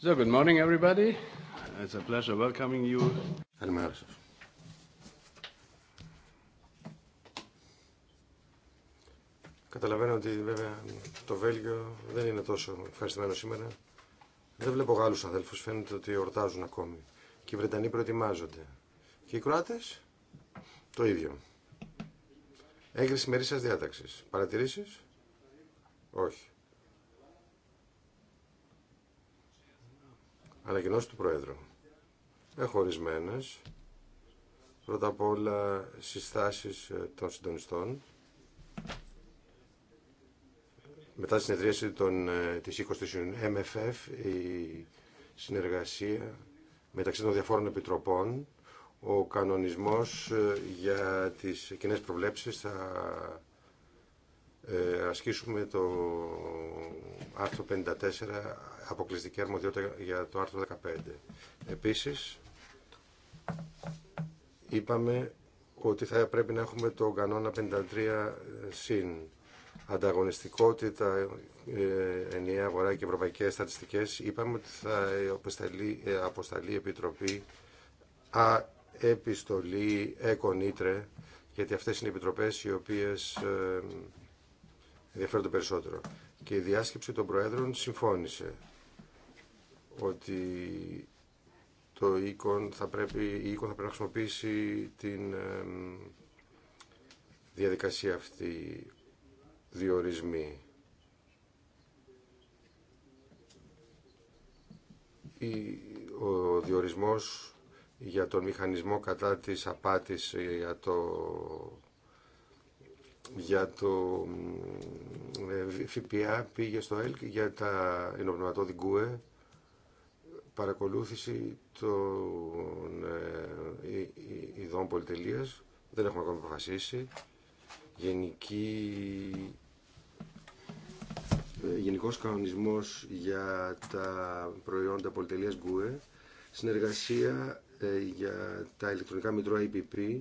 So, good morning everybody. It's a pleasure welcoming you. Καταλαβαίνω ότι βέβαια το Βέλγιο δεν είναι τόσο ευχαριστημένο σήμερα. Δεν βλέπω Γάλλους αδέλφους, φαίνεται ότι ορτάζουν ακόμη. Και οι Βρετανοί προετοιμάζονται. Και οι Κροάτες το ίδιο. Έγκριση μερίσας διάταξης. Παρατηρήσεις? Όχι. Ανακοινώσει του Προέδρου. Έχω ορισμένε. Πρώτα απ' όλα συστάσεις ε, των συντονιστών. Μετά τη συνεδρίαση των, ε, της 20ης MFF, η συνεργασία μεταξύ των διαφόρων επιτροπών, ο κανονισμός ε, για τις κοινέ προβλέψεις θα ε, ασκήσουμε το άρθρο 54 αποκλειστική αρμοδιότητα για το άρθρο 15. Επίσης, είπαμε ότι θα πρέπει να έχουμε το κανόνα 53 συν ανταγωνιστικότητα, ε, ενιαία αγορά και ευρωπαϊκές στατιστικές. Είπαμε ότι θα αποσταλεί, ε, αποσταλεί επιτροπή α, επιστολή, εκονήτρε γιατί αυτές είναι οι επιτροπές οι οποίες ενδιαφέρονται περισσότερο. Και η διάσκεψη των Προέδρων συμφώνησε ότι το οίκον θα πρέπει, η οίκον θα πρέπει να χρησιμοποιήσει την διαδικασία αυτή διορισμοί. Ο διορισμός για τον μηχανισμό κατά της απάτης για το για το ε, ΦΠΑ πήγε στο ΕΛΚ για τα ενοπνευματώδη ΚΟΕ παρακολούθηση των ε, ε, ειδών πολυτελείας δεν έχουμε ακόμα αποφασίσει γενική γενικός κανονισμός για τα προϊόντα πολυτελείας ΓΚΟΕ, συνεργασία για τα ηλεκτρονικά μητρώα EPP,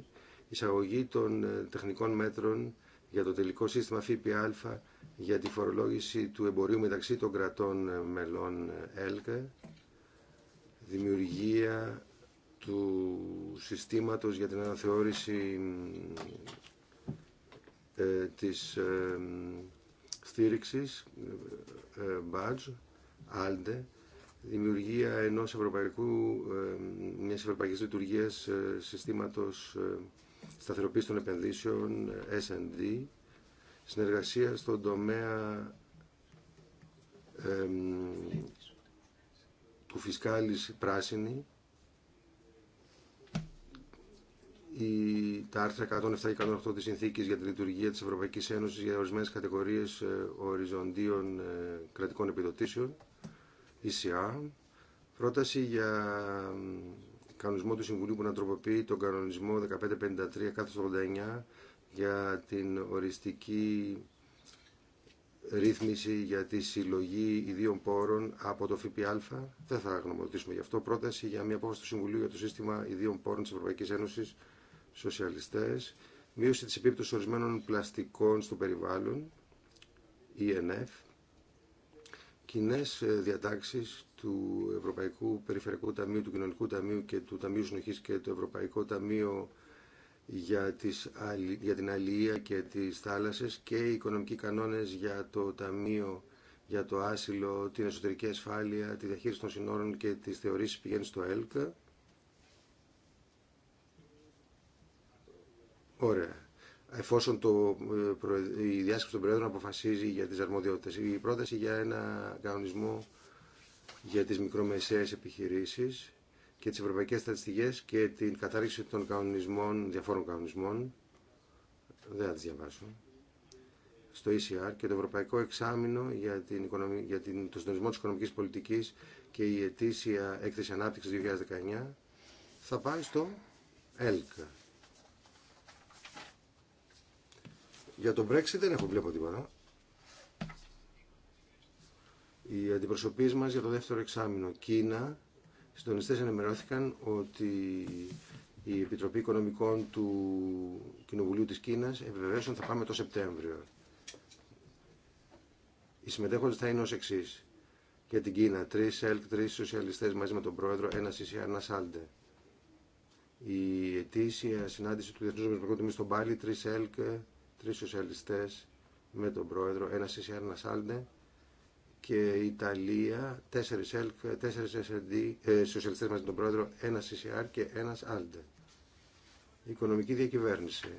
εισαγωγή των τεχνικών μέτρων για το τελικό σύστημα ΦΠΑ για τη φορολόγηση του εμπορίου μεταξύ των κρατών μελών ΕΛΚΕ, δημιουργία του συστήματος για την αναθεώρηση ε, της ε, στήριξης, ε, ALDE, ε, δημιουργία ενός ευρωπαϊκού, ε, μιας ευρωπαϊκής λειτουργίας ε, συστήματος σταθεροποίηση των επενδύσεων, S&D, συνεργασία στον τομέα του φυσκάλης πράσινη, η, τα άρθρα 107 και 108 της Συνθήκης για τη λειτουργία της Ευρωπαϊκής Ένωσης για ορισμένες κατηγορίες ε, οριζοντίων ε, κρατικών επιδοτήσεων, ECR, πρόταση για κανονισμό του Συμβουλίου που να τροποποιεί τον κανονισμό 1553 89 για την οριστική ρύθμιση για τη συλλογή ιδίων πόρων από το ΦΠΑ. Δεν θα γνωμοδοτήσουμε γι' αυτό. Πρόταση για μια απόφαση του Συμβουλίου για το σύστημα ιδίων πόρων τη Ευρωπαϊκή Ένωση Σοσιαλιστέ. Μείωση τη επίπτωση ορισμένων πλαστικών στο περιβάλλον, ENF. Κοινέ ε, διατάξει του Ευρωπαϊκού Περιφερειακού Ταμείου, του Κοινωνικού Ταμείου και του Ταμείου Συνοχής και του Ευρωπαϊκού Ταμείου για, τις, για την αλληλεία και τις θάλασσες και οι οικονομικοί κανόνες για το Ταμείο για το άσυλο, την εσωτερική ασφάλεια, τη διαχείριση των συνόρων και τις θεωρήσεις πηγαίνει στο ΕΛΚΑ. Ωραία. Εφόσον το, ε, η διάσκεψη των Προέδρων αποφασίζει για τις αρμοδιότητες. Η πρόταση για ένα κανονισμό για τις μικρομεσαίες επιχειρήσεις και τις ευρωπαϊκές στατιστικές και την κατάρριξη των κανονισμών, διαφόρων κανονισμών. Δεν θα τις διαβάσω. Στο ECR και το Ευρωπαϊκό Εξάμεινο για, την για την, το συντονισμό της οικονομικής πολιτικής και η ετήσια έκθεση ανάπτυξης 2019 θα πάει στο ΕΛΚ. Για τον Brexit δεν έχω βλέπω τίποτα. Οι αντιπροσωπείς μας για το δεύτερο εξάμεινο Κίνα, οι συντονιστές ενημερώθηκαν ότι η Επιτροπή Οικονομικών του Κοινοβουλίου της Κίνας επιβεβαίωσαν θα πάμε το Σεπτέμβριο. Οι συμμετέχοντες θα είναι ως εξή. Για την Κίνα, τρει ΕΛΚ, τρει σοσιαλιστές μαζί με τον πρόεδρο, ένα ΣΥΣΙ, ένα ΣΑΛΤΕ. Η ετήσια συνάντηση του Διεθνούς Ομοσπονδιακού Τμήματος στον Πάλι, τρει ΕΛΚ, τρει σοσιαλιστές με τον πρόεδρο, ένα ΣΥΣΙ, ένα ΣΑΛΤΕ και Ιταλία, 4 ΕΛΚ, 4 ε, σοσιαλιστές μαζί τον πρόεδρο, Ένα CCR και ένας ΑΛΤΕ. Οικονομική διακυβέρνηση.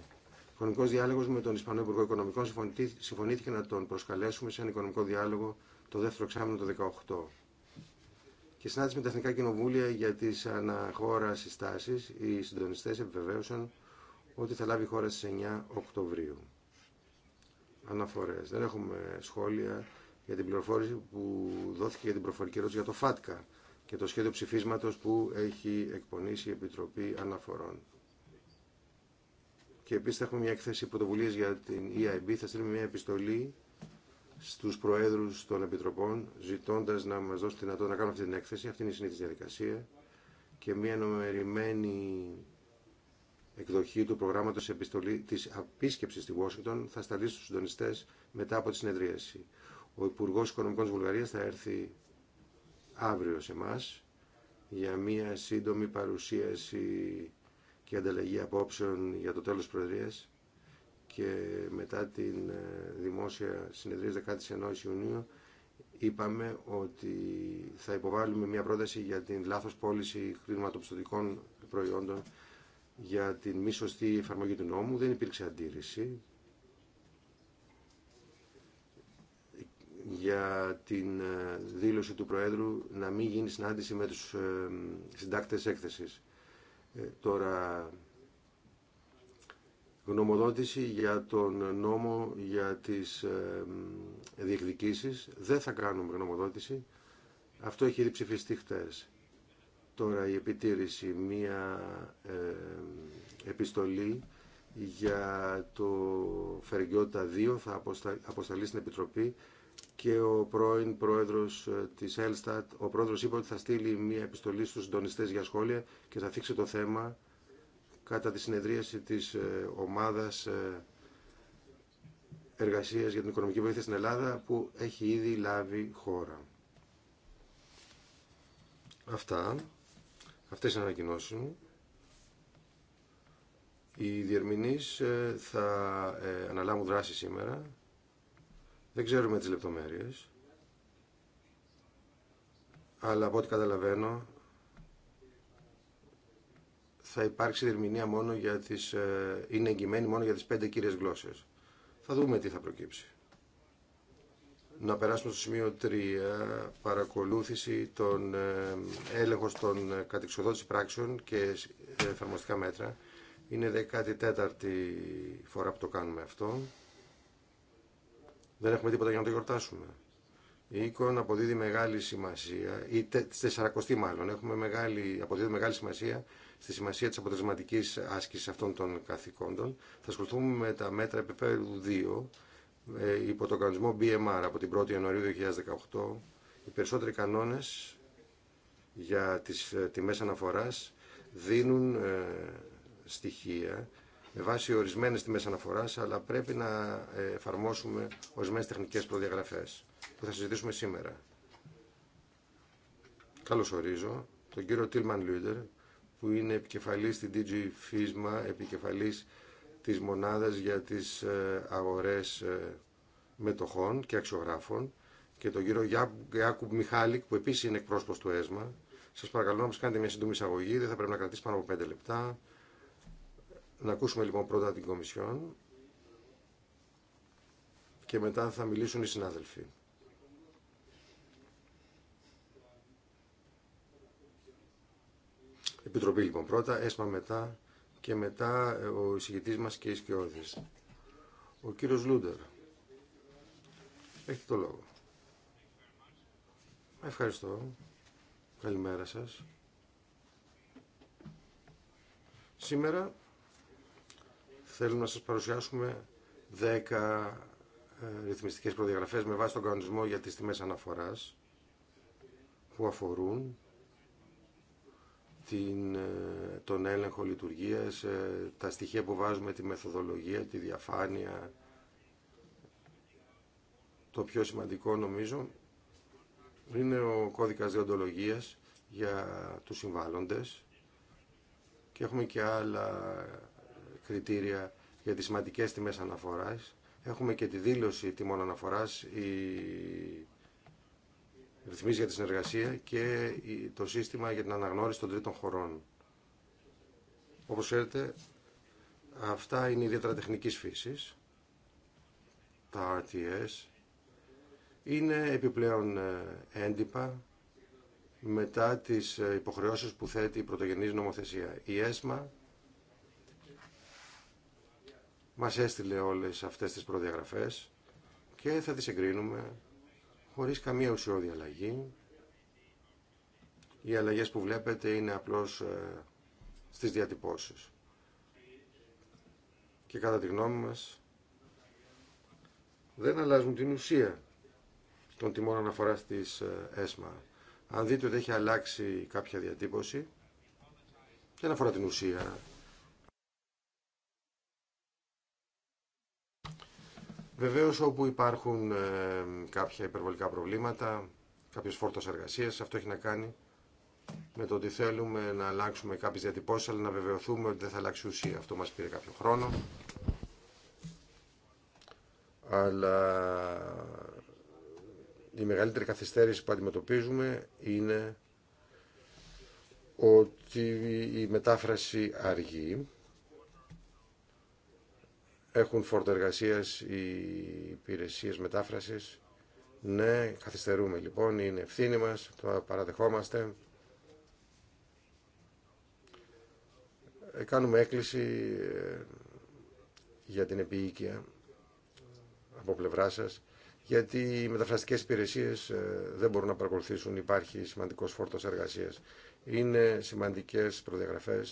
Οικονομικό διάλογο με τον Ισπανό Υπουργό Οικονομικών συμφωνήθηκε να τον προσκαλέσουμε σε ένα οικονομικό διάλογο το δεύτερο εξάμεινο το 2018. Και συνάντηση με τα Εθνικά Κοινοβούλια για τι αναχώρα συστάσει, οι συντονιστέ επιβεβαίωσαν ότι θα λάβει η χώρα στι 9 Οκτωβρίου. Αναφορέ. Δεν έχουμε σχόλια για την πληροφόρηση που δόθηκε για την προφορική ερώτηση για το ΦΑΤΚΑ και το σχέδιο ψηφίσματος που έχει εκπονήσει η Επιτροπή Αναφορών. Και επίσης θα έχουμε μια έκθεση πρωτοβουλίας για την EIB. Θα στείλουμε μια επιστολή στους προέδρους των επιτροπών ζητώντας να μας δώσουν δυνατότητα να κάνουμε αυτή την έκθεση. Αυτή είναι η συνήθιση διαδικασία και μια νομερημένη εκδοχή του προγράμματος επιστολή, της επίσκεψης στη Washington θα σταλεί στους συντονιστές μετά από τη συνεδρίαση. Ο Υπουργό Οικονομικών τη Βουλγαρία θα έρθει αύριο σε εμά για μία σύντομη παρουσίαση και ανταλλαγή απόψεων για το τέλος της Προεδρίας και μετά την ε, δημόσια συνεδρία 19 Ιουνίου είπαμε ότι θα υποβάλουμε μια πρόταση για την λάθος πώληση χρηματοπιστωτικών προϊόντων για την μη σωστή εφαρμογή του νόμου. Δεν υπήρξε αντίρρηση. για την ε, δήλωση του Προέδρου να μην γίνει συνάντηση με τους ε, συντάκτες έκθεσης. Ε, τώρα, γνωμοδότηση για τον νόμο για τις διεκδικήσεις. Δεν θα κάνουμε γνωμοδότηση Αυτό έχει ήδη Τώρα η επιτήρηση, μία επιστολή για το Φεργιώτα 2 θα αποσταλεί στην Επιτροπή και ο πρώην πρόεδρος ε, της Ελστατ, ο πρόεδρος είπε ότι θα στείλει μια επιστολή στους συντονιστέ για σχόλια και θα θίξει το θέμα κατά τη συνεδρίαση της ε, ομάδας ε, εργασίας για την οικονομική βοήθεια στην Ελλάδα που έχει ήδη λάβει χώρα. Αυτά, αυτές οι ανακοινώσεις μου. Οι διερμηνείς θα αναλάβουν δράση σήμερα. Δεν ξέρουμε τις λεπτομέρειες. Αλλά από ό,τι καταλαβαίνω θα υπάρξει δερμηνία μόνο για τις, ε, είναι εγγυημένη μόνο για τις πέντε κύριες γλώσσες. Θα δούμε τι θα προκύψει. Να περάσουμε στο σημείο 3, παρακολούθηση των ε, έλεγχων των ε, κατεξοδότηση πράξεων και εφαρμοστικά μέτρα. Είναι 14η φορά που το κάνουμε αυτό δεν έχουμε τίποτα για να το γιορτάσουμε. Η εικόνα αποδίδει μεγάλη σημασία, ή στη 40 μάλλον, έχουμε μεγάλη, αποδίδει μεγάλη σημασία στη σημασία της αποτελεσματικής άσκησης αυτών των καθηκόντων. Θα ασχοληθούμε με τα μέτρα επίπεδου 2, ε, υπό τον κανονισμό BMR από την 1η Ιανουαρίου 2018. Οι περισσότεροι κανόνες για τις ε, τιμές αναφοράς δίνουν ε, στοιχεία με βάση ορισμένες τιμές αναφοράς, αλλά πρέπει να ε, εφαρμόσουμε ορισμένες τεχνικές προδιαγραφές που θα συζητήσουμε σήμερα. Καλώς ορίζω τον κύριο Τίλμαν Λούντερ, που είναι επικεφαλής στην DG FISMA, επικεφαλής της μονάδας για τις ε, αγορές ε, μετοχών και αξιογράφων και τον κύριο Ιάκουμ Μιχάλη που επίσης είναι εκπρόσωπος του ΕΣΜΑ. Σας παρακαλώ να μας κάνετε μια σύντομη εισαγωγή, δεν θα πρέπει να κρατήσει πάνω από 5 λεπτά. Να ακούσουμε λοιπόν πρώτα την Κομισιόν και μετά θα μιλήσουν οι συνάδελφοι. Επιτροπή λοιπόν πρώτα, έσμα μετά και μετά ε, ο εισηγητής μας και οι Σκιώδης. Ο κύριος Λούντερ. έχει το λόγο. Ευχαριστώ. Καλημέρα σας. Σήμερα Θέλουμε να σας παρουσιάσουμε 10 ε, ρυθμιστικές προδιαγραφές με βάση τον κανονισμό για τις τιμές αναφοράς που αφορούν την, ε, τον έλεγχο λειτουργίας, ε, τα στοιχεία που βάζουμε, τη μεθοδολογία, τη διαφάνεια. Το πιο σημαντικό νομίζω είναι ο κώδικας διοντολογίας για τους συμβάλλοντες και έχουμε και άλλα κριτήρια για τις σημαντικές τιμές αναφοράς. Έχουμε και τη δήλωση τιμών αναφοράς, η ρυθμίσει για τη συνεργασία και το σύστημα για την αναγνώριση των τρίτων χωρών. Όπως ξέρετε, αυτά είναι ιδιαίτερα τεχνικής φύσης, τα RTS. Είναι επιπλέον ε, έντυπα μετά τις ε, υποχρεώσεις που θέτει η πρωτογενής νομοθεσία. Η ΕΣΜΑ μας έστειλε όλες αυτές τις προδιαγραφές και θα τις εγκρίνουμε χωρίς καμία ουσιώδη αλλαγή. Οι αλλαγές που βλέπετε είναι απλώς ε, στις διατυπώσεις. Και κατά τη γνώμη μας δεν αλλάζουν την ουσία των τιμών αναφοράς της ε, ΕΣΜΑ. Αν δείτε ότι έχει αλλάξει κάποια διατύπωση, δεν αφορά την ουσία Βεβαίως όπου υπάρχουν ε, κάποια υπερβολικά προβλήματα, κάποιες φόρτος εργασίας, αυτό έχει να κάνει με το ότι θέλουμε να αλλάξουμε κάποιες διατυπώσεις, αλλά να βεβαιωθούμε ότι δεν θα αλλάξει ουσία. Αυτό μας πήρε κάποιο χρόνο. Αλλά η μεγαλύτερη καθυστέρηση που αντιμετωπίζουμε είναι ότι η μετάφραση αργεί έχουν φόρτο εργασία οι υπηρεσίε μετάφραση. Ναι, καθυστερούμε λοιπόν, είναι ευθύνη μα, το παραδεχόμαστε. Ε, κάνουμε έκκληση ε, για την επίοικια από πλευρά σα, γιατί οι μεταφραστικέ υπηρεσίε ε, δεν μπορούν να παρακολουθήσουν, υπάρχει σημαντικό φόρτο εργασία. Είναι σημαντικέ προδιαγραφέ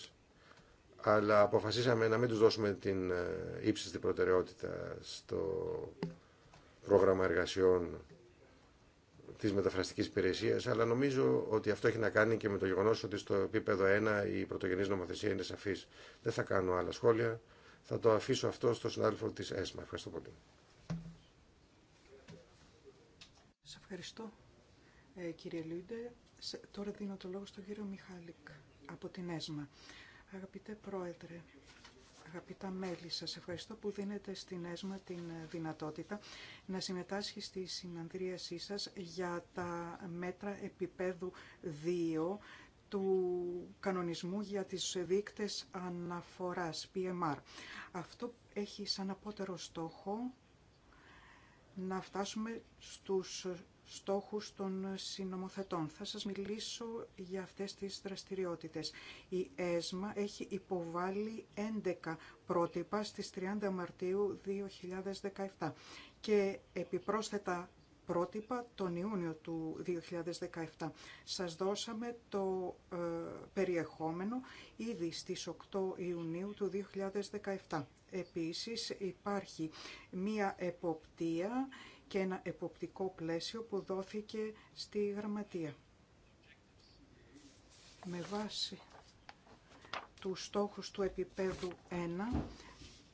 αλλά αποφασίσαμε να μην τους δώσουμε την ε, ύψιστη προτεραιότητα στο πρόγραμμα εργασιών της μεταφραστικής υπηρεσίας, αλλά νομίζω ότι αυτό έχει να κάνει και με το γεγονός ότι στο επίπεδο 1 η πρωτογενής νομοθεσία είναι σαφής. Δεν θα κάνω άλλα σχόλια. Θα το αφήσω αυτό στο συνάδελφο της ΕΣΜΑ. Ευχαριστώ πολύ. Σας ευχαριστώ, ε, κύριε Λούντε. Τώρα δίνω το λόγο στον κύριο Μιχάλικ από την ΕΣΜΑ. Αγαπητέ Πρόεδρε, αγαπητά μέλη, σας ευχαριστώ που δίνετε στην ΕΣΜΑ την ε, δυνατότητα να συμμετάσχει στη συναντρίασή σας για τα μέτρα επίπεδου 2 του κανονισμού για τις δείκτες αναφοράς, PMR. Αυτό έχει σαν απότερο στόχο να φτάσουμε στους στόχους των συνομοθετών. Θα σας μιλήσω για αυτές τις δραστηριότητες. Η ΕΣΜΑ έχει υποβάλει 11 πρότυπα στις 30 Μαρτίου 2017 και επιπρόσθετα πρότυπα τον Ιούνιο του 2017. Σας δώσαμε το ε, περιεχόμενο ήδη στις 8 Ιουνίου του 2017. Επίσης υπάρχει μία εποπτεία και ένα εποπτικό πλαίσιο που δόθηκε στη Γραμματεία. Με βάση του στόχους του επίπεδου 1,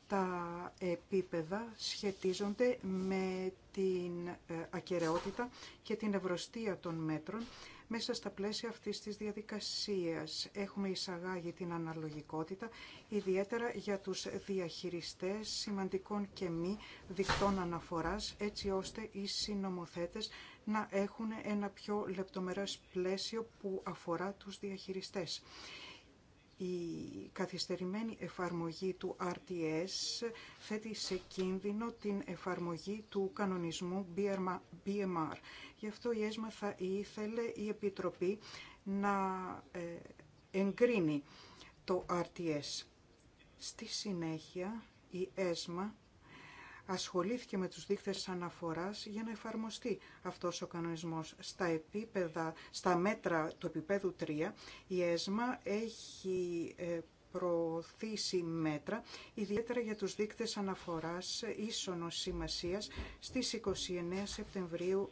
τα επίπεδα σχετίζονται με την ε, ακαιρεότητα και την ευρωστία των μέτρων μέσα στα πλαίσια αυτής της διαδικασίας έχουμε εισαγάγει την αναλογικότητα, ιδιαίτερα για τους διαχειριστές σημαντικών και μη δικτών αναφοράς, έτσι ώστε οι συνομοθέτες να έχουν ένα πιο λεπτομερές πλαίσιο που αφορά τους διαχειριστές η καθυστερημένη εφαρμογή του RTS θέτει σε κίνδυνο την εφαρμογή του κανονισμού BMR. Γι' αυτό η ΕΣΜΑ θα ήθελε η Επιτροπή να ε, εγκρίνει το RTS. Στη συνέχεια η ΕΣΜΑ ασχολήθηκε με τους δείκτες αναφοράς για να εφαρμοστεί αυτός ο κανονισμός. Στα, επίπεδα, στα μέτρα του επίπεδου 3 η ΕΣΜΑ έχει ε, προωθήσει μέτρα, ιδιαίτερα για τους δείκτες αναφοράς ίσονος σημασίας στις 29 Σεπτεμβρίου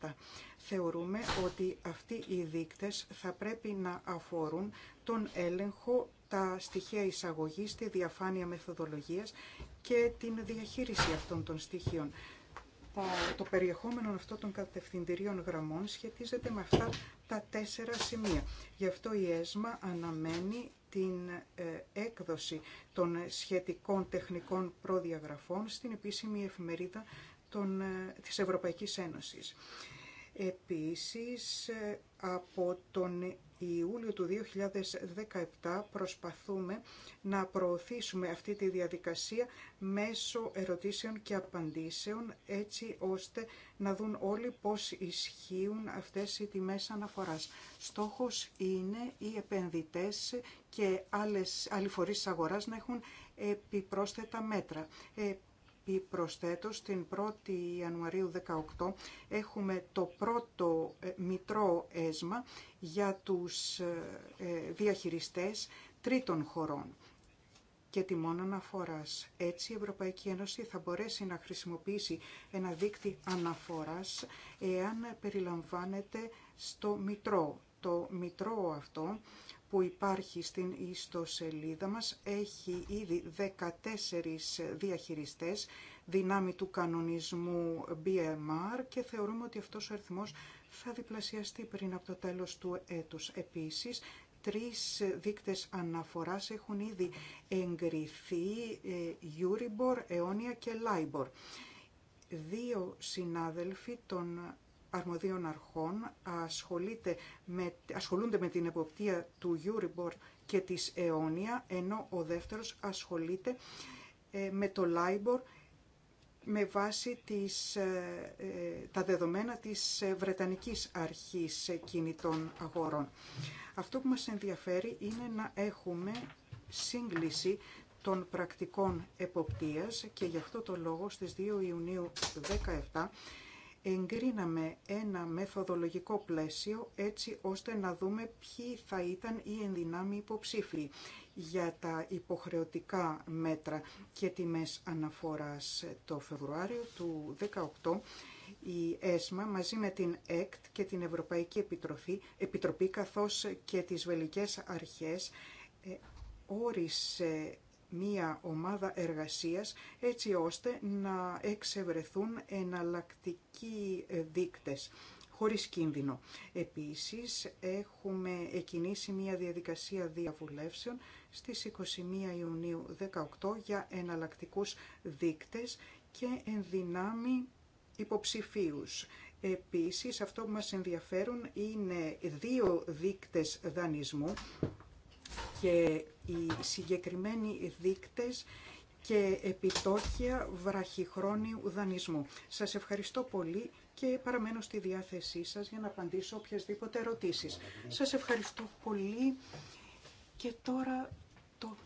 17. Θεωρούμε ότι αυτοί οι δείκτες θα πρέπει να αφορούν τον έλεγχο τα στοιχεία εισαγωγής, τη διαφάνεια μεθοδολογίας και την διαχείριση αυτών των στοιχείων. Το περιεχόμενο αυτών των κατευθυντηρίων γραμμών σχετίζεται με αυτά τα τέσσερα σημεία. Γι' αυτό η ΕΣΜΑ αναμένει την ε, έκδοση των σχετικών τεχνικών προδιαγραφών στην επίσημη εφημερίδα των, ε, της Ευρωπαϊκής Ένωσης. Επίσης, ε, από τον Ιούλιο του 2017 προσπαθούμε να προωθήσουμε αυτή τη διαδικασία μέσω ερωτήσεων και απαντήσεων έτσι ώστε να δουν όλοι πώς ισχύουν αυτές οι τιμές αναφοράς. Στόχος είναι οι επενδυτές και άλλες, άλλοι φορείς αγοράς να έχουν επιπρόσθετα μέτρα. Ε, Προσθέτω, την 1η Ιανουαρίου 2018 έχουμε το πρώτο ε, μητρό έσμα για τους ε, ε, διαχειριστές τρίτων χωρών και τη μόνο αναφοράς. Έτσι η Ευρωπαϊκή Ένωση θα μπορέσει να χρησιμοποιήσει ένα δίκτυο αναφοράς εάν περιλαμβάνεται στο μητρό. Το μητρό αυτό που υπάρχει στην ιστοσελίδα μας έχει ήδη 14 διαχειριστές δυνάμει του κανονισμού BMR και θεωρούμε ότι αυτός ο αριθμός θα διπλασιαστεί πριν από το τέλος του έτους. Επίσης, τρεις δείκτες αναφοράς έχουν ήδη εγκριθεί, ε, Euribor, Αιώνια και Libor. Δύο συνάδελφοι των αρμοδίων αρχών ασχολείται με, ασχολούνται με την εποπτεία του Euribor και της αιώνια, ενώ ο δεύτερος ασχολείται ε, με το LIBOR με βάση τις, ε, ε, τα δεδομένα της Βρετανικής Αρχής Κινητών Αγορών. Αυτό που μας ενδιαφέρει είναι να έχουμε σύγκληση των πρακτικών εποπτείας και γι' αυτό το λόγο στις 2 Ιουνίου 2017 εγκρίναμε ένα μεθοδολογικό πλαίσιο έτσι ώστε να δούμε ποιοι θα ήταν οι ενδυνάμοι υποψήφοι για τα υποχρεωτικά μέτρα και τιμές αναφοράς το Φεβρουάριο του 2018 η ΕΣΜΑ μαζί με την ΕΚΤ και την Ευρωπαϊκή Επιτροφή, Επιτροπή καθώς και τις Βελικές Αρχές ε, όρισε μία ομάδα εργασίας έτσι ώστε να εξευρεθούν εναλλακτικοί ε, δείκτες χωρίς κίνδυνο. Επίσης, έχουμε εκινήσει μια διαδικασία διαβουλεύσεων στις 21 Ιουνίου 18 για εναλλακτικούς δείκτες και ενδυνάμει υποψηφίους. Επίσης, αυτό που μας ενδιαφέρουν είναι δύο δείκτες δανεισμού και οι συγκεκριμένοι δείκτες και επιτόκια βραχυχρόνιου δανεισμού. Σας ευχαριστώ πολύ και παραμένω στη διάθεσή σας για να απαντήσω οποιασδήποτε ερωτήσεις. Σας ευχαριστώ πολύ και τώρα το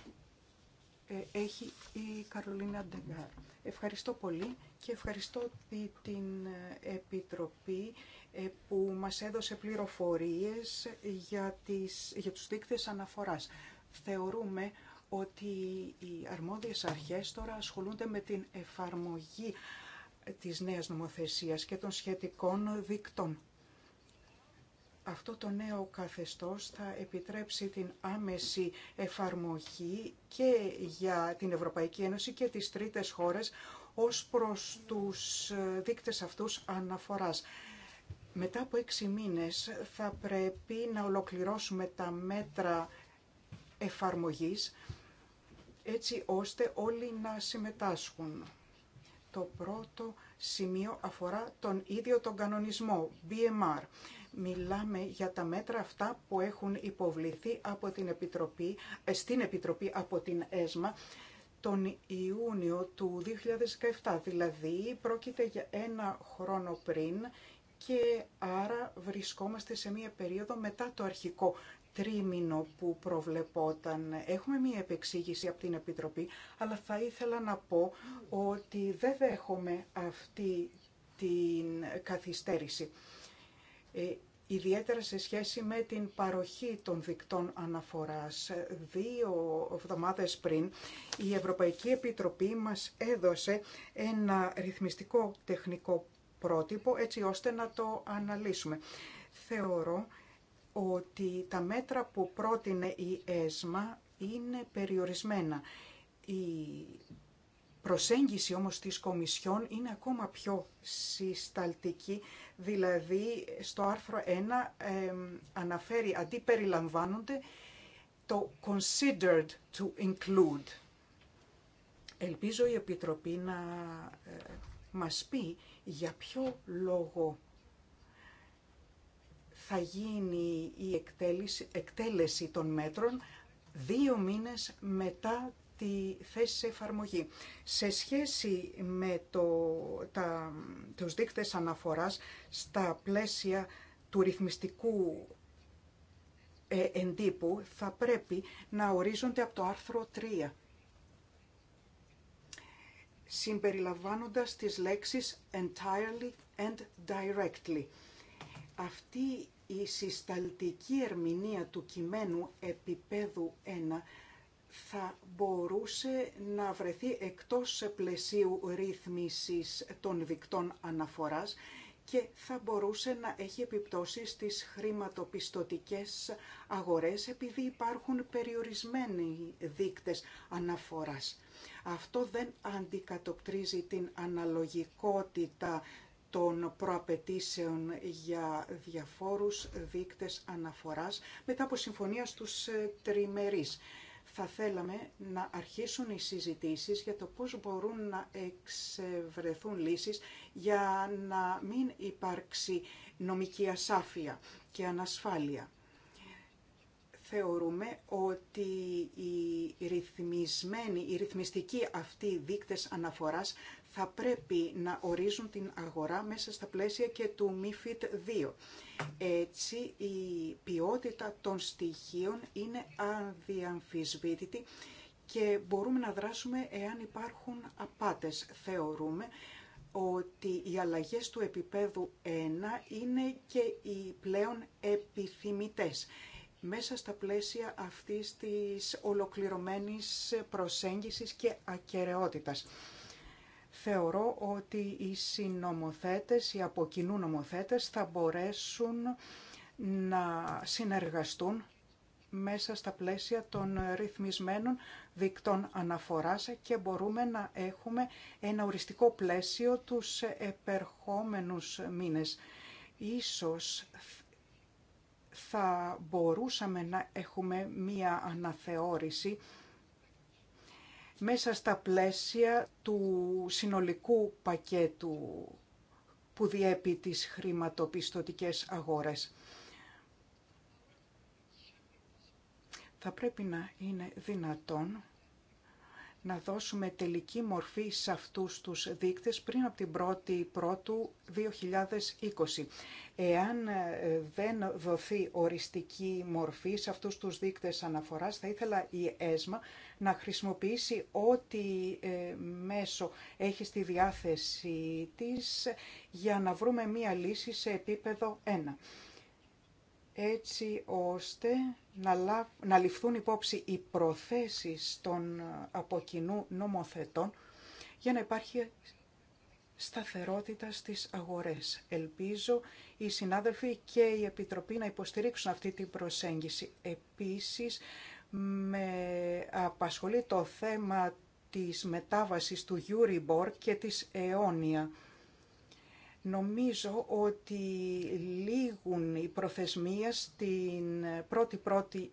ε, έχει η Καρολίνα Ντεγκάρ. Ευχαριστώ πολύ και ευχαριστώ την ε, Επιτροπή ε, που μας έδωσε πληροφορίες για, τις, για τους δείκτες αναφοράς. Θεωρούμε ότι οι αρμόδιες αρχές τώρα ασχολούνται με την εφαρμογή της νέας νομοθεσίας και των σχετικών δικτών αυτό το νέο καθεστώς θα επιτρέψει την άμεση εφαρμογή και για την Ευρωπαϊκή Ένωση και τις τρίτες χώρες ως προς τους δείκτες αυτούς αναφοράς. Μετά από έξι μήνες θα πρέπει να ολοκληρώσουμε τα μέτρα εφαρμογής έτσι ώστε όλοι να συμμετάσχουν. Το πρώτο σημείο αφορά τον ίδιο τον κανονισμό, BMR. Μιλάμε για τα μέτρα αυτά που έχουν υποβληθεί από την Επιτροπή, ε, στην Επιτροπή από την ΕΣΜΑ τον Ιούνιο του 2017, δηλαδή πρόκειται για ένα χρόνο πριν και άρα βρισκόμαστε σε μία περίοδο μετά το αρχικό τρίμηνο που προβλεπόταν. Έχουμε μία επεξήγηση από την Επιτροπή, αλλά θα ήθελα να πω ότι δεν δέχομαι αυτή την καθυστέρηση. Ε, ιδιαίτερα σε σχέση με την παροχή των δικτών αναφοράς. Δύο εβδομάδες πριν η Ευρωπαϊκή Επιτροπή μας έδωσε ένα ρυθμιστικό τεχνικό πρότυπο έτσι ώστε να το αναλύσουμε. Θεωρώ ότι τα μέτρα που πρότεινε η ΕΣΜΑ είναι περιορισμένα. Η προσέγγιση όμως της Κομισιόν είναι ακόμα πιο συσταλτική Δηλαδή στο άρθρο 1 αναφέρει αντί περιλαμβάνονται το considered to include. Ελπίζω η Επιτροπή να ε, μας πει για ποιο λόγο θα γίνει η εκτέλεση, εκτέλεση των μέτρων δύο μήνες μετά τη θέση σε εφαρμογή. Σε σχέση με το, τα, τους δείκτες αναφοράς στα πλαίσια του ρυθμιστικού ε, εντύπου θα πρέπει να ορίζονται από το άρθρο 3 συμπεριλαμβάνοντας τις λέξεις entirely and directly. Αυτή η συσταλτική ερμηνεία του κειμένου επίπεδου 1 θα μπορούσε να βρεθεί εκτός πλαισίου ρύθμισης των δικτών αναφοράς και θα μπορούσε να έχει επιπτώσεις στις χρηματοπιστωτικές αγορές επειδή υπάρχουν περιορισμένοι δείκτες αναφοράς. Αυτό δεν αντικατοπτρίζει την αναλογικότητα των προαπαιτήσεων για διαφόρους δείκτες αναφοράς μετά από συμφωνία στους τριμερείς θα θέλαμε να αρχίσουν οι συζητήσεις για το πώς μπορούν να εξευρεθούν λύσεις για να μην υπάρξει νομική ασάφεια και ανασφάλεια. Θεωρούμε ότι οι, οι ρυθμιστικοί αυτοί δείκτες αναφοράς θα πρέπει να ορίζουν την αγορά μέσα στα πλαίσια και του MIFID 2. Έτσι, η ποιότητα των στοιχείων είναι αδιαμφισβήτητη και μπορούμε να δράσουμε εάν υπάρχουν απάτες. Θεωρούμε ότι οι αλλαγές του επίπεδου 1 είναι και οι πλέον επιθυμητές μέσα στα πλαίσια αυτής της ολοκληρωμένης προσέγγισης και ακαιρεότητας θεωρώ ότι οι συνομοθέτες, οι αποκοινού νομοθέτες θα μπορέσουν να συνεργαστούν μέσα στα πλαίσια των ρυθμισμένων δικτών αναφοράς και μπορούμε να έχουμε ένα οριστικό πλαίσιο τους επερχόμενους μήνες. Ίσως θα μπορούσαμε να έχουμε μία αναθεώρηση μέσα στα πλαίσια του συνολικού πακέτου που διέπει τις χρηματοπιστωτικές αγορές. Θα πρέπει να είναι δυνατόν να δώσουμε τελική μορφή σε αυτούς τους δείκτες πριν από την 1η Πρώτου 2020. Εάν ε, δεν δοθεί οριστική μορφή σε αυτούς τους δείκτες αναφοράς, θα ήθελα η ΕΣΜΑ να χρησιμοποιήσει ό,τι ε, μέσο έχει στη διάθεση της για να βρούμε μία λύση σε επίπεδο 1 έτσι ώστε να, λα... να ληφθούν υπόψη οι προθέσεις των ε, αποκοινού νομοθετών για να υπάρχει σταθερότητα στις αγορές. Ελπίζω οι συνάδελφοι και η Επιτροπή να υποστηρίξουν αυτή την προσέγγιση. Επίσης, με απασχολεί το θέμα της μετάβασης του Euribor και της αιώνια Νομίζω ότι λήγουν οι προθεσμίες στην πρώτη η πρώτη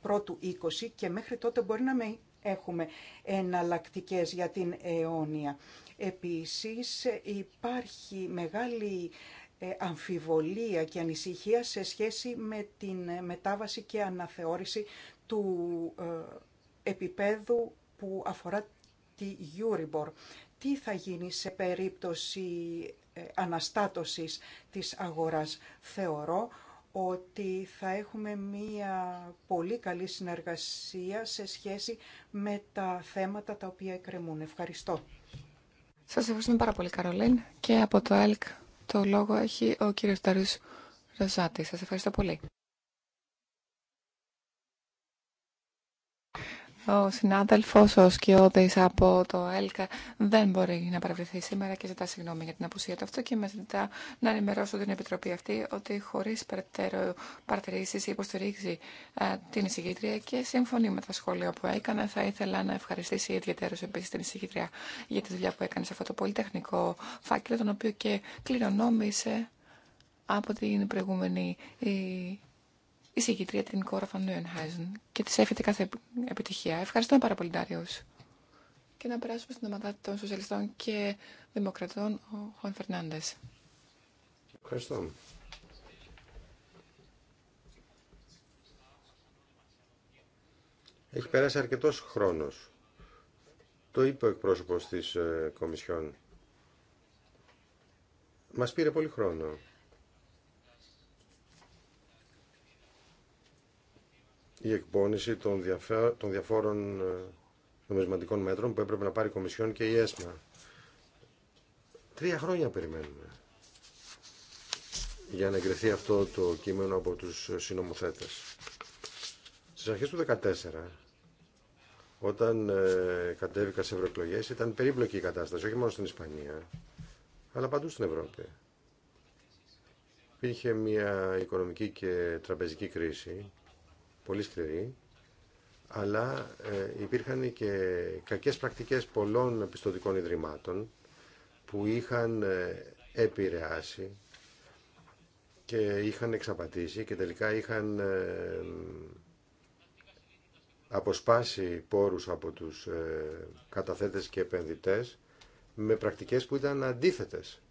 πρώτου 20 και μέχρι τότε μπορεί να έχουμε εναλλακτικέ για την αιώνια. Επίσης υπάρχει μεγάλη ε, αμφιβολία και ανησυχία σε σχέση με την μετάβαση και αναθεώρηση του ε, επίπεδου που αφορά τη Euribor, τι θα γίνει σε περίπτωση ε, αναστάτωσης της αγοράς. Θεωρώ ότι θα έχουμε μία πολύ καλή συνεργασία σε σχέση με τα θέματα τα οποία εκκρεμούν. Ευχαριστώ. Σας ευχαριστούμε πάρα πολύ Καρολέν και από το ΕΛΚ το λόγο έχει ο κύριος Ταρούς Ροζάτη. Σας ευχαριστώ πολύ. Ο συνάδελφο, ο Σκιώδη από το ΕΛΚΑ δεν μπορεί να παραβρεθεί σήμερα και ζητά συγγνώμη για την απουσία του αυτό και με ζητά να ενημερώσω την Επιτροπή αυτή ότι χωρί περαιτέρω παρατηρήσεις υποστηρίζει ε, την εισηγήτρια και συμφωνεί με τα σχόλια που έκανα. Θα ήθελα να ευχαριστήσει ιδιαίτερω επίση την εισηγήτρια για τη δουλειά που έκανε σε αυτό το πολυτεχνικό φάκελο, τον οποίο και κληρονόμησε από την προηγούμενη η συγκητρία την κόρα Φαν και τη έφυγε κάθε επιτυχία. Ευχαριστώ πάρα πολύ, Ντάριο. Και να περάσουμε στην ομάδα των Σοσιαλιστών και Δημοκρατών, ο Χων Φερνάντε. Ευχαριστώ. Έχει περάσει αρκετό χρόνο. Το είπε ο εκπρόσωπο τη ε, Κομισιόν. Μα πήρε πολύ χρόνο η εκπόνηση των, διαφόρων ε, νομισματικών μέτρων που έπρεπε να πάρει η Κομισιόν και η ΕΣΜΑ. Τρία χρόνια περιμένουμε για να εγκριθεί αυτό το κείμενο από τους συνομοθέτες. Στις αρχές του 2014, όταν ε, κατέβηκα σε ευρωεκλογέ, ήταν περίπλοκη η κατάσταση, όχι μόνο στην Ισπανία, αλλά παντού στην Ευρώπη. Υπήρχε μια οικονομική και τραπεζική κρίση πολύ σκληρή, αλλά ε, υπήρχαν και κακές πρακτικές πολλών πιστοτικών ιδρυμάτων που είχαν ε, επηρεάσει και είχαν εξαπατήσει και τελικά είχαν ε, αποσπάσει πόρους από τους καταθέτες και επενδυτές με πρακτικές που ήταν αντίθετες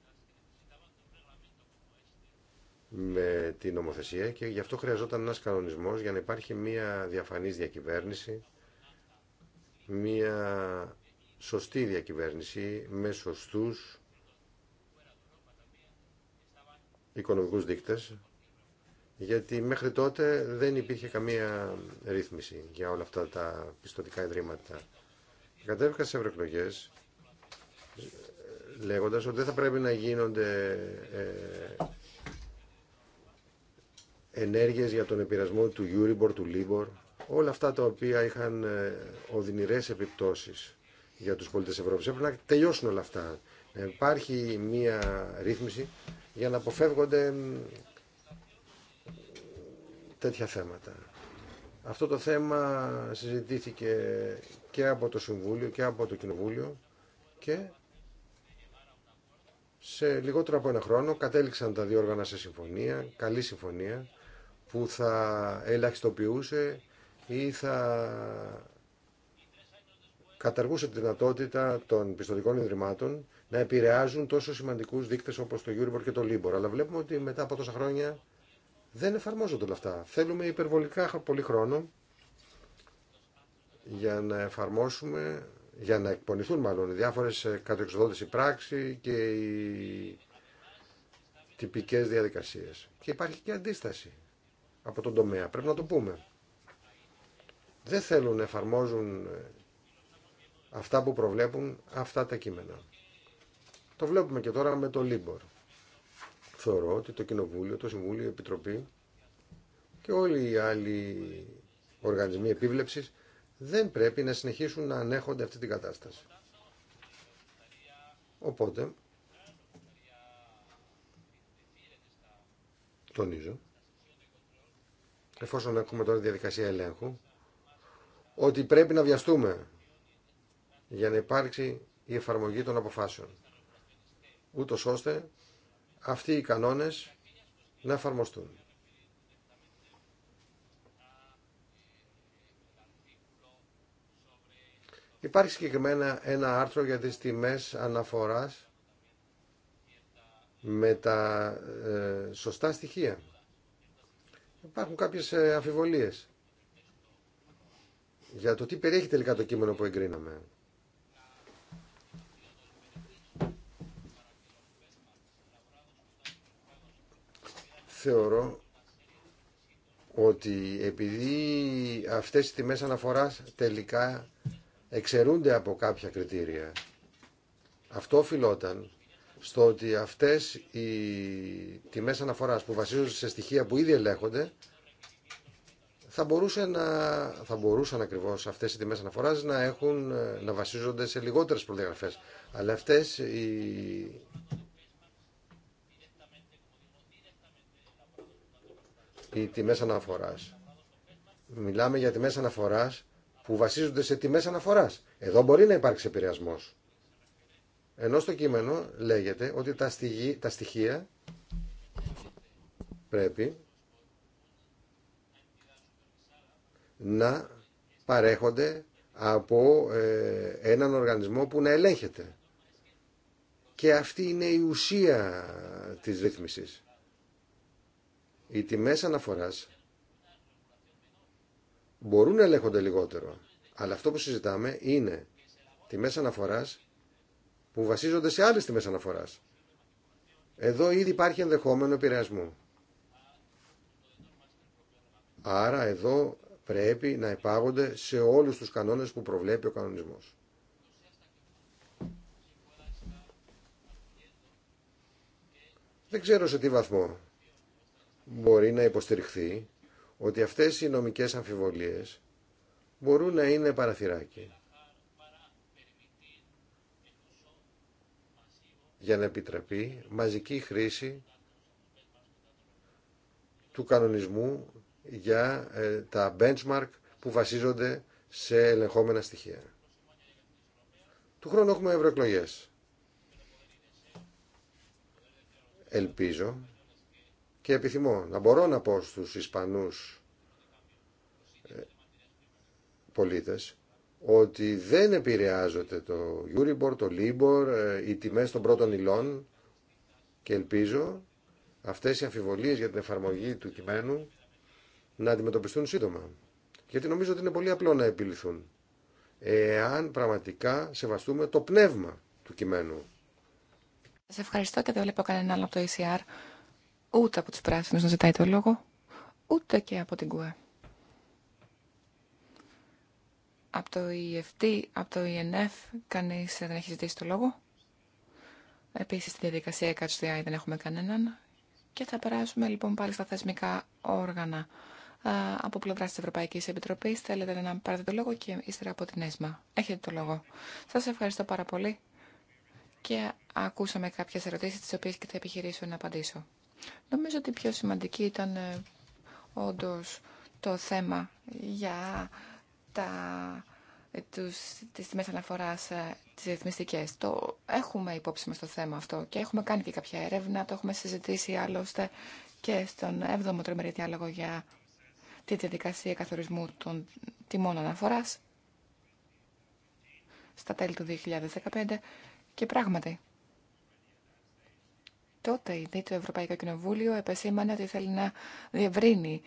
με την νομοθεσία και γι' αυτό χρειαζόταν ένας κανονισμός για να υπάρχει μια διαφανής διακυβέρνηση, μια σωστή διακυβέρνηση με σωστούς οικονομικούς δείκτες, γιατί μέχρι τότε δεν υπήρχε καμία ρύθμιση για όλα αυτά τα πιστοτικά ιδρύματα. Κατέβηκα σε ευρωεκλογέ ε, λέγοντας ότι δεν θα πρέπει να γίνονται ε, ενέργειες για τον επηρεασμό του Euribor, του Libor, όλα αυτά τα οποία είχαν ε, οδυνηρές επιπτώσεις για τους πολίτες Ευρώπης. Έπρεπε να τελειώσουν όλα αυτά. Υπάρχει μία ρύθμιση για να αποφεύγονται τέτοια θέματα. Αυτό το θέμα συζητήθηκε και από το Συμβούλιο και από το Κοινοβούλιο και σε λιγότερο από ένα χρόνο κατέληξαν τα δύο όργανα σε συμφωνία, καλή συμφωνία που θα ελαχιστοποιούσε ή θα καταργούσε τη δυνατότητα των πιστοτικών ιδρυμάτων να επηρεάζουν τόσο σημαντικούς δείκτες όπως το Euribor και το Libor. Αλλά βλέπουμε ότι μετά από τόσα χρόνια δεν εφαρμόζονται όλα αυτά. Θέλουμε υπερβολικά πολύ χρόνο για να εφαρμόσουμε, για να εκπονηθούν μάλλον οι διάφορες ε, κατεξοδότηση πράξη και οι τυπικές διαδικασίες. Και υπάρχει και αντίσταση από τον τομέα. Πρέπει να το πούμε. Δεν θέλουν να εφαρμόζουν ε, αυτά που προβλέπουν αυτά τα κείμενα. Το βλέπουμε και τώρα με το Λίμπορ. Θεωρώ ότι το Κοινοβούλιο, το Συμβούλιο, η Επιτροπή και όλοι οι άλλοι οργανισμοί επίβλεψης δεν πρέπει να συνεχίσουν να ανέχονται αυτή την κατάσταση. Οπότε, τονίζω, εφόσον έχουμε τώρα διαδικασία ελέγχου, ότι πρέπει να βιαστούμε για να υπάρξει η εφαρμογή των αποφάσεων. Ούτω ώστε αυτοί οι κανόνες να εφαρμοστούν. Υπάρχει συγκεκριμένα ένα άρθρο για τις τιμές αναφοράς με τα ε, σωστά στοιχεία. Υπάρχουν κάποιες ε, αφιβολίες για το τι περιέχει τελικά το κείμενο που εγκρίναμε. Θεωρώ ότι επειδή αυτές οι τιμές αναφοράς τελικά εξαιρούνται από κάποια κριτήρια, αυτό οφειλόταν στο ότι αυτές οι τιμές αναφοράς που βασίζονται σε στοιχεία που ήδη ελέγχονται θα, μπορούσε να, θα μπορούσαν ακριβώς αυτές οι τιμές αναφοράς να, έχουν, να βασίζονται σε λιγότερες προδιαγραφές. Αλλά αυτές οι, οι τιμές αναφοράς. Μιλάμε για τιμές αναφοράς που βασίζονται σε τιμές αναφοράς. Εδώ μπορεί να υπάρξει επηρεασμός. Ενώ στο κείμενο λέγεται ότι τα, στοιχεία, τα στοιχεία πρέπει να παρέχονται από ε, έναν οργανισμό που να ελέγχεται. Και αυτή είναι η ουσία της ρύθμισης. Οι τιμές αναφοράς μπορούν να ελέγχονται λιγότερο. Αλλά αυτό που συζητάμε είναι τιμές αναφοράς που βασίζονται σε άλλες τιμές αναφοράς. Εδώ ήδη υπάρχει ενδεχόμενο επηρεασμού. Άρα εδώ πρέπει να υπάγονται σε όλους τους κανόνες που προβλέπει ο κανονισμός. Δεν ξέρω σε τι βαθμό μπορεί να υποστηριχθεί ότι αυτές οι νομικές αμφιβολίες μπορούν να είναι παραθυράκι. για να επιτραπεί μαζική χρήση του κανονισμού για ε, τα benchmark που βασίζονται σε ελεγχόμενα στοιχεία. Του χρόνου έχουμε ευρωεκλογέ. Ελπίζω και επιθυμώ να μπορώ να πω στους Ισπανούς ε, πολίτες ότι δεν επηρεάζονται το Euribor, το Libor, ε, οι τιμές των πρώτων υλών και ελπίζω αυτές οι αμφιβολίες για την εφαρμογή του κειμένου να αντιμετωπιστούν σύντομα. Γιατί νομίζω ότι είναι πολύ απλό να επιληθούν. Εάν πραγματικά σεβαστούμε το πνεύμα του κειμένου. Σε ευχαριστώ και δεν βλέπω κανέναν άλλο από το ECR, ούτε από τους πράσινους να ζητάει το λόγο, ούτε και από την ΚΟΕ. Από το EFT, από το ENF, κανείς δεν έχει ζητήσει το λόγο. Επίσης, στη διαδικασία ΚΑΤΣΤΙΑΙ δεν έχουμε κανέναν. Και θα περάσουμε λοιπόν πάλι στα θεσμικά όργανα από πλευρά τη Ευρωπαϊκή Επιτροπή. Θέλετε να πάρετε το λόγο και ύστερα από την ΕΣΜΑ. Έχετε το λόγο. Σα ευχαριστώ πάρα πολύ. Και ακούσαμε κάποιε ερωτήσει, τι οποίε και θα επιχειρήσω να απαντήσω. Νομίζω ότι πιο σημαντική ήταν ε, όντω το θέμα για τα, τους, τις τιμές αναφοράς ε, τις ρυθμιστικές. Το έχουμε υπόψη μας το θέμα αυτό και έχουμε κάνει και κάποια έρευνα, το έχουμε συζητήσει άλλωστε και στον 7ο τριμερή διάλογο για τη διαδικασία καθορισμού των τιμών αναφοράς στα τέλη του 2015 και πράγματι. Τότε ήδη το Ευρωπαϊκό Κοινοβούλιο επεσήμανε ότι θέλει να διευρύνει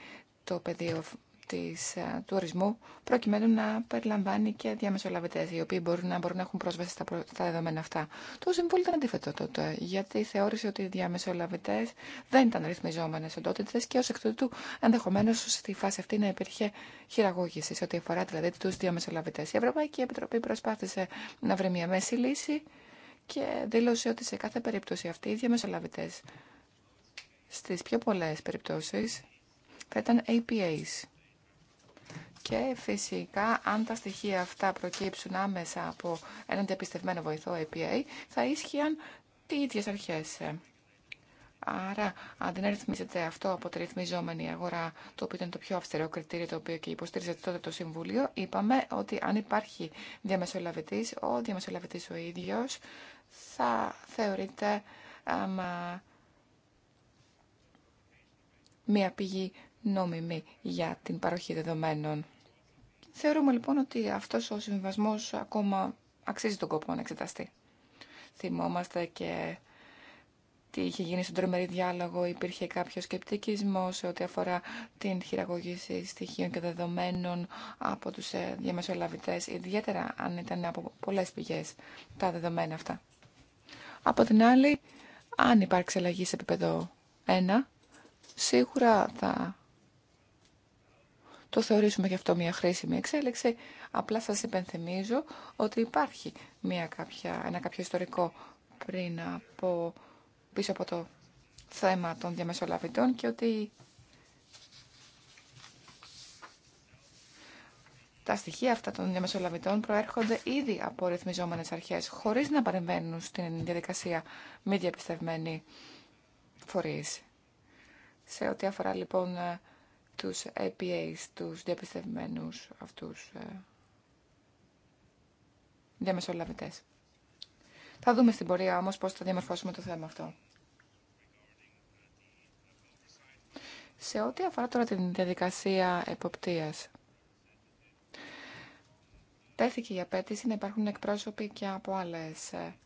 το πεδίο της, ε, του ορισμού προκειμένου να περιλαμβάνει και διαμεσολαβητές οι οποίοι μπορούν να, μπορούν να έχουν πρόσβαση στα, στα δεδομένα αυτά. Το Συμβούλιο ήταν αντίθετο τότε γιατί θεώρησε ότι οι διαμεσολαβητές δεν ήταν ρυθμιζόμενε οντότητες και ως εκ τούτου ενδεχομένω στη φάση αυτή να υπήρχε χειραγώγηση σε ό,τι αφορά δηλαδή τους διαμεσολαβητές. Η Ευρωπαϊκή Επιτροπή προσπάθησε να βρει μια μέση λύση και δήλωσε ότι σε κάθε περίπτωση αυτή οι διαμεσολαβητές στις πιο πολλές περιπτώσεις θα ήταν APAs, και φυσικά, αν τα στοιχεία αυτά προκύψουν άμεσα από έναν διαπιστευμένο βοηθό EPA, θα ίσχυαν τι ίδιε αρχέ. Άρα, αν δεν ρυθμίζεται αυτό από τη ρυθμιζόμενη αγορά, το οποίο ήταν το πιο αυστηρό κριτήριο, το οποίο και υποστήριζε τότε το Συμβούλιο, είπαμε ότι αν υπάρχει διαμεσολαβητή, ο διαμεσολαβητή ο ίδιο θα θεωρείται αμα, μία πηγή νόμιμη για την παροχή δεδομένων. Θεωρούμε λοιπόν ότι αυτός ο συμβιβασμός ακόμα αξίζει τον κόπο να εξεταστεί. Θυμόμαστε και τι είχε γίνει στον τρομερή διάλογο, υπήρχε κάποιο σκεπτικισμό σε ό,τι αφορά την χειραγωγήση στοιχείων και δεδομένων από τους ε, διαμεσολαβητές, ιδιαίτερα αν ήταν από πολλές πηγές τα δεδομένα αυτά. Από την άλλη, αν υπάρξει αλλαγή σε επίπεδο 1, σίγουρα θα το θεωρήσουμε και αυτό μια χρήσιμη εξέλιξη. Απλά σας υπενθυμίζω ότι υπάρχει μια κάποια, ένα κάποιο ιστορικό πριν από, πίσω από το θέμα των διαμεσολαβητών και ότι τα στοιχεία αυτά των διαμεσολαβητών προέρχονται ήδη από ρυθμιζόμενες αρχές, χωρίς να παρεμβαίνουν στην διαδικασία μη διαπιστευμένη φορείς. Σε ό,τι αφορά λοιπόν τους APAs, τους διαπιστευμένους αυτούς ε, διαμεσολαβητές. Θα δούμε στην πορεία όμως πώς θα διαμορφώσουμε το θέμα αυτό. Σε ό,τι αφορά τώρα την διαδικασία εποπτείας, τέθηκε η απέτηση να υπάρχουν εκπρόσωποι και από άλλες ε,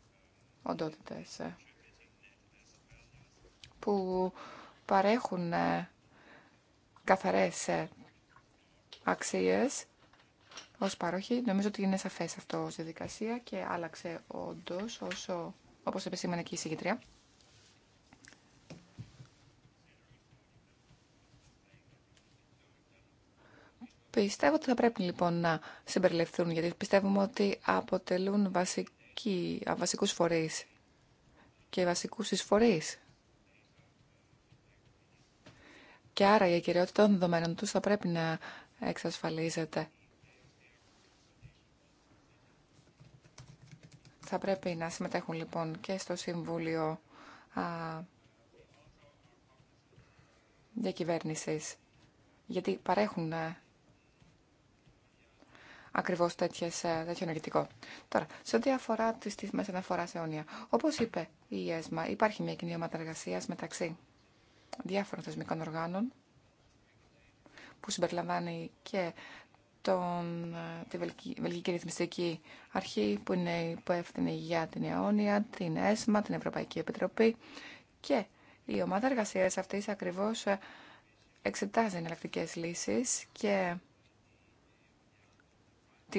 οντότητες ε, που παρέχουν καθαρές ε, αξίες ως παρόχη. Νομίζω ότι είναι σαφές αυτό ως διαδικασία και άλλαξε όντω όσο, όπως επισήμανε και η συγκεκριά. Πιστεύω ότι θα πρέπει λοιπόν να συμπεριληφθούν, γιατί πιστεύουμε ότι αποτελούν βασικοί, βασικούς φορείς και βασικούς εισφορείς Και άρα η ακυριότητα των δεδομένων τους θα πρέπει να εξασφαλίζεται. Θα πρέπει να συμμετέχουν λοιπόν και στο Συμβούλιο α, Διακυβέρνησης, γιατί παρέχουν α, ε, ακριβώς ε, τέτοιο ενεργητικό. Τώρα, σε ό,τι αφορά τις τιμές αναφοράς αιώνια, όπως είπε η ΕΣΜΑ, υπάρχει μια κοινή ομάδα μεταξύ διάφορων θεσμικών οργάνων που συμπεριλαμβάνει και τον, τη Βελγική Ρυθμιστική Αρχή που είναι υπεύθυνη για την αιώνια, την ΕΣΜΑ, την Ευρωπαϊκή Επιτροπή και η ομάδα εργασίας αυτής ακριβώς ε, εξετάζει εναλλακτικέ λύσεις και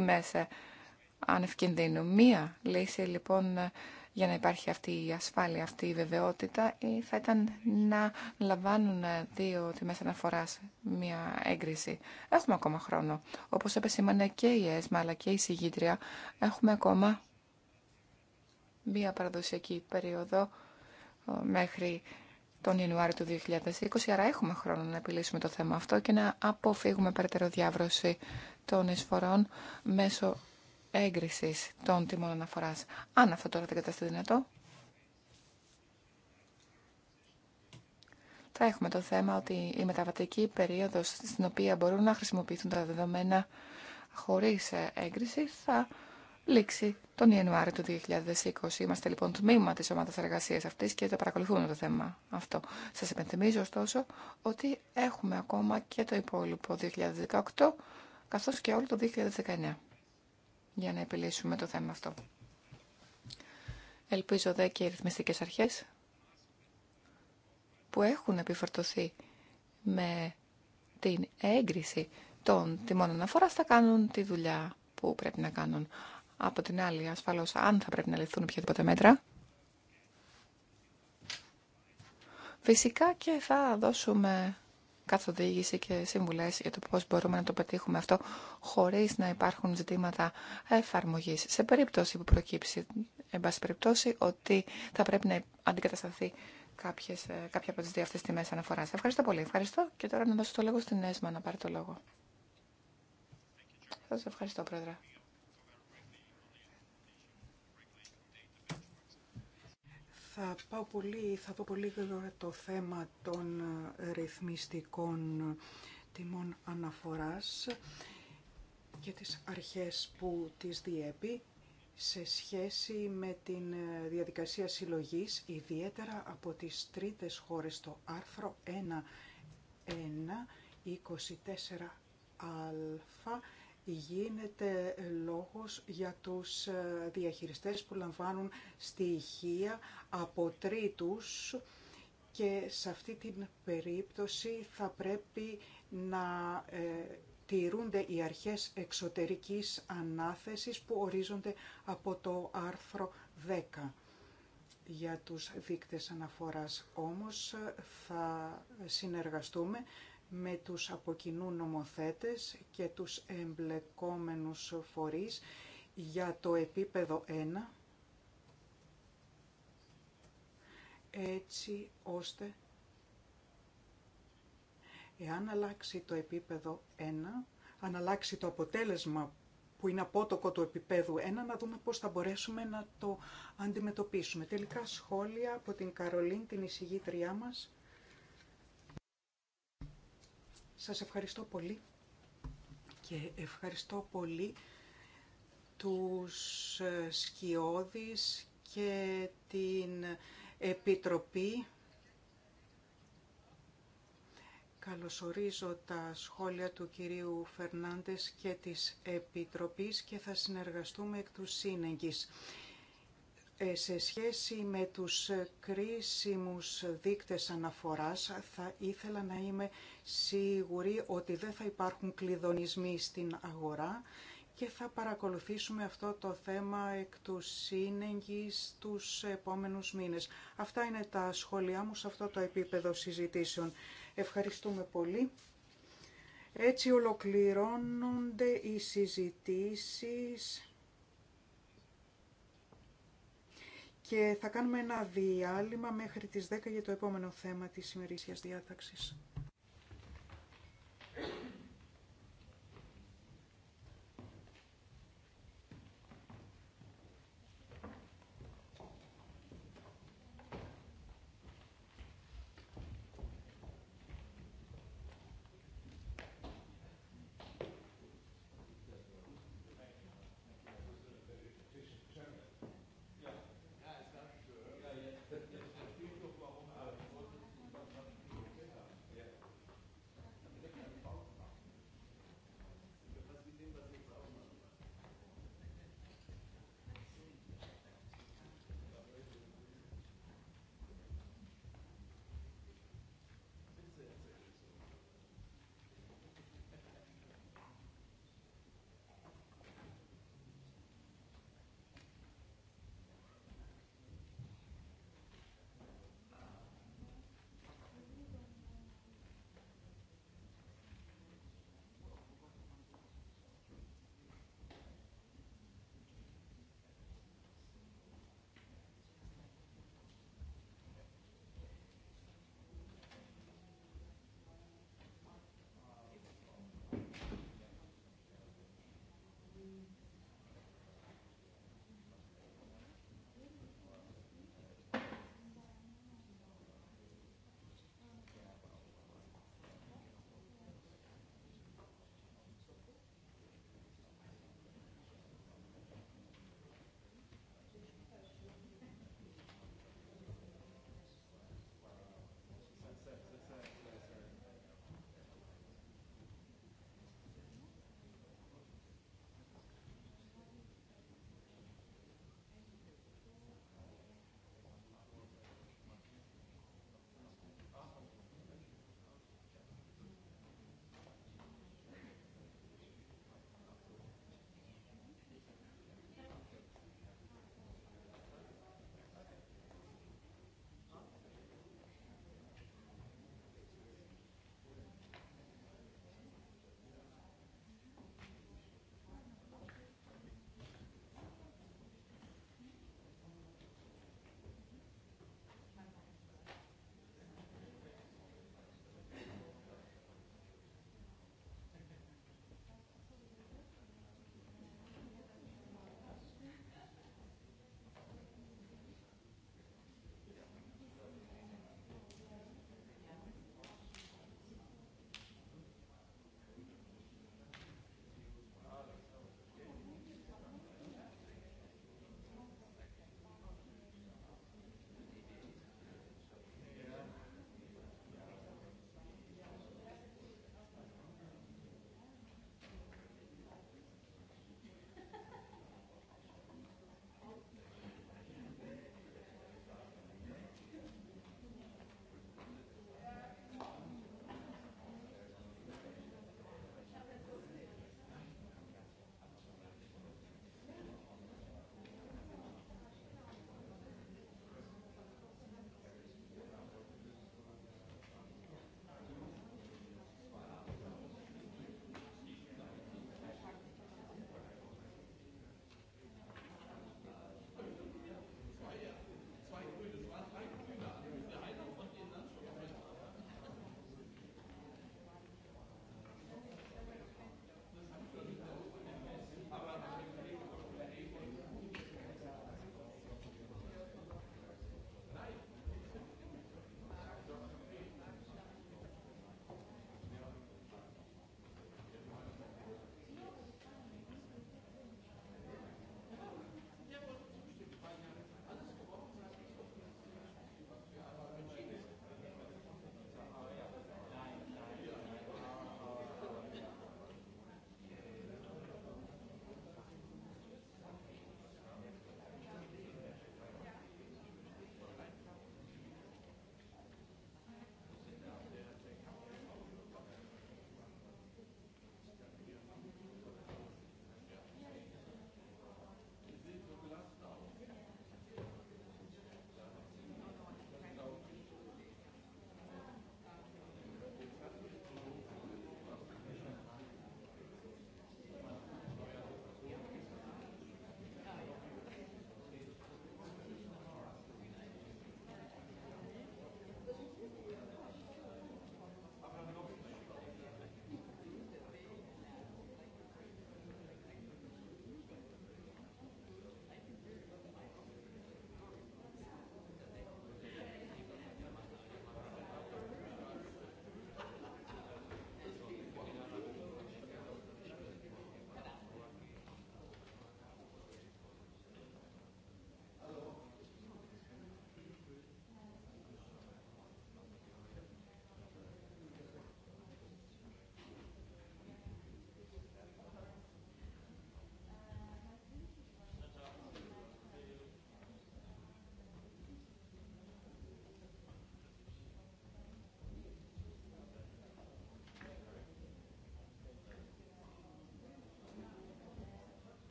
μέσα ε, ανευκινδύνου. Μία λύση λοιπόν ε, για να υπάρχει αυτή η ασφάλεια, αυτή η βεβαιότητα ή θα ήταν να λαμβάνουν δύο τιμές αναφοράς μια έγκριση. Έχουμε ακόμα χρόνο. Όπως επεσήμανε και η ΕΣΜΑ αλλά και η συγγήτρια, έχουμε ακόμα μια παραδοσιακή περίοδο ε, μέχρι τον Ιανουάριο του 2020, άρα έχουμε χρόνο να επιλύσουμε το θέμα αυτό και να αποφύγουμε περαιτέρω διάβρωση των εισφορών μέσω Έγκριση των τιμών αναφορά. Αν αυτό τώρα δεν καταστεί δυνατό, θα έχουμε το θέμα ότι η μεταβατική περίοδο στην οποία μπορούν να χρησιμοποιηθούν τα δεδομένα χωρί έγκριση θα λήξει τον Ιανουάριο του 2020. Είμαστε λοιπόν τμήμα τη ομάδα εργασία αυτή και το παρακολουθούμε το θέμα αυτό. Σα υπενθυμίζω ωστόσο ότι έχουμε ακόμα και το υπόλοιπο 2018 καθώς και όλο το 2019 για να επιλύσουμε το θέμα αυτό. Ελπίζω δε και οι ρυθμιστικές αρχές που έχουν επιφορτωθεί με την έγκριση των τιμών αναφορά θα κάνουν τη δουλειά που πρέπει να κάνουν. Από την άλλη, ασφαλώς, αν θα πρέπει να ληφθούν οποιαδήποτε μέτρα, φυσικά και θα δώσουμε καθοδήγηση και συμβουλές για το πώς μπορούμε να το πετύχουμε αυτό χωρίς να υπάρχουν ζητήματα εφαρμογής. Σε περίπτωση που προκύψει, εν πάση περιπτώσει, ότι θα πρέπει να αντικατασταθεί κάποιες, ε, κάποια από τις δύο αυτές τιμές αναφοράς. Ευχαριστώ πολύ. Ευχαριστώ και τώρα να δώσω το λόγο στην Έσμα να πάρει το λόγο. Σας ευχαριστώ, Πρόεδρε. Θα, πάω πολύ, θα πω πολύ γρήγορα το θέμα των ε, ρυθμιστικών ε, τιμών αναφοράς και τις αρχές που τις διέπει σε σχέση με την ε, διαδικασία συλλογής, ιδιαίτερα από τις τρίτες χώρες, το άρθρο 1.1.24α γίνεται λόγος για τους ε, διαχειριστές που λαμβάνουν στοιχεία από τρίτους και σε αυτή την περίπτωση θα πρέπει να ε, τηρούνται οι αρχές εξωτερικής ανάθεσης που ορίζονται από το άρθρο 10. Για τους δείκτες αναφοράς όμως θα συνεργαστούμε με τους αποκοινού νομοθέτες και τους εμπλεκόμενους φορείς για το επίπεδο 1, έτσι ώστε εάν αλλάξει το επίπεδο 1, αν το αποτέλεσμα που είναι απότοκο του επίπεδου 1, να δούμε πώς θα μπορέσουμε να το αντιμετωπίσουμε. Τελικά σχόλια από την Καρολίν, την εισηγήτριά μας. Σας ευχαριστώ πολύ και ευχαριστώ πολύ τους ε, Σκιώδης και την Επιτροπή. Καλωσορίζω τα σχόλια του κυρίου Φερνάντες και της Επιτροπής και θα συνεργαστούμε εκ του σύνεγγης. Ε, σε σχέση με τους κρίσιμους δείκτες αναφοράς θα ήθελα να είμαι σίγουρη ότι δεν θα υπάρχουν κλειδονισμοί στην αγορά και θα παρακολουθήσουμε αυτό το θέμα εκ του σύνεγγυς τους επόμενους μήνες. Αυτά είναι τα σχόλιά μου σε αυτό το επίπεδο συζητήσεων. Ευχαριστούμε πολύ. Έτσι ολοκληρώνονται οι συζητήσεις και θα κάνουμε ένα διάλειμμα μέχρι τις 10 για το επόμενο θέμα της ημερήσιας διάταξης.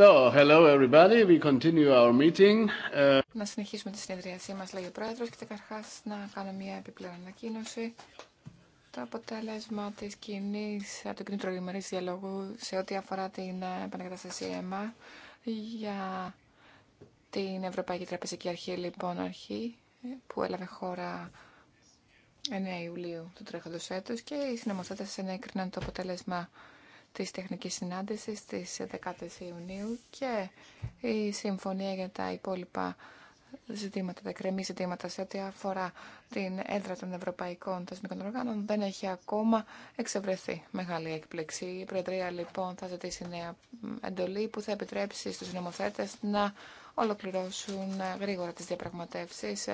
So, hello everybody. We continue our meeting. Να συνεχίσουμε τη συνεδρίασή μας, λέει ο Πρόεδρος, και καταρχάς να κάνω μια επιπλέον ανακοίνωση. Το αποτέλεσμα της κοινής, του κοινού τρογημερής διαλόγου σε ό,τι αφορά την ε, επανεκταστασία ΕΜΑ για την Ευρωπαϊκή Τραπεζική Αρχή, λοιπόν, αρχή ε, που έλαβε χώρα 9 Ιουλίου του τρέχοντος έτους και οι συνομοθέτες ενέκριναν το αποτέλεσμα της τεχνικής συνάντησης της 10 Ιουνίου και η συμφωνία για τα υπόλοιπα ζητήματα, τα κρεμή ζητήματα σε ό,τι αφορά την έδρα των ευρωπαϊκών θεσμικών οργάνων δεν έχει ακόμα εξευρεθεί μεγάλη έκπληξη. Η Προεδρία λοιπόν θα ζητήσει νέα εντολή που θα επιτρέψει στους νομοθέτες να ολοκληρώσουν γρήγορα τις διαπραγματεύσεις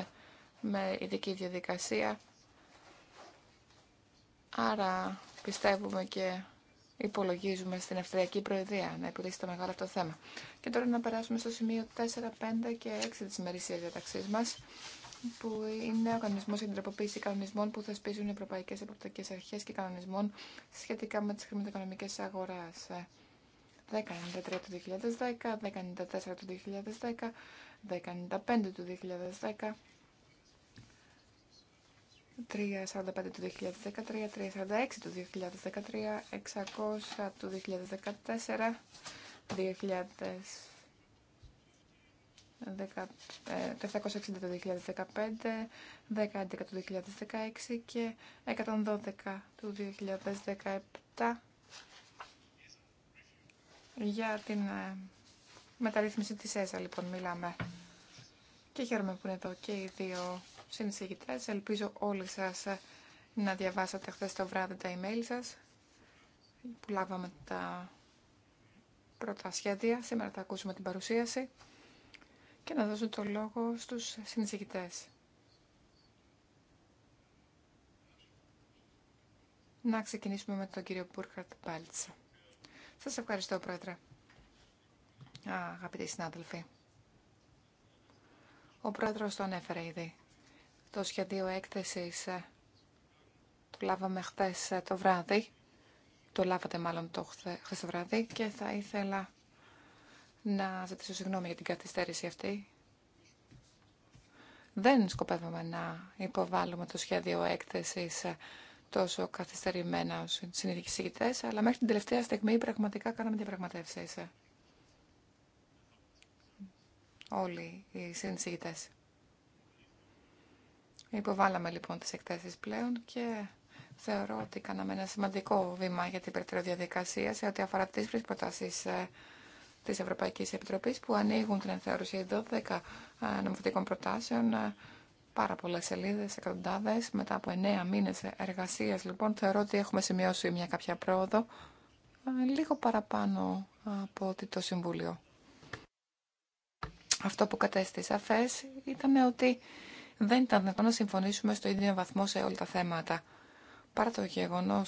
με ειδική διαδικασία. Άρα πιστεύουμε και υπολογίζουμε στην Αυστριακή Προεδρία να επιλύσει το μεγάλο αυτό θέμα. Και τώρα να περάσουμε στο σημείο 4, 5 και 6 της μερισίας διαταξή μας, που είναι ο κανονισμός για την τροποποίηση κανονισμών που θεσπίζουν οι Ευρωπαϊκέ Εποπτικές Αρχές και κανονισμών σχετικά με τις χρηματοοικονομικές αγοράς. 1093 του 2010, 1094 του 2010, 1095 του 2010, 345 του 2013, 346 του 2013, 600 του 2014, 2000, 760 το 2015, 11 το 2016 και 112 του 2017 για την ε, μεταρρύθμιση της ΕΣΑ λοιπόν μιλάμε. Και χαίρομαι που είναι εδώ και οι δύο συνεισηγητές. Ελπίζω όλοι σας ε, να διαβάσατε χθε το βράδυ τα email σας που λάβαμε τα πρώτα σχέδια. Σήμερα θα ακούσουμε την παρουσίαση και να δώσω το λόγο στους συνεισηγητές. Να ξεκινήσουμε με τον κύριο Μπούρχαρτ Πάλτσα. Σας ευχαριστώ, Πρόεδρε. Α, αγαπητοί συνάδελφοι. Ο Πρόεδρος τον ανέφερε ήδη. Το σχέδιο έκθεσης ε, το λάβαμε χθες ε, το βράδυ. Το λάβατε μάλλον το χθες το βράδυ και θα ήθελα να ζητήσω συγγνώμη για την καθυστέρηση αυτή. Δεν σκοπεύαμε να υποβάλουμε το σχέδιο έκθεσης ε, τόσο καθυστερημένα ως αλλά μέχρι την τελευταία στιγμή πραγματικά κάναμε διαπραγματεύσεις όλοι οι συνεισηγητές. Υποβάλαμε λοιπόν τις εκτάσεις πλέον και θεωρώ ότι κάναμε ένα σημαντικό βήμα για την περαιτέρω διαδικασία σε ό,τι αφορά τις προτάσεις ε, της Ευρωπαϊκής Επιτροπής που ανοίγουν την ενθεώρηση 12 ε, νομοθετικών προτάσεων ε, πάρα πολλέ σελίδε, εκατοντάδε. Μετά από εννέα μήνε εργασία, λοιπόν, θεωρώ ότι έχουμε σημειώσει μια κάποια πρόοδο. Λίγο παραπάνω από ότι το Συμβούλιο. Αυτό που κατέστη σαφέ ήταν ότι δεν ήταν δυνατόν να συμφωνήσουμε στο ίδιο βαθμό σε όλα τα θέματα. Παρά το γεγονό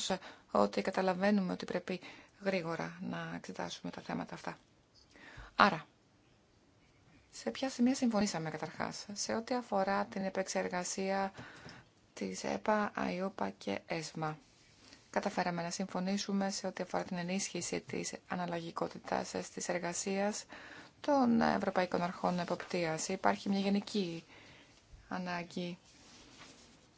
ότι καταλαβαίνουμε ότι πρέπει γρήγορα να εξετάσουμε τα θέματα αυτά. Άρα, σε ποια σημεία συμφωνήσαμε καταρχάς, σε ό,τι αφορά την επεξεργασία της ΕΠΑ, ΑΙΟΠΑ και ΕΣΜΑ. Καταφέραμε να συμφωνήσουμε σε ό,τι αφορά την ενίσχυση τη αναλλαγικότητα, τη εργασία των Ευρωπαϊκών Αρχών Εποπτεία. Υπάρχει μια γενική ανάγκη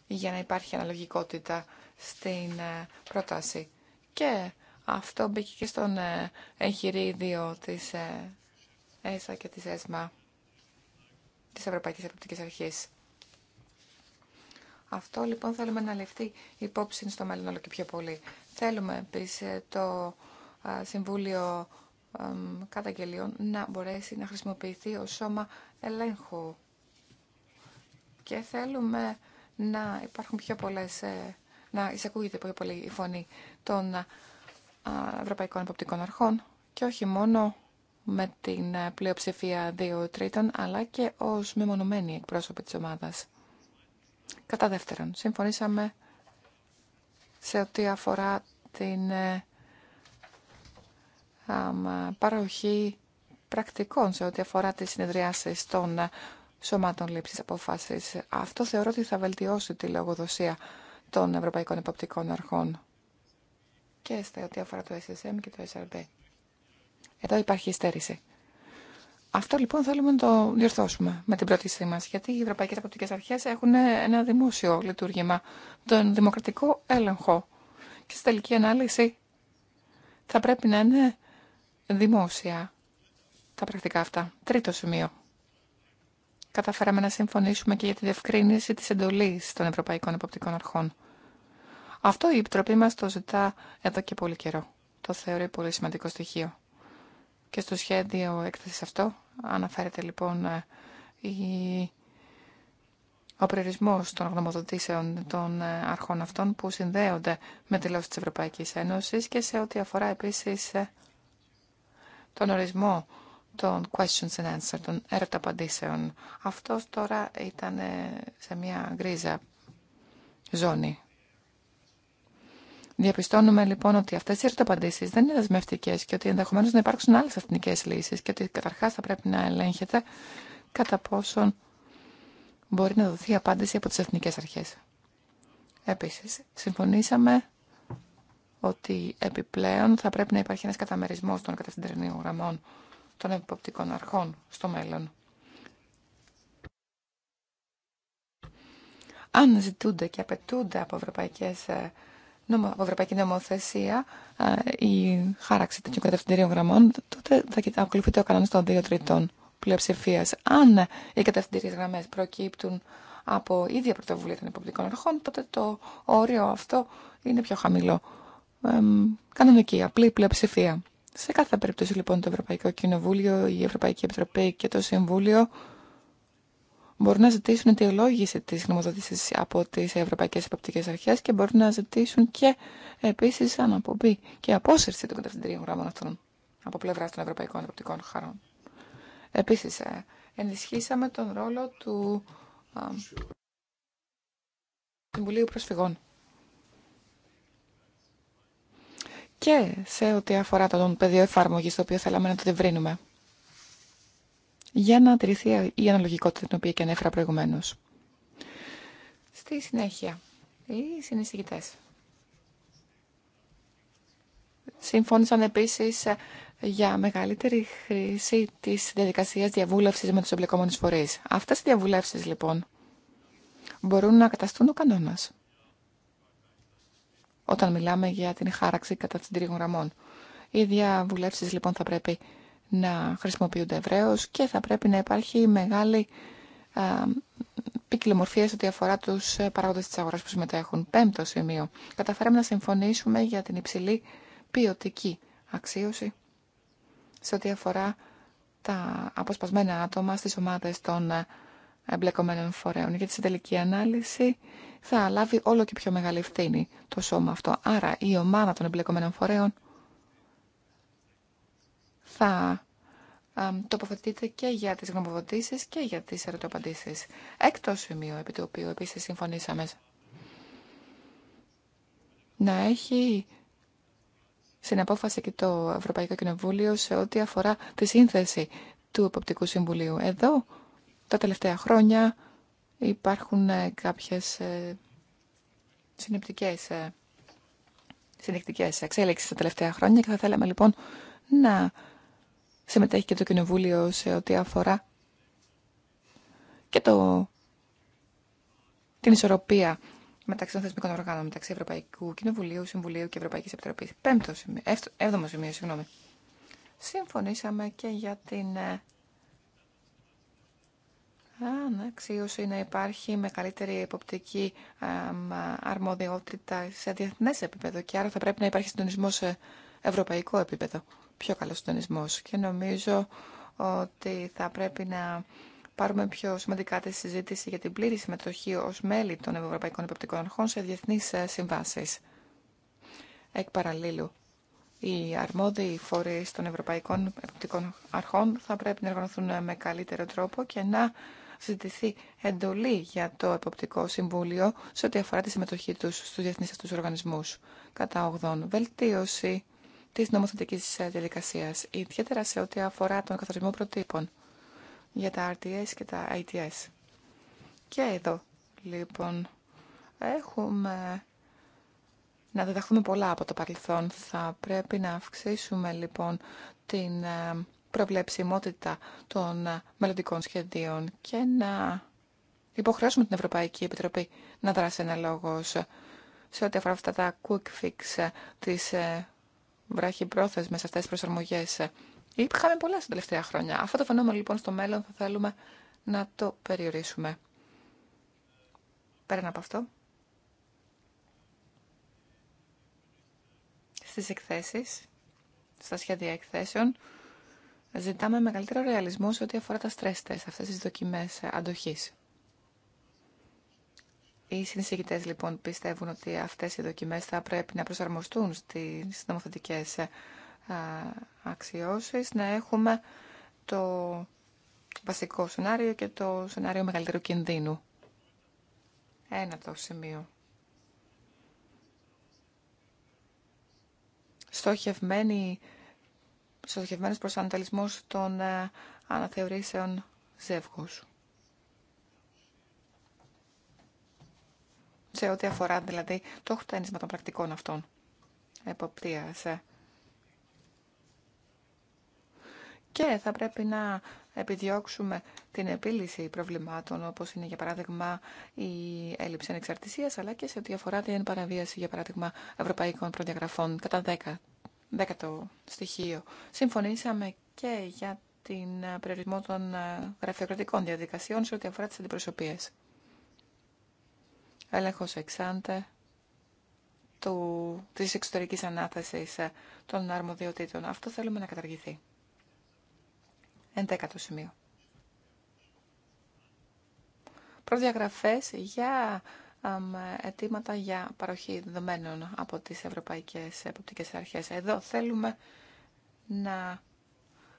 για να υπάρχει αναλογικότητα στην ε, πρόταση. Και αυτό μπήκε και στον ε, εγχειρίδιο της ε, ΕΣΑ και της ΕΣΜΑ, της Ευρωπαϊκής Επιπτικής Αρχής. Αυτό λοιπόν θέλουμε να ληφθεί υπόψη στο μέλλον όλο και πιο πολύ. Θέλουμε επίση το Συμβούλιο Καταγγελίων να μπορέσει να χρησιμοποιηθεί ως σώμα ελέγχου και θέλουμε να υπάρχουν πιο πολλές, ε, να εισακούγεται πολύ η φωνή των Ευρωπαϊκών Εποπτικών Αρχών και όχι μόνο με την ε, πλειοψηφία δύο τρίτων, αλλά και ως μεμονωμένοι εκπρόσωποι της ομάδας. Κατά δεύτερον, συμφωνήσαμε σε ό,τι αφορά την ε, παροχή πρακτικών σε ό,τι αφορά τις συνεδριάσεις των σωμάτων λήψη αποφάσει. Αυτό θεωρώ ότι θα βελτιώσει τη λογοδοσία των Ευρωπαϊκών Εποπτικών Αρχών και στα ό,τι αφορά το SSM και το SRB. Εδώ υπάρχει υστέρηση. Αυτό λοιπόν θέλουμε να το διορθώσουμε με την πρότασή μα. Γιατί οι Ευρωπαϊκέ Αποπτικέ Αρχέ έχουν ένα δημόσιο λειτουργήμα, τον δημοκρατικό έλεγχο. Και στη τελική ανάλυση θα πρέπει να είναι δημόσια τα πρακτικά αυτά. Τρίτο σημείο καταφέραμε να συμφωνήσουμε και για τη διευκρίνηση της εντολής των Ευρωπαϊκών Εποπτικών Αρχών. Αυτό η Επιτροπή μας το ζητά εδώ και πολύ καιρό. Το θεωρεί πολύ σημαντικό στοιχείο. Και στο σχέδιο έκθεσης αυτό αναφέρεται λοιπόν ε, η... ο περιορισμός των γνωμοδοτήσεων των ε, αρχών αυτών που συνδέονται με τη λόση της Ευρωπαϊκής Ένωσης και σε ό,τι αφορά επίσης ε, τον ορισμό των questions and answers, των έρωτα απαντήσεων. Αυτό τώρα ήταν ε, σε μια γκρίζα ζώνη. Διαπιστώνουμε λοιπόν ότι αυτέ οι ερωταπαντήσει δεν είναι δεσμευτικέ και ότι ενδεχομένω να υπάρξουν άλλε εθνικέ λύσει και ότι καταρχά θα πρέπει να ελέγχεται κατά πόσον μπορεί να δοθεί απάντηση από τι εθνικέ αρχέ. Επίση, συμφωνήσαμε ότι επιπλέον θα πρέπει να υπάρχει ένα καταμερισμό των κατευθυντηρίων γραμμών των υποπτικών αρχών στο μέλλον. Αν ζητούνται και απαιτούνται από, ευρωπαϊκές, ε, από ευρωπαϊκή νομοθεσία ε, η χάραξη τέτοιων κατευθυντηρίων γραμμών, τότε θα ακολουθείται ο κανόνα των δύο τρίτων πλειοψηφία. Αν οι κατευθυντήριε γραμμέ προκύπτουν από ίδια πρωτοβουλία των υποπτικών αρχών, τότε το όριο αυτό είναι πιο χαμηλό. Ε, κανονική, απλή πλειοψηφία. Σε κάθε περίπτωση λοιπόν το Ευρωπαϊκό Κοινοβούλιο, η Ευρωπαϊκή Επιτροπή και το Συμβούλιο μπορούν να ζητήσουν αιτιολόγηση της χρηματοδότησης από τις Ευρωπαϊκές Επιπτικές Αρχές και μπορούν να ζητήσουν και επίσης αναπομπή και απόσυρση των κατευθυντήριων γράμμων αυτών από πλευρά των Ευρωπαϊκών Εποπτικών Χαρών. Επίσης, ε, ενισχύσαμε τον ρόλο του Συμβουλίου Προσφυγών. και σε ό,τι αφορά τον πεδίο εφαρμογής το οποίο θέλαμε να το διευρύνουμε για να τηρηθεί η αναλογικότητα την οποία και ανέφερα προηγουμένω. Στη συνέχεια, οι συνεισηγητέ. Συμφώνησαν επίσης για μεγαλύτερη χρήση της διαδικασίας διαβούλευσης με τους εμπλεκόμενους φορείς. Αυτές οι διαβουλεύσεις λοιπόν μπορούν να καταστούν ο κανόνας όταν μιλάμε για την χάραξη κατά των τρίγων γραμμών. Οι διαβουλεύσει λοιπόν θα πρέπει να χρησιμοποιούνται ευρέω και θα πρέπει να υπάρχει μεγάλη α, ποικιλομορφία σε ό,τι αφορά του παράγοντε τη αγορά που συμμετέχουν. Πέμπτο σημείο. Καταφέραμε να συμφωνήσουμε για την υψηλή ποιοτική αξίωση σε ό,τι αφορά τα αποσπασμένα άτομα στι ομάδε των εμπλεκομένων φορέων. Για τη συντελική ανάλυση θα λάβει όλο και πιο μεγάλη ευθύνη το σώμα αυτό. Άρα η ομάδα των εμπλεκομένων φορέων θα τοποθετείται και για τις γνωμοδοτήσεις και για τις ερωτοπαντήσεις. Έκτο σημείο επί το οποίο επίσης συμφωνήσαμε να έχει συναπόφαση και το Ευρωπαϊκό Κοινοβούλιο σε ό,τι αφορά τη σύνθεση του Εποπτικού Συμβουλίου. Εδώ τα τελευταία χρόνια Υπάρχουν ε, κάποιες ε, συνεπτικές, ε, συνεκτικές εξέλιξεις τα τελευταία χρόνια και θα θέλαμε λοιπόν να συμμετέχει και το Κοινοβούλιο σε ό,τι αφορά και το, την ισορροπία μεταξύ των θεσμικών οργάνων, μεταξύ Ευρωπαϊκού Κοινοβουλίου, Συμβουλίου και Ευρωπαϊκής Επιτροπής. Πέμπτο σημείο, έβδομο σημείο, συγγνώμη. Συμφωνήσαμε και για την αξίωση να υπάρχει με καλύτερη υποπτική αρμοδιότητα σε διεθνέ επίπεδο και άρα θα πρέπει να υπάρχει συντονισμό σε ευρωπαϊκό επίπεδο. Πιο καλό συντονισμό. Και νομίζω ότι θα πρέπει να πάρουμε πιο σημαντικά τη συζήτηση για την πλήρη συμμετοχή ω μέλη των Ευρωπαϊκών Υποπτικών Αρχών σε διεθνεί ε, συμβάσει. Εκ παραλίλου, οι αρμόδιοι φορεί των Ευρωπαϊκών επιπτικών Αρχών θα πρέπει να οργανωθούν με καλύτερο τρόπο και να ζητηθεί εντολή για το Εποπτικό Συμβούλιο σε ό,τι αφορά τη συμμετοχή του στου διεθνεί αυτού οργανισμού. Κατά ογδόν, Βελτίωση τη νομοθετική διαδικασία, ιδιαίτερα σε ό,τι αφορά τον καθορισμό προτύπων για τα RTS και τα ITS. Και εδώ, λοιπόν, έχουμε να διδαχθούμε πολλά από το παρελθόν. Θα πρέπει να αυξήσουμε, λοιπόν, την ε, προβλεψιμότητα των μελλοντικών σχεδίων και να υποχρεώσουμε την Ευρωπαϊκή Επιτροπή να δράσει αναλόγως σε ό,τι αφορά αυτά τα quick fix, τις ε, βραχυπρόθεσμες αυτές τις προσαρμογές. Είχαμε πολλά στα τελευταία χρόνια. Αυτό το φαινόμενο λοιπόν στο μέλλον θα θέλουμε να το περιορίσουμε. Πέραν από αυτό, στις εκθέσεις, στα σχέδια εκθέσεων, ζητάμε μεγαλύτερο ρεαλισμό σε ό,τι αφορά τα stress test, αυτές τις δοκιμές ε, αντοχής. Οι συνεισηγητές λοιπόν πιστεύουν ότι αυτές οι δοκιμές θα πρέπει να προσαρμοστούν στις νομοθετικές ε, αξιώσεις, να έχουμε το βασικό σενάριο και το σενάριο μεγαλύτερου κινδύνου. Ένα το σημείο. Στοχευμένη προς προσανατολισμούς των ε, αναθεωρήσεων ζεύγους. Σε ό,τι αφορά δηλαδή το χτένισμα των πρακτικών αυτών εποπτείας. Και θα πρέπει να επιδιώξουμε την επίλυση προβλημάτων, όπως είναι για παράδειγμα η έλλειψη ανεξαρτησίας, αλλά και σε ό,τι αφορά την παραβίαση, για παράδειγμα, ευρωπαϊκών προδιαγραφών κατά 10 Δέκατο στοιχείο. Συμφωνήσαμε και για την ε, περιορισμό των ε, γραφειοκρατικών διαδικασιών σε ό,τι αφορά τις αντιπροσωπείες. Έλεγχος εξάντε του, της εξωτερικής ανάθεσης ε, των αρμοδιοτήτων. Αυτό θέλουμε να καταργηθεί. Εντέκατο σημείο. Προδιαγραφές για αιτήματα για παροχή δεδομένων από τις Ευρωπαϊκές Εποπτικές Αρχές. Εδώ θέλουμε να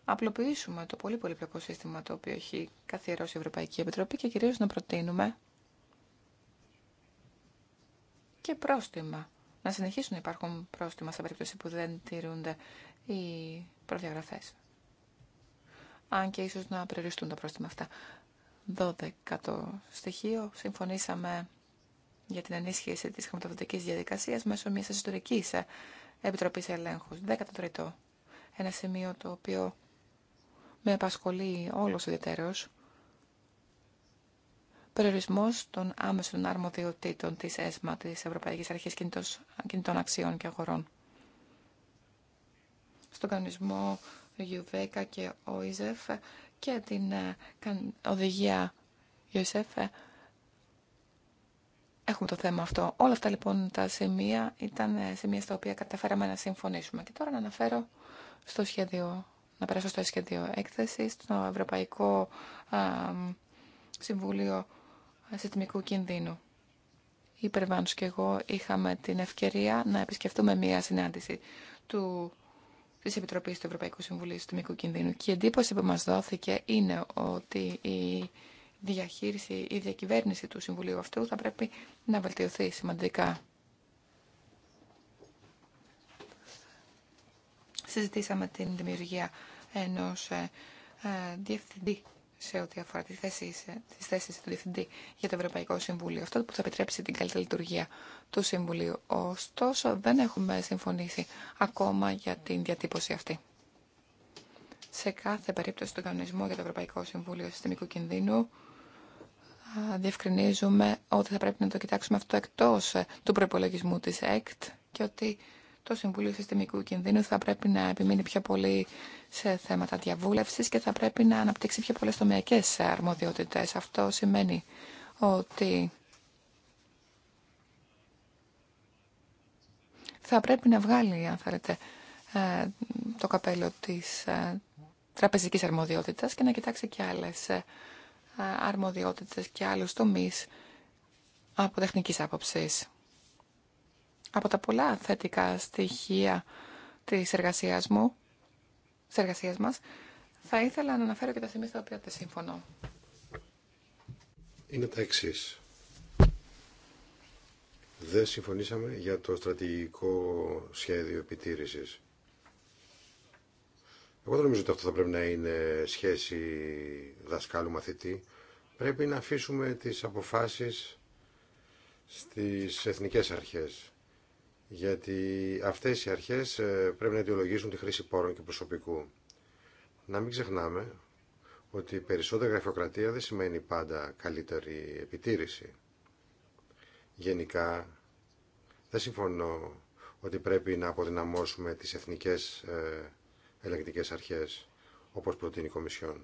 απλοποιήσουμε το πολύ πολύπλοκο σύστημα το οποίο έχει καθιερώσει η Ευρωπαϊκή Επιτροπή και κυρίως να προτείνουμε και πρόστιμα. Να συνεχίσουν να υπάρχουν πρόστιμα σε περίπτωση που δεν τηρούνται οι προδιαγραφές. Αν και ίσως να περιοριστούν τα πρόστιμα αυτά. 12 το στοιχείο. Συμφωνήσαμε για την ενίσχυση της χρηματοδοτικής διαδικασίας μέσω μιας ιστορική ελέγχου. 13ο. Ένα σημείο το οποίο με απασχολεί όλος ιδιαίτερος. απασχολει ολος ο Περιορισμό περιορισμος των άμεσων αρμοδιοτήτων της ΕΣΜΑ, της Ευρωπαϊκής Αρχής Κινητών Αξιών και Αγορών. Στον κανονισμό Γιουβέκα και ΟΙΖΕΦ και την ε, οδηγία Ιωσέφ ε, Έχουμε το θέμα αυτό. Όλα αυτά λοιπόν τα σημεία ήταν ε, σημεία στα οποία καταφέραμε να συμφωνήσουμε. Και τώρα να αναφέρω στο σχέδιο, να περάσω στο σχέδιο έκθεση, στο Ευρωπαϊκό Συμβούλιο Συστημικού Κινδύνου. Η και εγώ είχαμε την ευκαιρία να επισκεφτούμε μία συνάντηση του τη Επιτροπή του Ευρωπαϊκού Συμβουλίου Συστημικού Κινδύνου. Και η εντύπωση που μα δόθηκε είναι ότι η διαχείριση ή διακυβέρνηση του Συμβουλίου αυτού θα πρέπει να βελτιωθεί σημαντικά. Συζητήσαμε την δημιουργία ενός ε, ε, διευθυντή σε ό,τι αφορά τις θέσεις, ε, θέσεις του Διευθυντή για το Ευρωπαϊκό Συμβούλιο. Αυτό που θα επιτρέψει την καλύτερη λειτουργία του Συμβουλίου. Ωστόσο, δεν έχουμε συμφωνήσει ακόμα για την διατύπωση αυτή. Σε κάθε περίπτωση του κανονισμού για το Ευρωπαϊκό Συμβούλιο Συστημικού Κινδύνου, διευκρινίζουμε ότι θα πρέπει να το κοιτάξουμε αυτό εκτός ε, του προπολογισμού της ΕΚΤ και ότι το Συμβούλιο Συστημικού Κινδύνου θα πρέπει να επιμείνει πιο πολύ σε θέματα διαβούλευσης και θα πρέπει να αναπτύξει πιο πολλές τομεακές αρμοδιότητες. Αυτό σημαίνει ότι θα πρέπει να βγάλει, αν θέλετε, ε, το καπέλο της ε, τραπεζικής αρμοδιότητας και να κοιτάξει και άλλες ε, αρμοδιότητες και άλλους τομείς από τεχνικής άποψης. Από τα πολλά θετικά στοιχεία της εργασίας μου, της μας, θα ήθελα να αναφέρω και τα σημεία στα οποία δεν συμφωνώ. Είναι τα εξή. Δεν συμφωνήσαμε για το στρατηγικό σχέδιο επιτήρησης. Εγώ δεν νομίζω ότι αυτό θα πρέπει να είναι σχέση δασκάλου-μαθητή. Πρέπει να αφήσουμε τις αποφάσεις στις εθνικές αρχές. Γιατί αυτές οι αρχές ε, πρέπει να ιδιολογήσουν τη χρήση πόρων και προσωπικού. Να μην ξεχνάμε ότι περισσότερη γραφειοκρατία δεν σημαίνει πάντα καλύτερη επιτήρηση. Γενικά, δεν συμφωνώ ότι πρέπει να αποδυναμώσουμε τις εθνικές ε, ελεγκτικές αρχές όπως προτείνει η Κομισιόν.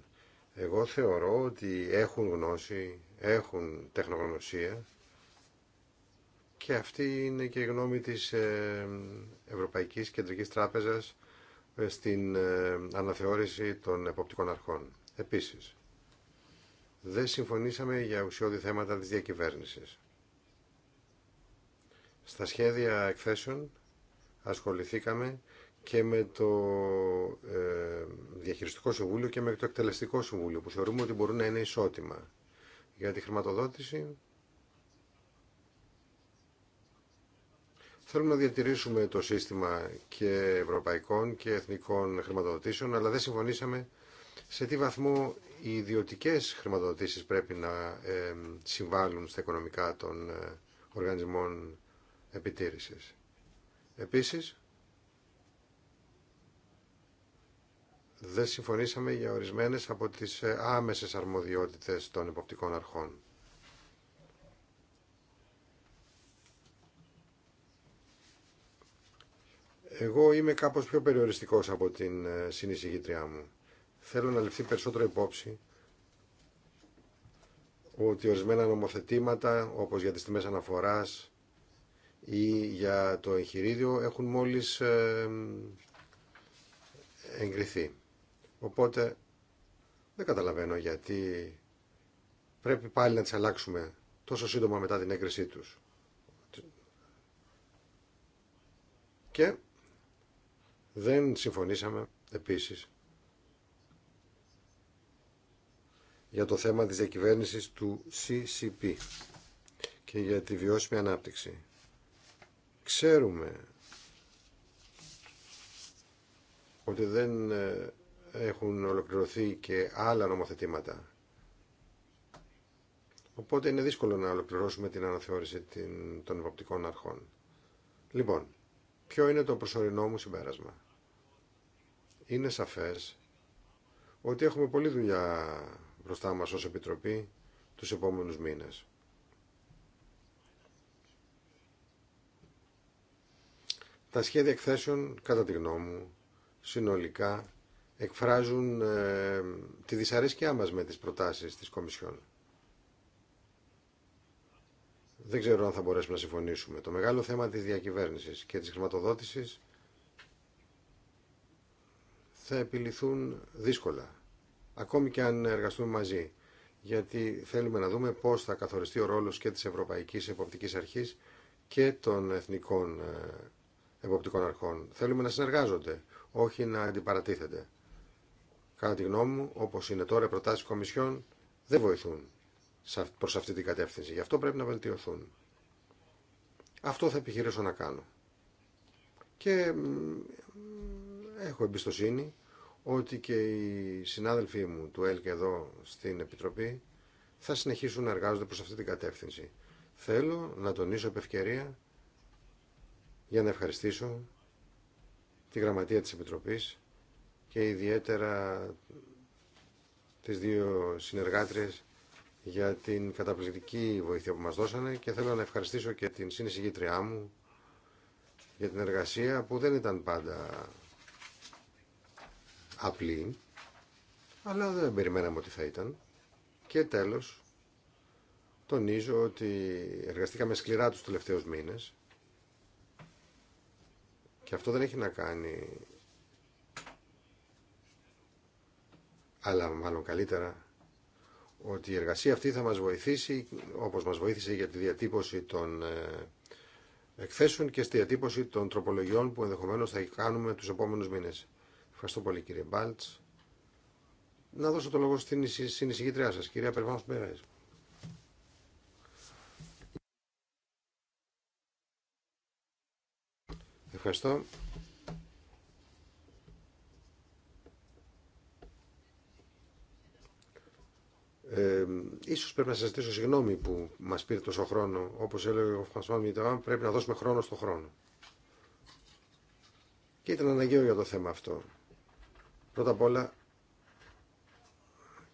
Εγώ θεωρώ ότι έχουν γνώση, έχουν τεχνογνωσία και αυτή είναι και η γνώμη της ε, Ευρωπαϊκής Κεντρικής Τράπεζας ε, στην ε, αναθεώρηση των εποπτικών αρχών. Επίσης, δεν συμφωνήσαμε για ουσιώδη θέματα της διακυβέρνησης. Στα σχέδια εκθέσεων ασχοληθήκαμε και με το ε, Διαχειριστικό Συμβούλιο και με το Εκτελεστικό Συμβούλιο που θεωρούμε ότι μπορούν να είναι ισότιμα. Για τη χρηματοδότηση θέλουμε να διατηρήσουμε το σύστημα και ευρωπαϊκών και εθνικών χρηματοδοτήσεων αλλά δεν συμφωνήσαμε σε τι βαθμό οι ιδιωτικέ χρηματοδοτήσεις πρέπει να ε, συμβάλλουν στα οικονομικά των ε, οργανισμών επιτήρησης. Επίσης, δεν συμφωνήσαμε για ορισμένες από τις ε, άμεσες αρμοδιότητες των εποπτικών αρχών. Εγώ είμαι κάπως πιο περιοριστικός από την ε, συνεισηγήτριά μου. Θέλω να ληφθεί περισσότερο υπόψη ότι ορισμένα νομοθετήματα, όπως για τις τιμές αναφοράς ή για το εγχειρίδιο, έχουν μόλις ε, εγκριθεί. Οπότε δεν καταλαβαίνω γιατί πρέπει πάλι να τις αλλάξουμε τόσο σύντομα μετά την έγκρισή τους. Και δεν συμφωνήσαμε επίσης για το θέμα της διακυβέρνησης του CCP και για τη βιώσιμη ανάπτυξη. Ξέρουμε ότι δεν ε, έχουν ολοκληρωθεί και άλλα νομοθετήματα. Οπότε είναι δύσκολο να ολοκληρώσουμε την αναθεώρηση των υποπτικών αρχών. Λοιπόν, ποιο είναι το προσωρινό μου συμπέρασμα. Είναι σαφές ότι έχουμε πολλή δουλειά μπροστά μας ως Επιτροπή τους επόμενους μήνες. Τα σχέδια εκθέσεων, κατά τη γνώμη μου, συνολικά εκφράζουν ε, τη δυσαρέσκειά μας με τις προτάσεις της Κομισιόν. Δεν ξέρω αν θα μπορέσουμε να συμφωνήσουμε. Το μεγάλο θέμα της διακυβέρνησης και της χρηματοδότησης θα επιληθούν δύσκολα. Ακόμη και αν εργαστούμε μαζί. Γιατί θέλουμε να δούμε πώς θα καθοριστεί ο ρόλος και της Ευρωπαϊκής Εποπτικής Αρχής και των Εθνικών ε, Εποπτικών Αρχών. Θέλουμε να συνεργάζονται, όχι να αντιπαρατίθεται. Κατά τη γνώμη μου, όπω είναι τώρα οι προτάσει Κομισιόν δεν βοηθούν προ αυτή την κατεύθυνση. Γι' αυτό πρέπει να βελτιωθούν. Αυτό θα επιχειρήσω να κάνω. Και έχω εμπιστοσύνη ότι και οι συνάδελφοί μου του ΕΛΚ εδώ στην Επιτροπή θα συνεχίσουν να εργάζονται προς αυτή την κατεύθυνση. Θέλω να τονίσω επ' ευκαιρία για να ευχαριστήσω τη Γραμματεία της Επιτροπής και ιδιαίτερα τις δύο συνεργάτριες για την καταπληκτική βοήθεια που μας δώσανε και θέλω να ευχαριστήσω και την συνεισηγήτριά μου για την εργασία που δεν ήταν πάντα απλή αλλά δεν περιμέναμε ότι θα ήταν και τέλος τονίζω ότι εργαστήκαμε σκληρά τους τελευταίους μήνες και αυτό δεν έχει να κάνει αλλά μάλλον καλύτερα ότι η εργασία αυτή θα μας βοηθήσει όπως μας βοήθησε για τη διατύπωση των ε, εκθέσεων και στη διατύπωση των τροπολογιών που ενδεχομένως θα κάνουμε τους επόμενους μήνες. Ευχαριστώ πολύ κύριε Μπάλτς. Να δώσω το λόγο στην συνεισηγήτριά σας, κυρία Περβάνος Μπερές. Ευχαριστώ. Ε, ίσως πρέπει να σας ζητήσω συγγνώμη που μας πήρε τόσο χρόνο. Όπως έλεγε ο Φασμάν Μιτράν, πρέπει να δώσουμε χρόνο στο χρόνο. Και ήταν αναγκαίο για το θέμα αυτό. Πρώτα απ' όλα,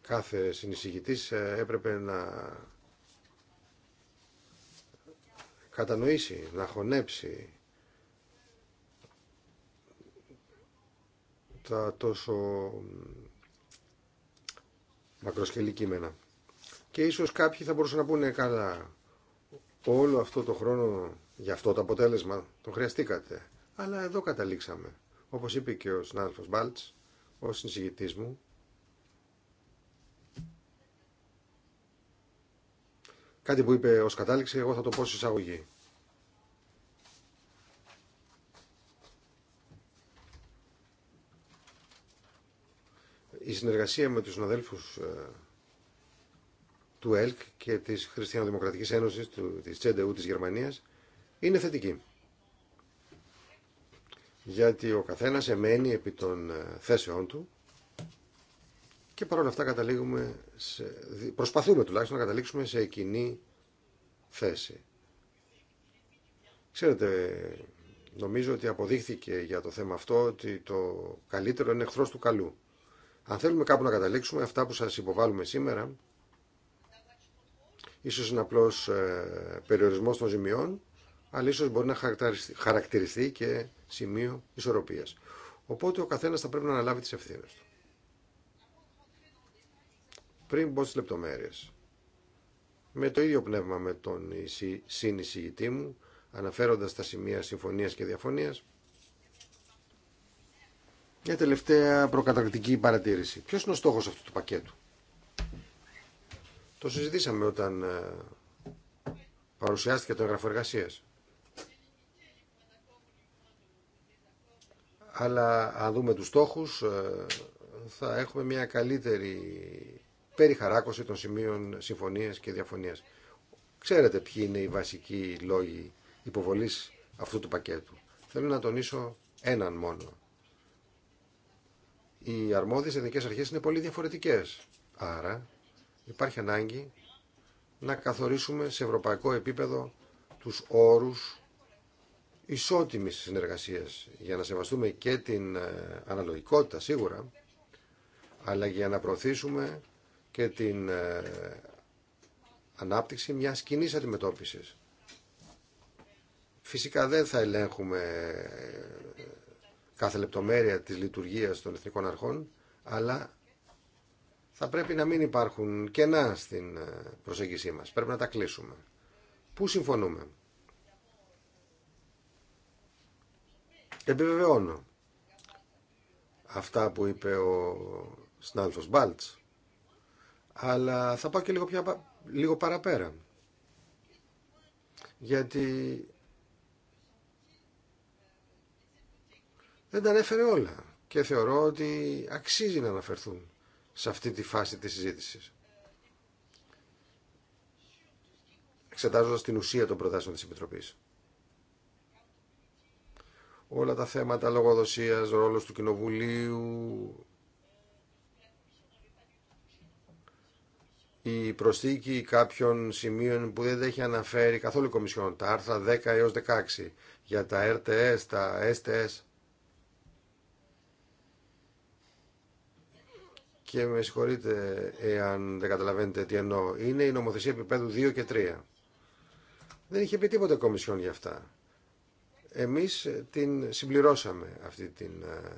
κάθε συνεισηγητής ε, έπρεπε να κατανοήσει, να χωνέψει τα τόσο μακροσκελή κείμενα. Και ίσως κάποιοι θα μπορούσαν να πούνε καλά όλο αυτό το χρόνο για αυτό το αποτέλεσμα το χρειαστήκατε. Αλλά εδώ καταλήξαμε. Όπως είπε και ο συνάδελφος Μπάλτς, ο συνσηγητής μου, κάτι που είπε ως κατάληξη, εγώ θα το πω σε εισαγωγή. η συνεργασία με τους συναδέλφους ε, του ΕΛΚ και της Χριστιανοδημοκρατικής Ένωσης, του, της Τσέντεου της Γερμανίας, είναι θετική. Γιατί ο καθένας εμένει επί των ε, θέσεών του και παρόλα αυτά καταλήγουμε σε, προσπαθούμε τουλάχιστον να καταλήξουμε σε κοινή θέση. Ξέρετε, νομίζω ότι αποδείχθηκε για το θέμα αυτό ότι το καλύτερο είναι εχθρός του καλού. Αν θέλουμε κάπου να καταλήξουμε, αυτά που σας υποβάλλουμε σήμερα, ίσως είναι απλώς ε, περιορισμός των ζημιών, αλλά ίσως μπορεί να χαρακτηριστεί και σημείο ισορροπίας. Οπότε ο καθένας θα πρέπει να αναλάβει τις ευθύνες του. Πριν μπω στις λεπτομέρειες, με το ίδιο πνεύμα με τον συνεισηγητή μου, αναφέροντας τα σημεία συμφωνίας και διαφωνίας, μια τελευταία προκαταρκτική παρατήρηση. Ποιος είναι ο στόχος αυτού του πακέτου. Το συζητήσαμε όταν ε, παρουσιάστηκε το εγγραφό Αλλά αν δούμε τους στόχους ε, θα έχουμε μια καλύτερη περιχαράκωση των σημείων συμφωνίας και διαφωνίας. Ξέρετε ποιοι είναι οι βασικοί λόγοι υποβολής αυτού του πακέτου. Θέλω να τονίσω έναν μόνο οι αρμόδιες εθνικές αρχές είναι πολύ διαφορετικές. Άρα υπάρχει ανάγκη να καθορίσουμε σε ευρωπαϊκό επίπεδο τους όρους ισότιμης συνεργασίας για να σεβαστούμε και την ε, αναλογικότητα σίγουρα αλλά για να προωθήσουμε και την ε, ανάπτυξη μιας κοινή αντιμετώπισης. Φυσικά δεν θα ελέγχουμε ε, κάθε λεπτομέρεια της λειτουργίας των εθνικών αρχών, αλλά θα πρέπει να μην υπάρχουν κενά στην ε, προσέγγισή μας. Πρέπει να τα κλείσουμε. Πού συμφωνούμε. Επιβεβαιώνω αυτά που είπε ο συνάδελφος Μπάλτς, αλλά θα πάω και λίγο, πια, λίγο παραπέρα. Γιατί δεν τα ανέφερε όλα και θεωρώ ότι αξίζει να αναφερθούν σε αυτή τη φάση της συζήτησης. Εξετάζοντας την ουσία των προτάσεων της Επιτροπής. Όλα τα θέματα λογοδοσίας, ρόλος του Κοινοβουλίου, η προσθήκη κάποιων σημείων που δεν τα έχει αναφέρει καθόλου η Κομισιόν, τα άρθρα 10 έως 16, για τα RTS, τα STS, και με συγχωρείτε εάν δεν καταλαβαίνετε τι εννοώ, είναι η νομοθεσία επίπεδου 2 και 3. Δεν είχε πει τίποτα κομισιόν για αυτά. Εμείς την συμπληρώσαμε αυτή την, ε,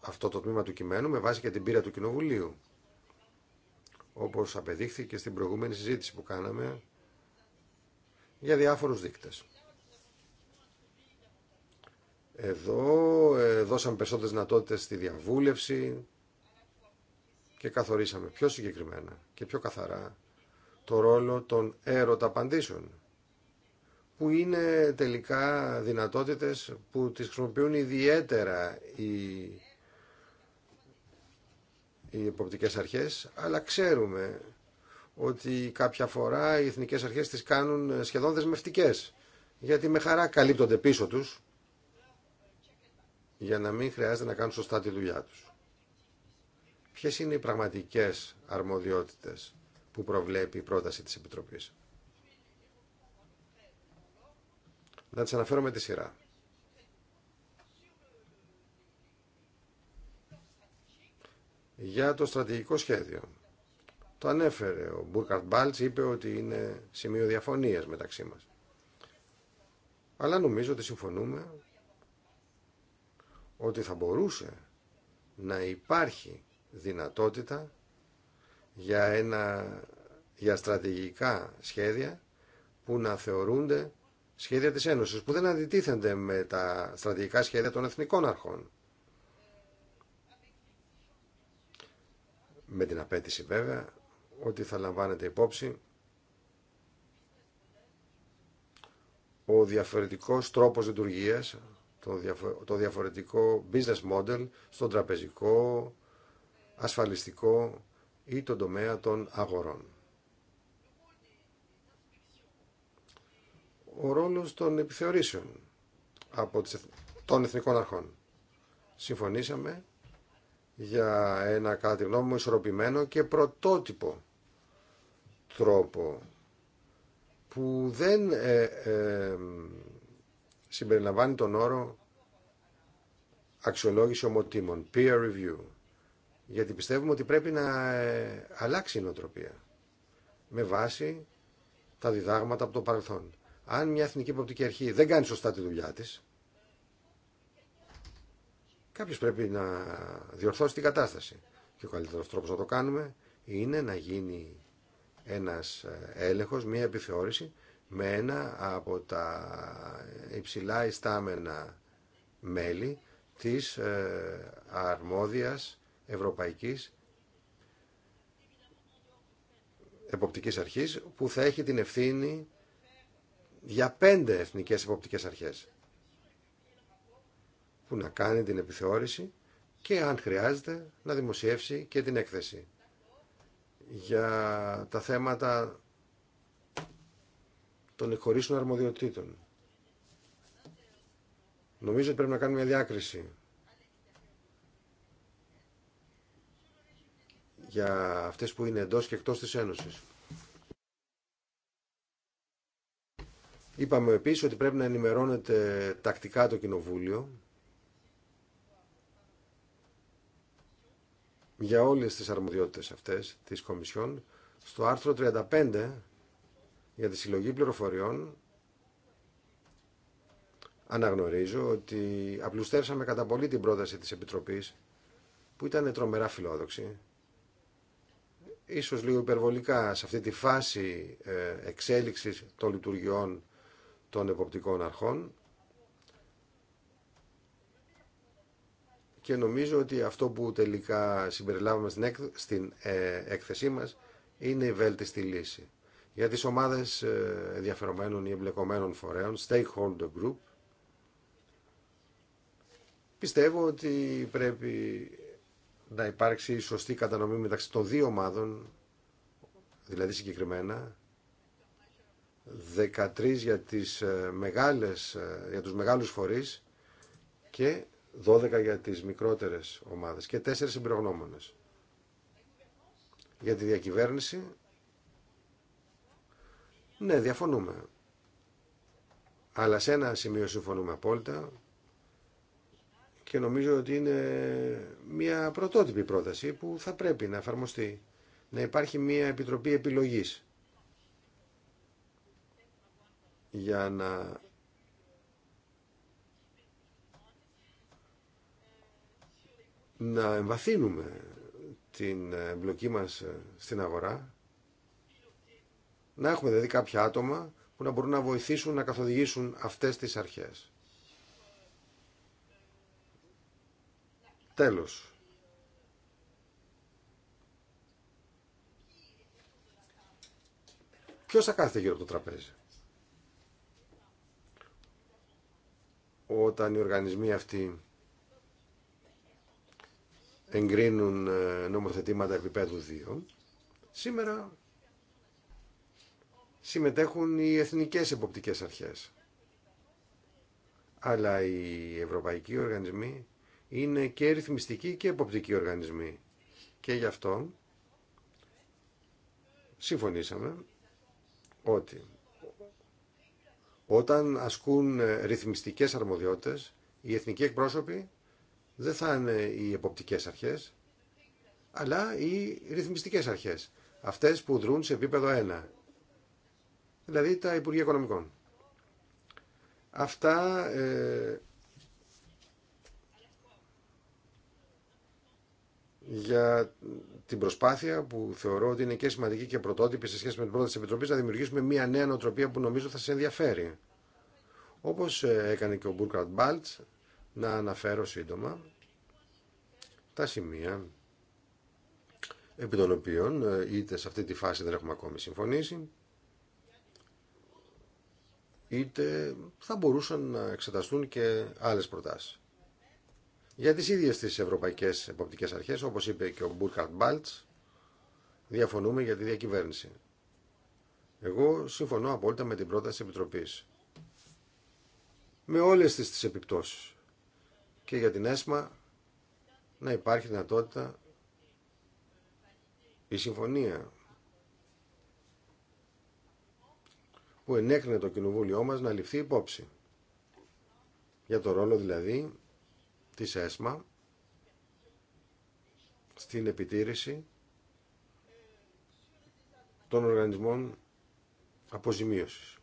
αυτό το τμήμα του κειμένου με βάση και την πείρα του Κοινοβουλίου. Όπως απεδείχθηκε στην προηγούμενη συζήτηση που κάναμε για διάφορους δείκτες. Εδώ ε, δώσαμε περισσότερες δυνατότητες στη διαβούλευση, και καθορίσαμε πιο συγκεκριμένα και πιο καθαρά το ρόλο των έρωτα απαντήσεων που είναι τελικά δυνατότητες που τις χρησιμοποιούν ιδιαίτερα οι, οι εποπτικές αρχές αλλά ξέρουμε ότι κάποια φορά οι εθνικές αρχές τις κάνουν σχεδόν δεσμευτικές γιατί με χαρά καλύπτονται πίσω τους για να μην χρειάζεται να κάνουν σωστά τη δουλειά τους ποιες είναι οι πραγματικές αρμοδιότητες που προβλέπει η πρόταση της Επιτροπής. Να τις αναφέρω με τη σειρά. Για το στρατηγικό σχέδιο. Το ανέφερε ο Μπούρκαρτ Μπάλτς, είπε ότι είναι σημείο διαφωνίας μεταξύ μας. Αλλά νομίζω ότι συμφωνούμε ότι θα μπορούσε να υπάρχει δυνατότητα για, ένα, για στρατηγικά σχέδια που να θεωρούνται σχέδια της Ένωσης, που δεν αντιτίθενται με τα στρατηγικά σχέδια των εθνικών αρχών. Με την απέτηση βέβαια ότι θα λαμβάνεται υπόψη ο διαφορετικός τρόπος λειτουργίας, το διαφορετικό business model στον τραπεζικό, ασφαλιστικό ή τον τομέα των αγορών. Ο ρόλος των επιθεωρήσεων από των εθνικών αρχών. Συμφωνήσαμε για ένα κατά τη γνώμη μου ισορροπημένο και πρωτότυπο τρόπο που δεν ε, ε συμπεριλαμβάνει τον όρο αξιολόγηση ομοτήμων, peer review. Γιατί πιστεύουμε ότι πρέπει να ε, αλλάξει η νοοτροπία με βάση τα διδάγματα από το παρελθόν. Αν μια εθνική υποπτική αρχή δεν κάνει σωστά τη δουλειά της, κάποιος πρέπει να διορθώσει την κατάσταση. Και ο καλύτερος τρόπος να το κάνουμε είναι να γίνει ένας ε, έλεγχος, μια επιθεώρηση με ένα από τα υψηλά ιστάμενα μέλη της ε, αρμόδιας Ευρωπαϊκής Εποπτικής Αρχής που θα έχει την ευθύνη για πέντε εθνικές εποπτικές αρχές που να κάνει την επιθεώρηση και αν χρειάζεται να δημοσιεύσει και την έκθεση για τα θέματα των εκχωρήσεων αρμοδιοτήτων. Νομίζω ότι πρέπει να κάνουμε μια διάκριση για αυτές που είναι εντός και εκτός της Ένωσης. Είπαμε επίσης ότι πρέπει να ενημερώνεται τακτικά το Κοινοβούλιο για όλες τις αρμοδιότητες αυτές της Κομισιόν. Στο άρθρο 35 για τη συλλογή πληροφοριών αναγνωρίζω ότι απλουστεύσαμε κατά πολύ την πρόταση της Επιτροπής που ήταν τρομερά φιλόδοξη ίσως λίγο υπερβολικά σε αυτή τη φάση ε, εξέλιξης των λειτουργιών των εποπτικών αρχών και νομίζω ότι αυτό που τελικά συμπεριλάβαμε στην, στην ε, έκθεσή μας είναι η βέλτιστη λύση. Για τις ομάδες ε, ενδιαφερομένων ή εμπλεκομένων φορέων, stakeholder group, πιστεύω ότι πρέπει να υπάρξει σωστή κατανομή μεταξύ των δύο ομάδων, δηλαδή συγκεκριμένα 13 για, τις ε, μεγάλες, ε, για τους μεγάλους φορείς και 12 για τις μικρότερες ομάδες και 4 συμπειρογνώμονες. Για τη διακυβέρνηση, ναι, διαφωνούμε. Αλλά σε ένα σημείο συμφωνούμε απόλυτα, και νομίζω ότι είναι μια πρωτότυπη πρόταση που θα πρέπει να εφαρμοστεί. Να υπάρχει μια επιτροπή επιλογής για να να εμβαθύνουμε την εμπλοκή μας στην αγορά, να έχουμε δηλαδή κάποια άτομα που να μπορούν να βοηθήσουν να καθοδηγήσουν αυτές τις αρχές. Τέλος. Ποιος θα κάθεται γύρω από το τραπέζι. Όταν οι οργανισμοί αυτοί εγκρίνουν ε, νομοθετήματα επίπεδου 2, σήμερα συμμετέχουν οι εθνικές εποπτικές αρχές. Αλλά οι ευρωπαϊκοί οργανισμοί είναι και ρυθμιστικοί και εποπτικοί οργανισμοί. Και γι' αυτό συμφωνήσαμε ότι όταν ασκούν ε, ρυθμιστικές αρμοδιότητες, οι εθνικοί εκπρόσωποι δεν θα είναι οι εποπτικές αρχές, αλλά οι ρυθμιστικές αρχές, αυτές που δρούν σε επίπεδο 1, δηλαδή τα Υπουργεία Οικονομικών. Αυτά ε, για την προσπάθεια που θεωρώ ότι είναι και σημαντική και πρωτότυπη σε σχέση με την πρόταση τη Επιτροπή να δημιουργήσουμε μια νέα νοοτροπία που νομίζω θα σε ενδιαφέρει. Όπω ε, έκανε και ο Μπουρκρατ Μπάλτ, να αναφέρω σύντομα τα σημεία επί των οποίων ε, είτε σε αυτή τη φάση δεν έχουμε ακόμη συμφωνήσει είτε θα μπορούσαν να εξεταστούν και άλλες προτάσεις για τις ίδιες τις ευρωπαϊκές εποπτικές αρχές, όπως είπε και ο Μπουρκαρτ Μπάλτς, διαφωνούμε για τη διακυβέρνηση. Εγώ συμφωνώ απόλυτα με την πρόταση της Επιτροπής. Με όλες τις, τις επιπτώσεις. Και για την ΕΣΜΑ να υπάρχει δυνατότητα η συμφωνία που ενέκρινε το Κοινοβούλιο μας να ληφθεί υπόψη. Για το ρόλο δηλαδή της ΕΣΜΑ στην επιτήρηση των οργανισμών αποζημίωσης.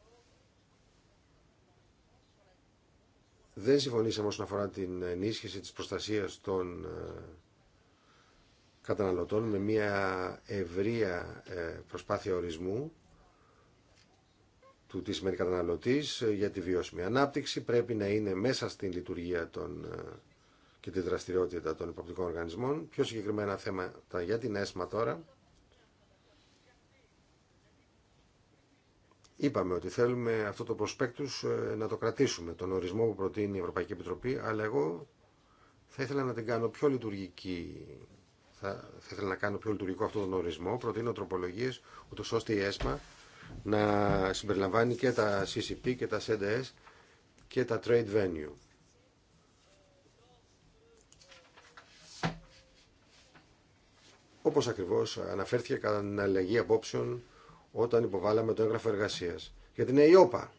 Δεν συμφωνήσαμε όσον αφορά την ενίσχυση της προστασίας των ε, καταναλωτών με μια ευρεία ε, προσπάθεια ορισμού του τι σημαίνει καταναλωτής ε, για τη βιώσιμη ανάπτυξη. Πρέπει να είναι μέσα στην λειτουργία των και τη δραστηριότητα των υποπτικών οργανισμών. Πιο συγκεκριμένα θέματα για την ΕΣΜΑ τώρα. Είπαμε ότι θέλουμε αυτό το προσπέκτους ε, να το κρατήσουμε, τον ορισμό που προτείνει η Ευρωπαϊκή Επιτροπή, αλλά εγώ θα ήθελα να την κάνω πιο λειτουργική. Θα, θα ήθελα να κάνω πιο λειτουργικό αυτόν τον ορισμό. Προτείνω τροπολογίε ούτω ώστε η ΕΣΜΑ να συμπεριλαμβάνει και τα CCP και τα CDS και τα trade venue. όπως ακριβώς αναφέρθηκε κατά την αλλαγή απόψεων όταν υποβάλαμε το έγγραφο εργασίας. Για την ΕΙΟΠΑ,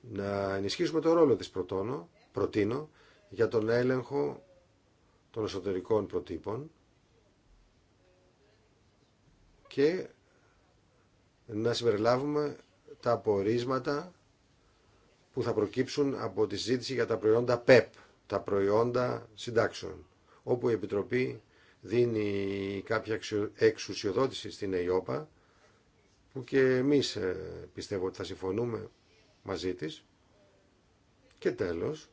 να ενισχύσουμε το ρόλο της προτώνω, προτείνω για τον έλεγχο των εσωτερικών προτύπων και να συμπεριλάβουμε τα απορίσματα που θα προκύψουν από τη συζήτηση για τα προϊόντα ΠΕΠ, τα προϊόντα συντάξεων, όπου η Επιτροπή δίνει κάποια εξουσιοδότηση στην ΕΙΟΠΑ που και εμείς ε, πιστεύω ότι θα συμφωνούμε μαζί της. Και τέλος,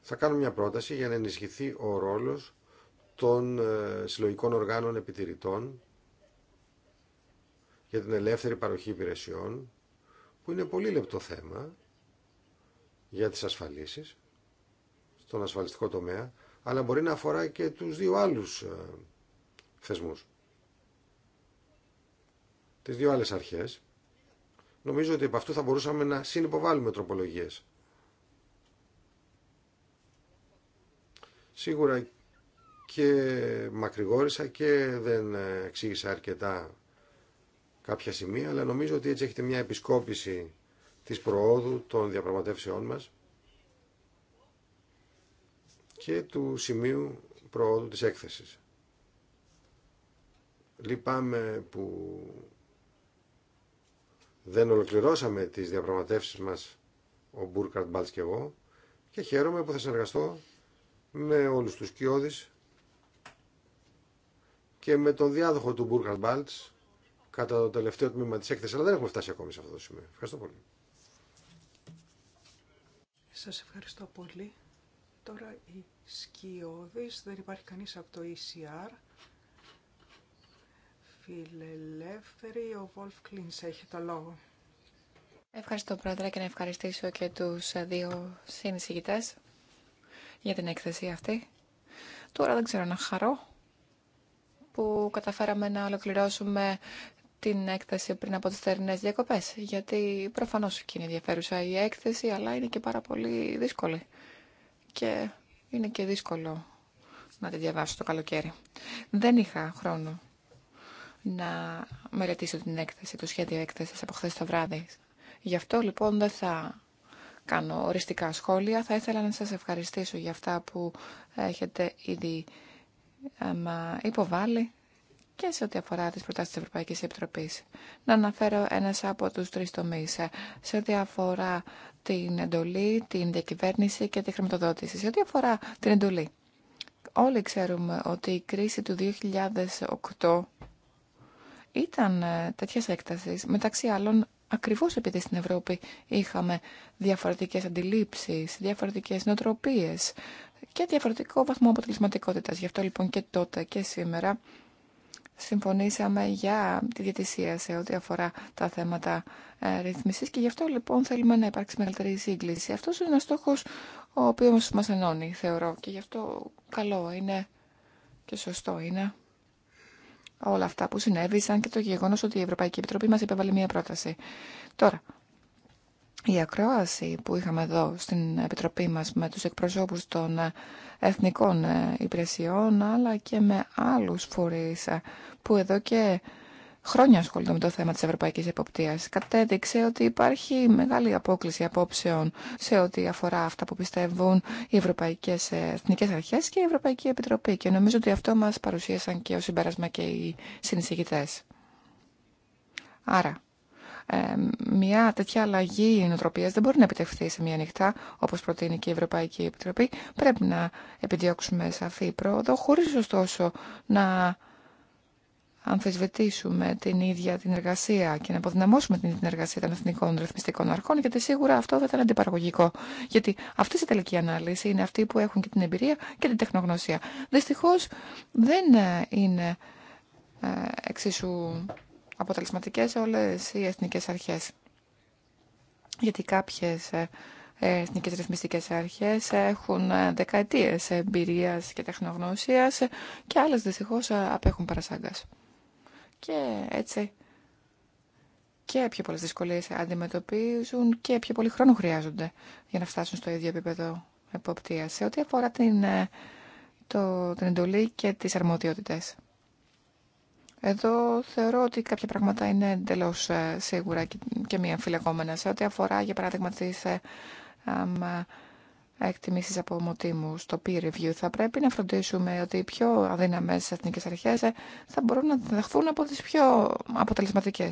θα κάνουμε μια πρόταση για να ενισχυθεί ο ρόλος των ε, συλλογικών οργάνων επιτηρητών για την ελεύθερη παροχή υπηρεσιών, που είναι πολύ λεπτό θέμα για τις ασφαλίσεις στον ασφαλιστικό τομέα, αλλά μπορεί να αφορά και τους δύο άλλους ε, θεσμούς. Τις δύο άλλες αρχές. Νομίζω ότι από αυτού θα μπορούσαμε να συνυποβάλουμε τροπολογίες. Σίγουρα και μακρηγόρησα και δεν ε, εξήγησα αρκετά κάποια σημεία, αλλά νομίζω ότι έτσι έχετε μια επισκόπηση της προόδου των διαπραγματεύσεών μας και του σημείου προόδου της έκθεσης. Λυπάμαι που δεν ολοκληρώσαμε τις διαπραγματεύσεις μας ο Μπούρκαρτ Μπάλτς και εγώ και χαίρομαι που θα συνεργαστώ με όλους τους κοιόδης και με τον διάδοχο του Μπούρκαρτ Μπάλτς κατά το τελευταίο τμήμα της έκθεσης, αλλά δεν έχουμε φτάσει ακόμη σε αυτό το σημείο. Ευχαριστώ πολύ. Σας ευχαριστώ πολύ. Τώρα η Σκιώδης, δεν υπάρχει κανείς από το ECR. Φιλελεύθερη, ο Βολφ Κλίνς έχει το λόγο. Ευχαριστώ πρόεδρε και να ευχαριστήσω και τους ε, δύο συνεισηγητές για την έκθεση αυτή. Τώρα δεν ξέρω να χαρώ που καταφέραμε να ολοκληρώσουμε την έκθεση πριν από τις θερινές διακοπές, γιατί προφανώς και είναι ενδιαφέρουσα η έκθεση, αλλά είναι και πάρα πολύ δύσκολη και είναι και δύσκολο να τη διαβάσω το καλοκαίρι. Δεν είχα χρόνο να μελετήσω την έκθεση, το σχέδιο έκθεσης από χθε το βράδυ. Γι' αυτό λοιπόν δεν θα κάνω οριστικά σχόλια. Θα ήθελα να σας ευχαριστήσω για αυτά που έχετε ήδη ε, υποβάλει και σε ό,τι αφορά τι προτάσει τη Ευρωπαϊκή Επιτροπή. Να αναφέρω ένα από του τρει τομεί ε, σε ό,τι αφορά την εντολή, την διακυβέρνηση και τη χρηματοδότηση. Σε ό,τι αφορά την εντολή. Όλοι ξέρουμε ότι η κρίση του 2008 ήταν ε, τέτοια έκταση. Μεταξύ άλλων, ακριβώς επειδή στην Ευρώπη είχαμε διαφορετικέ αντιλήψεις, διαφορετικές νοοτροπίες και διαφορετικό βαθμό αποτελεσματικότητας. Γι' αυτό λοιπόν και τότε και σήμερα συμφωνήσαμε για τη διατησία σε ό,τι αφορά τα θέματα ε, ρυθμισής και γι' αυτό λοιπόν θέλουμε να υπάρξει μεγαλύτερη σύγκληση. Αυτός είναι ένας στόχος ο οποίος μας ενώνει, θεωρώ, και γι' αυτό καλό είναι και σωστό είναι όλα αυτά που συνέβησαν και το γεγονός ότι η Ευρωπαϊκή Επιτροπή μας υπέβαλε μία πρόταση. Τώρα, η ακρόαση που είχαμε εδώ στην Επιτροπή μας με τους εκπροσώπους των εθνικών υπηρεσιών αλλά και με άλλους φορείς που εδώ και χρόνια ασχολούνται με το θέμα της ευρωπαϊκής εποπτείας κατέδειξε ότι υπάρχει μεγάλη απόκληση απόψεων σε ό,τι αφορά αυτά που πιστεύουν οι ευρωπαϊκές εθνικές αρχές και η Ευρωπαϊκή Επιτροπή και νομίζω ότι αυτό μας παρουσίασαν και ως συμπέρασμα και οι συνεισηγητές. Άρα, ε, μια τέτοια αλλαγή νοοτροπίας δεν μπορεί να επιτευχθεί σε μια νυχτά, όπως προτείνει και η Ευρωπαϊκή Επιτροπή. Πρέπει να επιδιώξουμε σαφή πρόοδο, χωρίς ωστόσο να αμφισβητήσουμε την ίδια την εργασία και να αποδυναμώσουμε την ίδια την εργασία των εθνικών ρυθμιστικών αρχών, γιατί σίγουρα αυτό θα ήταν αντιπαραγωγικό. Γιατί αυτή η τελική ανάλυση είναι αυτοί που έχουν και την εμπειρία και την τεχνογνωσία. Δυστυχώ δεν είναι ε, εξίσου αποτελεσματικές όλες οι εθνικές αρχές. Γιατί κάποιες ε, ε, εθνικές ρυθμιστικές αρχές έχουν ε, δεκαετίες εμπειρίας και τεχνογνωσίας και άλλες δυστυχώς απέχουν παρασάγκας. Και έτσι και πιο πολλές δυσκολίες αντιμετωπίζουν και πιο πολύ χρόνο χρειάζονται για να φτάσουν στο ίδιο επίπεδο εποπτείας. Σε ό,τι αφορά την, το, την εντολή και τις αρμοδιότητες. Εδώ θεωρώ ότι κάποια πράγματα είναι εντελώ ε, σίγουρα και μια αμφιλεγόμενα σε ό,τι αφορά, για παράδειγμα, τι ε, εκτιμήσει από μοτίμου στο peer review. Θα πρέπει να φροντίσουμε ότι οι πιο αδύναμε εθνικέ αρχέ ε, θα μπορούν να διδαχθούν από τι πιο αποτελεσματικέ.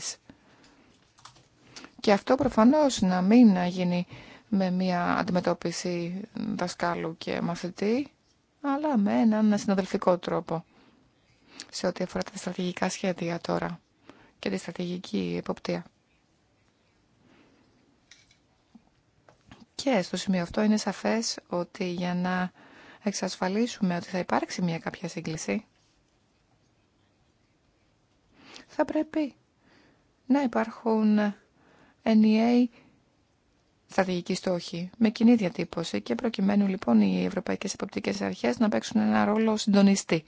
Και αυτό προφανώ να μην γίνει με μια αντιμετώπιση δασκάλου και μαθητή, αλλά με έναν συναδελφικό τρόπο σε ό,τι αφορά τα στρατηγικά σχέδια τώρα και τη στρατηγική εποπτεία. Και στο σημείο αυτό είναι σαφές ότι για να εξασφαλίσουμε ότι θα υπάρξει μια κάποια σύγκληση, θα πρέπει να υπάρχουν ενιαίοι στρατηγικοί στόχοι με κοινή διατύπωση και προκειμένου λοιπόν οι ευρωπαϊκές εποπτικές αρχές να παίξουν ένα ρόλο συντονιστή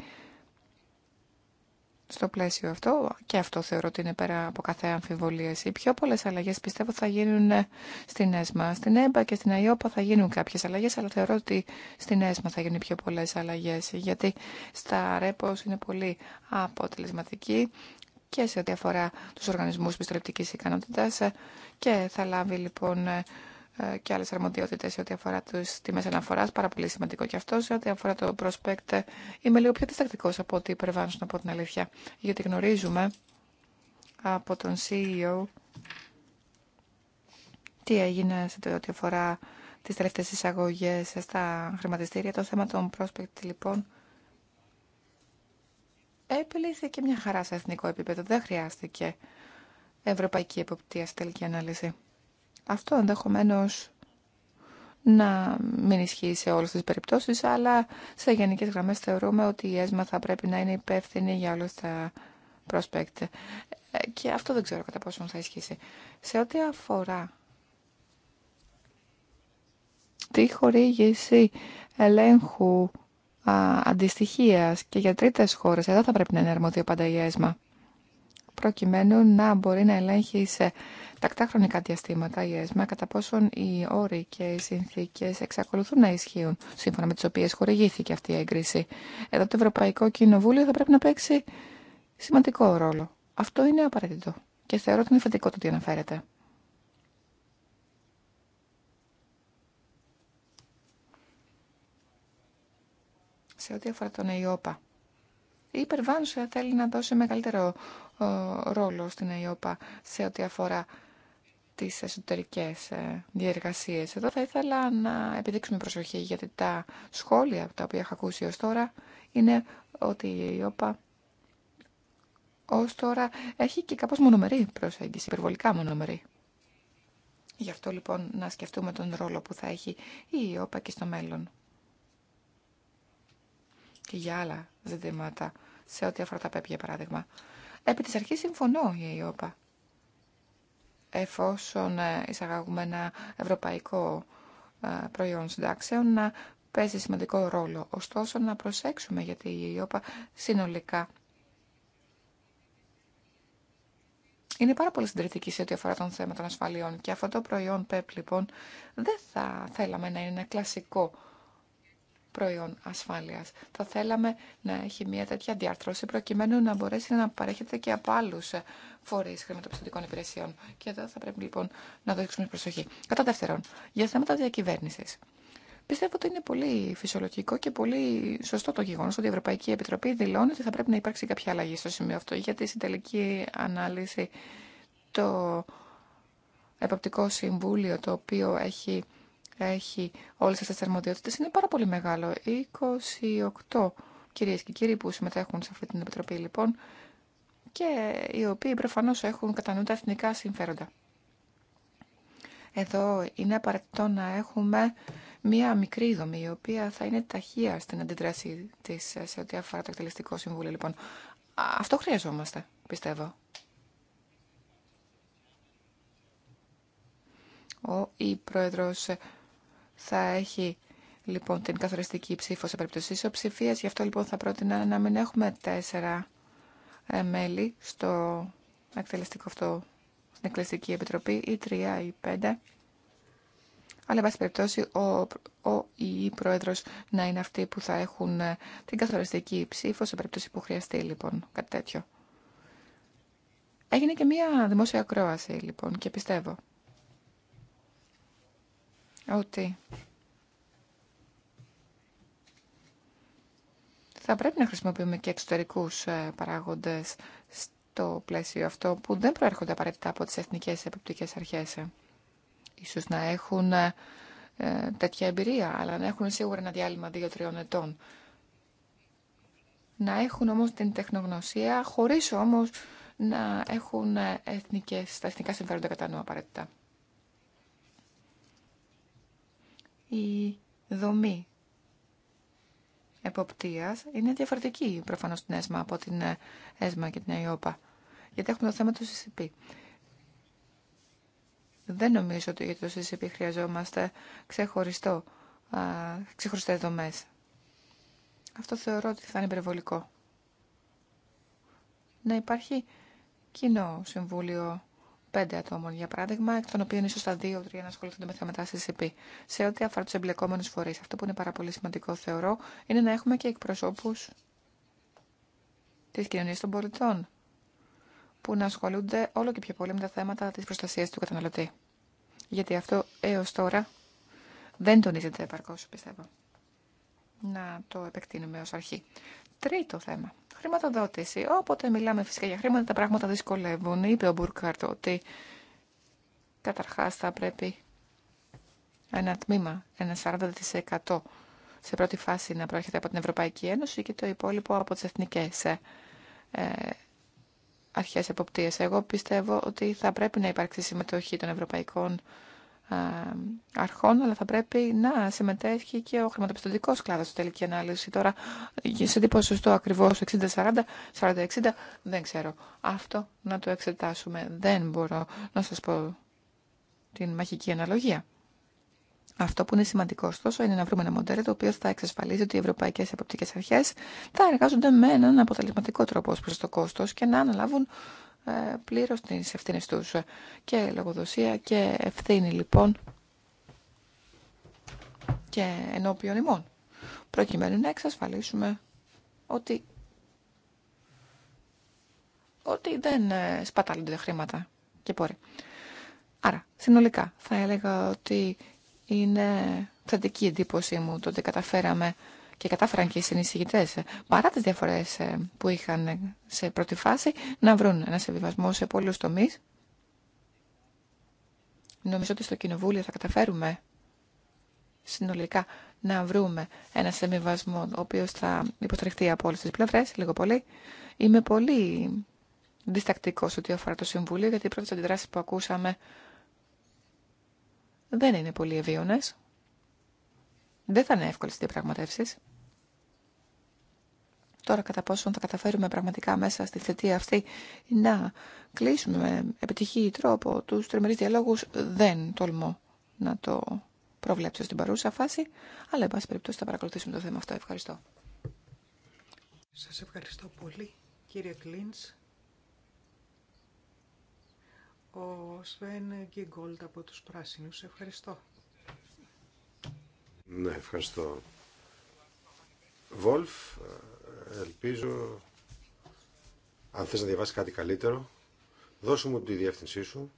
στο πλαίσιο αυτό και αυτό θεωρώ ότι είναι πέρα από κάθε αμφιβολία. Οι πιο πολλές αλλαγέ πιστεύω θα γίνουν ε, στην ΕΣΜΑ. Στην ΕΜΠΑ και στην ΑΙΟΠΑ θα γίνουν κάποιες αλλαγέ, αλλά θεωρώ ότι στην ΕΣΜΑ θα γίνουν πιο πολλές αλλαγέ, γιατί στα ΡΕΠΟΣ είναι πολύ αποτελεσματική και σε ό,τι αφορά τους οργανισμού επιστρεπτική ικανότητα, ε, και θα λάβει λοιπόν ε, και άλλες αρμοδιότητες σε ό,τι αφορά τις τιμές αναφοράς, πάρα πολύ σημαντικό και αυτό, σε ό,τι αφορά το prospect είμαι λίγο πιο διστακτικό από ό,τι υπερβάνωσαν από την αλήθεια, γιατί γνωρίζουμε από τον CEO τι έγινε σε ό,τι αφορά τις τελευταίες εισαγωγές στα χρηματιστήρια. Το θέμα των prospect λοιπόν επιλύθηκε μια χαρά σε εθνικό επίπεδο, δεν χρειάστηκε ευρωπαϊκή εποπτεία στη τελική ανάλυση. Αυτό ενδεχομένω να μην ισχύει σε όλε τι περιπτώσεις, αλλά σε γενικέ γραμμές θεωρούμε ότι η ΕΣΜΑ θα πρέπει να είναι υπεύθυνη για όλα τα prospect. Ε, και αυτό δεν ξέρω κατά πόσο θα ισχύσει. Σε ό,τι αφορά τη χορήγηση ελέγχου αντιστοιχία και για τρίτες χώρε εδώ θα πρέπει να είναι αρμόδιο πάντα η ΕΣΜΑ προκειμένου να μπορεί να ελέγχει σε τακτά χρονικά διαστήματα η ΕΣΜΑ κατά πόσον οι όροι και οι συνθήκες εξακολουθούν να ισχύουν σύμφωνα με τις οποίες χορηγήθηκε αυτή η έγκριση. Εδώ το Ευρωπαϊκό Κοινοβούλιο θα πρέπει να παίξει σημαντικό ρόλο. Αυτό είναι απαραίτητο και θεωρώ ότι είναι θετικό το ότι αναφέρεται. σε ό,τι αφορά τον ΕΙΟΠΑ. Η υπερβάνουσα θέλει να δώσει μεγαλύτερο ρόλο στην ΕΙΟΠΑ σε ό,τι αφορά τις εσωτερικές ε, διεργασίες. Εδώ θα ήθελα να επιδείξουμε προσοχή γιατί τα σχόλια τα οποία έχω ακούσει ως τώρα είναι ότι η ΕΙΟΠΑ ως τώρα έχει και κάπως μονομερή προσέγγιση, υπερβολικά μονομερή. Γι' αυτό λοιπόν να σκεφτούμε τον ρόλο που θα έχει η ΕΟΠΑ και στο μέλλον. Και για άλλα ζητήματα σε ό,τι αφορά τα ΠΕΠ, για παράδειγμα. Επί της αρχής συμφωνώ, η ΕΙΟΠΑ, εφόσον ε, εισαγάγουμε ένα ευρωπαϊκό ε, προϊόν συντάξεων, να παίζει σημαντικό ρόλο. Ωστόσο, να προσέξουμε, γιατί η ΕΙΟΠΑ συνολικά Είναι πάρα πολύ συντηρητική σε ό,τι αφορά τον θέμα των ασφαλιών και αυτό το προϊόν ΠΕΠ λοιπόν δεν θα θέλαμε να είναι ένα κλασικό προϊόν ασφάλειας. Θα θέλαμε να έχει μια τέτοια διάρθρωση προκειμένου να μπορέσει να παρέχεται και από άλλου ε, φορεί χρηματοπιστωτικών υπηρεσιών. Και εδώ θα πρέπει λοιπόν να δείξουμε προσοχή. Κατά δεύτερον, για θέματα διακυβέρνηση. Πιστεύω ότι είναι πολύ φυσιολογικό και πολύ σωστό το γεγονό ότι η Ευρωπαϊκή Επιτροπή δηλώνει ότι θα πρέπει να υπάρξει κάποια αλλαγή στο σημείο αυτό, γιατί στην τελική ανάλυση το Επαπτικό Συμβούλιο, το οποίο έχει έχει όλες αυτές τις αρμοδιότητες είναι πάρα πολύ μεγάλο. 28 κυρίες και κύριοι που συμμετέχουν σε αυτή την επιτροπή λοιπόν και οι οποίοι προφανώς έχουν κατανόητα τα εθνικά συμφέροντα. Εδώ είναι απαραίτητο να έχουμε μία μικρή δομή, η οποία θα είναι ταχεία στην αντίδραση της σε ό,τι αφορά το εκτελεστικό συμβούλιο. Λοιπόν, αυτό χρειαζόμαστε, πιστεύω. Ο, η θα έχει λοιπόν την καθοριστική ψήφο σε περίπτωση ισοψηφία. Γι' αυτό λοιπόν θα πρότεινα να μην έχουμε τέσσερα ε, μέλη στο εκτελεστικό αυτό, στην εκτελεστική επιτροπή, ή τρία ή πέντε. Αλλά, εν πάση περιπτώσει, ο, ο ή πρόεδρο να είναι αυτοί που θα έχουν ε, την καθοριστική ψήφο σε περίπτωση που χρειαστεί, λοιπόν, κάτι τέτοιο. Έγινε και μία δημόσια ακρόαση, λοιπόν, και πιστεύω ότι θα πρέπει να χρησιμοποιούμε και εξωτερικούς ε, παράγοντες στο πλαίσιο αυτό που δεν προέρχονται απαραίτητα από τις εθνικές επιπτικές αρχές. Ε. Ίσως να έχουν ε, τέτοια εμπειρία, αλλά να έχουν σίγουρα ένα διάλειμμα 2-3 ετών. Να έχουν όμως την τεχνογνωσία, χωρίς όμως να έχουν εθνικές, τα εθνικά συμφέροντα κατά νου απαραίτητα. η δομή εποπτείας είναι διαφορετική προφανώς στην ΕΣΜΑ από την ΕΣΜΑ και την ΑΙΟΠΑ. Γιατί έχουμε το θέμα του CCP. Δεν νομίζω ότι για το CCP χρειαζόμαστε ξεχωριστό, α, ξεχωριστές δομές. Αυτό θεωρώ ότι θα είναι υπερβολικό. Να υπάρχει κοινό συμβούλιο Πέντε ατόμων, για παράδειγμα, εκ των οποίων ίσω τα δύο 3 να ασχοληθούν με θέματα ΣΥΠΗ. Σε ό,τι αφορά του εμπλεκόμενου φορεί, αυτό που είναι πάρα πολύ σημαντικό, θεωρώ, είναι να έχουμε και εκπροσώπου τη κοινωνία των πολιτών, που να ασχολούνται όλο και πιο πολύ με τα θέματα τη προστασία του καταναλωτή. Γιατί αυτό έω τώρα δεν τονίζεται επαρκώ, πιστεύω να το επεκτείνουμε ως αρχή. Τρίτο θέμα. Χρηματοδότηση. Όποτε μιλάμε φυσικά για χρήματα, τα πράγματα δυσκολεύουν. Είπε ο Μπουρκάρτ ότι καταρχάς θα πρέπει ένα τμήμα, ένα 40% σε πρώτη φάση να προέρχεται από την Ευρωπαϊκή Ένωση και το υπόλοιπο από τις εθνικές ε, ε αρχές εποπτείες. Εγώ πιστεύω ότι θα πρέπει να υπάρξει συμμετοχή των ευρωπαϊκών αρχών, αλλά θα πρέπει να συμμετέχει και ο χρηματοπιστωτικό κλάδο στη τελική ανάλυση. Τώρα, σε τι ποσοστό ακριβώ, 60-40, 40-60, δεν ξέρω. Αυτό να το εξετάσουμε. Δεν μπορώ να σα πω την μαχική αναλογία. Αυτό που είναι σημαντικό, ωστόσο, είναι να βρούμε ένα μοντέλο το οποίο θα εξασφαλίζει ότι οι ευρωπαϊκέ εποπτικέ αρχέ θα εργάζονται με έναν αποτελεσματικό τρόπο ω προ το κόστο και να αναλάβουν ε, πλήρως τις ευθύνες τους. Και λογοδοσία και ευθύνη λοιπόν και ενώπιον ημών. Προκειμένου να εξασφαλίσουμε ότι, ότι δεν ε, σπαταλούνται χρήματα και πόρει. Άρα, συνολικά, θα έλεγα ότι είναι θετική εντύπωση μου το ότι καταφέραμε και κατάφεραν και οι συνεισηγητέ, ε, παρά τι διαφορέ ε, που είχαν ε, σε πρώτη φάση, να βρουν ένα συμβιβασμό σε πολλού τομεί. Νομίζω ότι στο Κοινοβούλιο θα καταφέρουμε συνολικά να βρούμε ένα συμβιβασμό ο οποίο θα υποστηριχθεί από όλε τι πλευρέ, λίγο πολύ. Είμαι πολύ διστακτικό ό,τι αφορά το Συμβούλιο, γιατί οι πρώτε αντιδράσει που ακούσαμε δεν είναι πολύ ευίωνες. Δεν θα είναι εύκολες οι διαπραγματεύσεις. Τώρα κατά πόσο θα καταφέρουμε πραγματικά μέσα στη θετία αυτή να κλείσουμε με επιτυχή τρόπο του τριμερείς διαλόγους δεν τολμώ να το προβλέψω στην παρούσα φάση, αλλά εν πάση περιπτώσει θα παρακολουθήσουμε το θέμα αυτό. Ευχαριστώ. Σας ευχαριστώ πολύ κύριε Κλίντς. Ο Σβέν Γκίγκολτ από τους Πράσινους. Ευχαριστώ. Ναι, ευχαριστώ. Βόλφ, ελπίζω, αν θες να διαβάσει κάτι καλύτερο, δώσου μου τη διεύθυνσή σου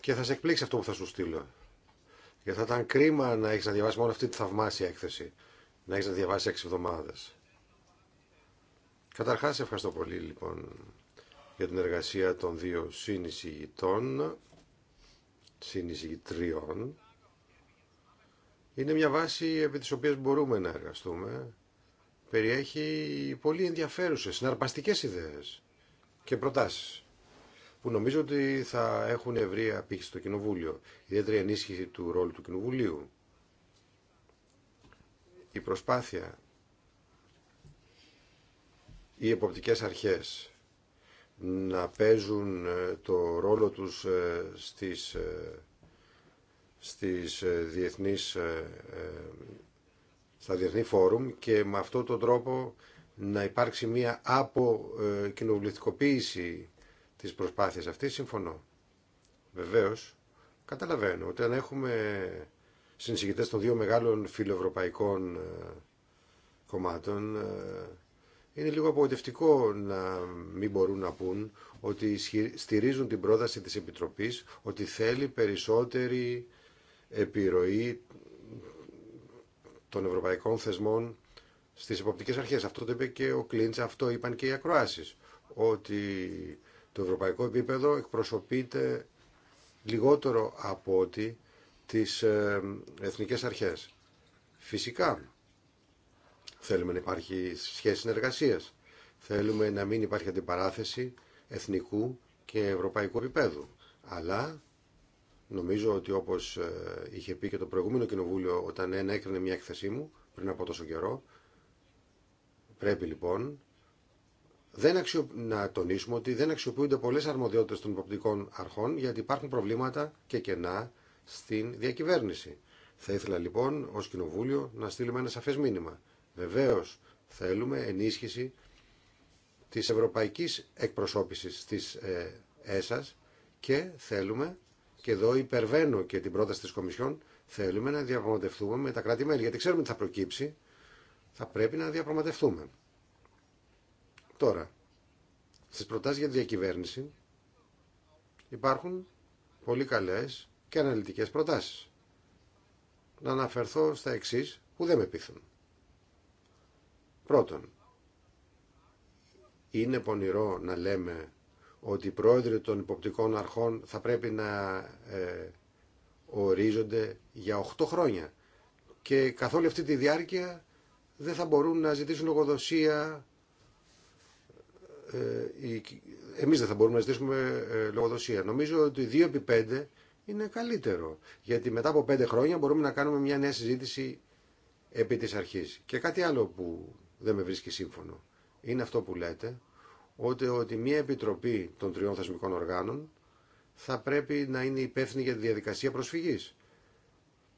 και θα σε εκπλήξει αυτό που θα σου στείλω. Γιατί θα ήταν κρίμα να έχεις να διαβάσει μόνο αυτή τη θαυμάσια έκθεση. Να έχεις να διαβάσει έξι εβδομάδες. Καταρχάς, ευχαριστώ πολύ λοιπόν για την εργασία των δύο συνεισηγητών, συνεισηγητριών. Είναι μια βάση επί της οποίας μπορούμε να εργαστούμε περιέχει πολύ ενδιαφέρουσες, συναρπαστικές ιδέες και προτάσεις που νομίζω ότι θα έχουν ευρεία πύχη στο Κοινοβούλιο, ιδιαίτερη ενίσχυση του ρόλου του Κοινοβουλίου. Η προσπάθεια, οι εποπτικές αρχές να παίζουν ε, το ρόλο τους ε, στις, ε, στις διεθνείς στα διεθνή φόρουμ και με αυτόν τον τρόπο να υπάρξει μια αποκοινοβουλευτικοποίηση ε, της προσπάθειας αυτής, συμφωνώ. Βεβαίως, καταλαβαίνω ότι αν έχουμε συνεισηγητές των δύο μεγάλων φιλοευρωπαϊκών ε, κομμάτων, ε, είναι λίγο απογοητευτικό να μην μπορούν να πούν ότι στηρίζουν την πρόταση της Επιτροπής ότι θέλει περισσότερη επιρροή των ευρωπαϊκών θεσμών στις εποπτικές αρχές. Αυτό το είπε και ο Κλίντς, αυτό είπαν και οι ακροάσεις, ότι το ευρωπαϊκό επίπεδο εκπροσωπείται λιγότερο από ότι τις ε, εθνικές αρχές. Φυσικά, θέλουμε να υπάρχει σχέση συνεργασίας. Θέλουμε να μην υπάρχει αντιπαράθεση εθνικού και ευρωπαϊκού επίπεδου. Αλλά Νομίζω ότι όπως ε, είχε πει και το προηγούμενο κοινοβούλιο όταν ενέκρινε μια έκθεσή μου πριν από τόσο καιρό, πρέπει λοιπόν δεν αξιο... να τονίσουμε ότι δεν αξιοποιούνται πολλέ αρμοδιότητες των υποπτικών αρχών γιατί υπάρχουν προβλήματα και κενά στην διακυβέρνηση. Θα ήθελα λοιπόν ως Κοινοβούλιο να στείλουμε ένα σαφές μήνυμα. Βεβαίω, θέλουμε ενίσχυση της ευρωπαϊκής εκπροσώπησης της ε, ΕΣΑΣ και θέλουμε και εδώ υπερβαίνω και την πρόταση της Κομισιόν, θέλουμε να διαπραγματευτούμε με τα κράτη-μέλη, γιατί ξέρουμε τι θα προκύψει, θα πρέπει να διαπραγματευτούμε. Τώρα, στις προτάσεις για τη διακυβέρνηση υπάρχουν πολύ καλές και αναλυτικές προτάσεις. Να αναφερθώ στα εξή που δεν με πείθουν. Πρώτον, είναι πονηρό να λέμε ότι οι πρόεδροι των υποπτικών αρχών θα πρέπει να ε, ορίζονται για 8 χρόνια και καθ' όλη αυτή τη διάρκεια δεν θα μπορούν να ζητήσουν λογοδοσία ε, εμείς δεν θα μπορούμε να ζητήσουμε ε, λογοδοσία. Νομίζω ότι 2 επί 5 είναι καλύτερο, γιατί μετά από 5 χρόνια μπορούμε να κάνουμε μια νέα συζήτηση επί της αρχής. Και κάτι άλλο που δεν με βρίσκει σύμφωνο είναι αυτό που λέτε ότι, ότι μια επιτροπή των τριών θεσμικών οργάνων θα πρέπει να είναι υπεύθυνη για τη διαδικασία προσφυγής.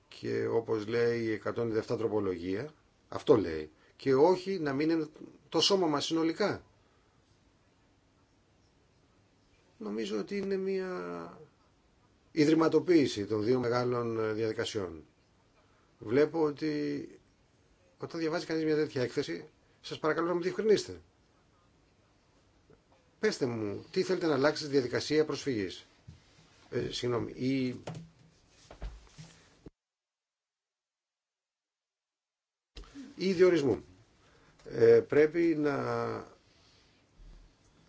Και όπως λέει η 107 τροπολογία, αυτό λέει, και όχι να μην το σώμα μας συνολικά. Νομίζω ότι είναι μια ιδρυματοποίηση των δύο μεγάλων διαδικασιών. Βλέπω ότι όταν διαβάζει κανείς μια τέτοια έκθεση, σας παρακαλώ να μου διευκρινίσετε. Πεςτε μου, τι θέλετε να αλλάξει στη διαδικασία προσφυγής. Ε, συγγνώμη, η... ή διορισμού. Ε, πρέπει να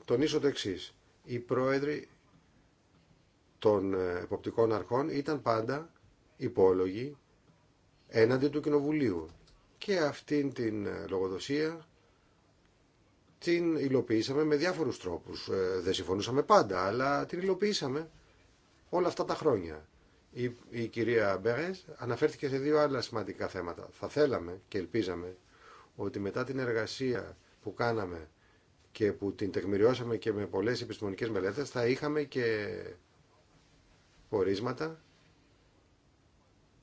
τονίσω το εξή. Οι πρόεδροι των ε, εποπτικών αρχών ήταν πάντα υπόλογοι έναντι του Κοινοβουλίου. Και αυτήν την ε, λογοδοσία την υλοποιήσαμε με διάφορους τρόπους. Ε, δεν συμφωνούσαμε πάντα, αλλά την υλοποιήσαμε όλα αυτά τα χρόνια. Η, η κυρία Μπερές αναφέρθηκε σε δύο άλλα σημαντικά θέματα. Θα θέλαμε και ελπίζαμε ότι μετά την εργασία που κάναμε και που την τεκμηριώσαμε και με πολλές επιστημονικές μελέτες θα είχαμε και πορίσματα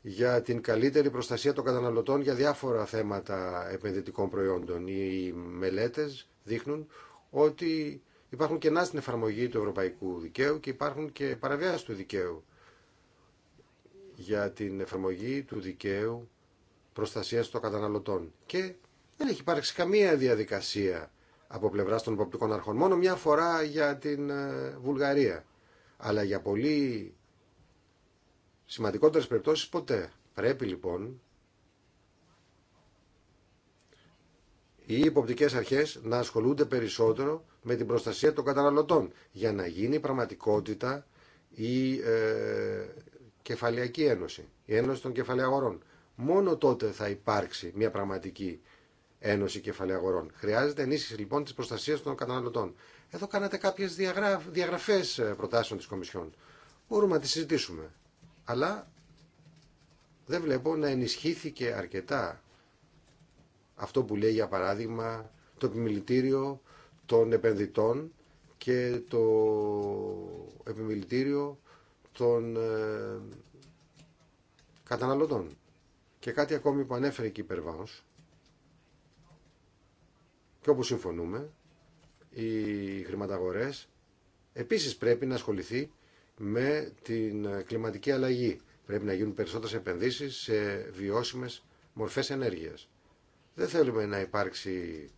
για την καλύτερη προστασία των καταναλωτών για διάφορα θέματα επενδυτικών προϊόντων. Οι μελέτες δείχνουν ότι υπάρχουν κενά στην εφαρμογή του ευρωπαϊκού δικαίου και υπάρχουν και παραβιάσεις του δικαίου για την εφαρμογή του δικαίου προστασίας των καταναλωτών. Και δεν έχει υπάρξει καμία διαδικασία από πλευρά των υποπτικών αρχών. Μόνο μια φορά για την ε, Βουλγαρία. Αλλά για πολύ σημαντικότερες περιπτώσεις ποτέ. Πρέπει λοιπόν οι υποπτικέ αρχές να ασχολούνται περισσότερο με την προστασία των καταναλωτών για να γίνει πραγματικότητα η ε, ένωση, η ένωση των κεφαλαίων Μόνο τότε θα υπάρξει μια πραγματική Ένωση κεφαλαίων Αγορών. Χρειάζεται ενίσχυση λοιπόν τη προστασία των καταναλωτών. Εδώ κάνατε κάποιε διαγραφέ ε, προτάσεων τη Κομισιόν. Μπορούμε να τι συζητήσουμε. Αλλά δεν βλέπω να ενισχύθηκε αρκετά αυτό που λέει για παράδειγμα το επιμελητήριο των επενδυτών και το επιμελητήριο των ε, καταναλωτών. Και κάτι ακόμη που ανέφερε και η και όπως συμφωνούμε, οι χρηματαγορές επίσης πρέπει να ασχοληθεί με την κλιματική αλλαγή. Πρέπει να γίνουν περισσότερες επενδύσεις σε βιώσιμες μορφές ενέργειας. Δεν θέλουμε να υπάρξει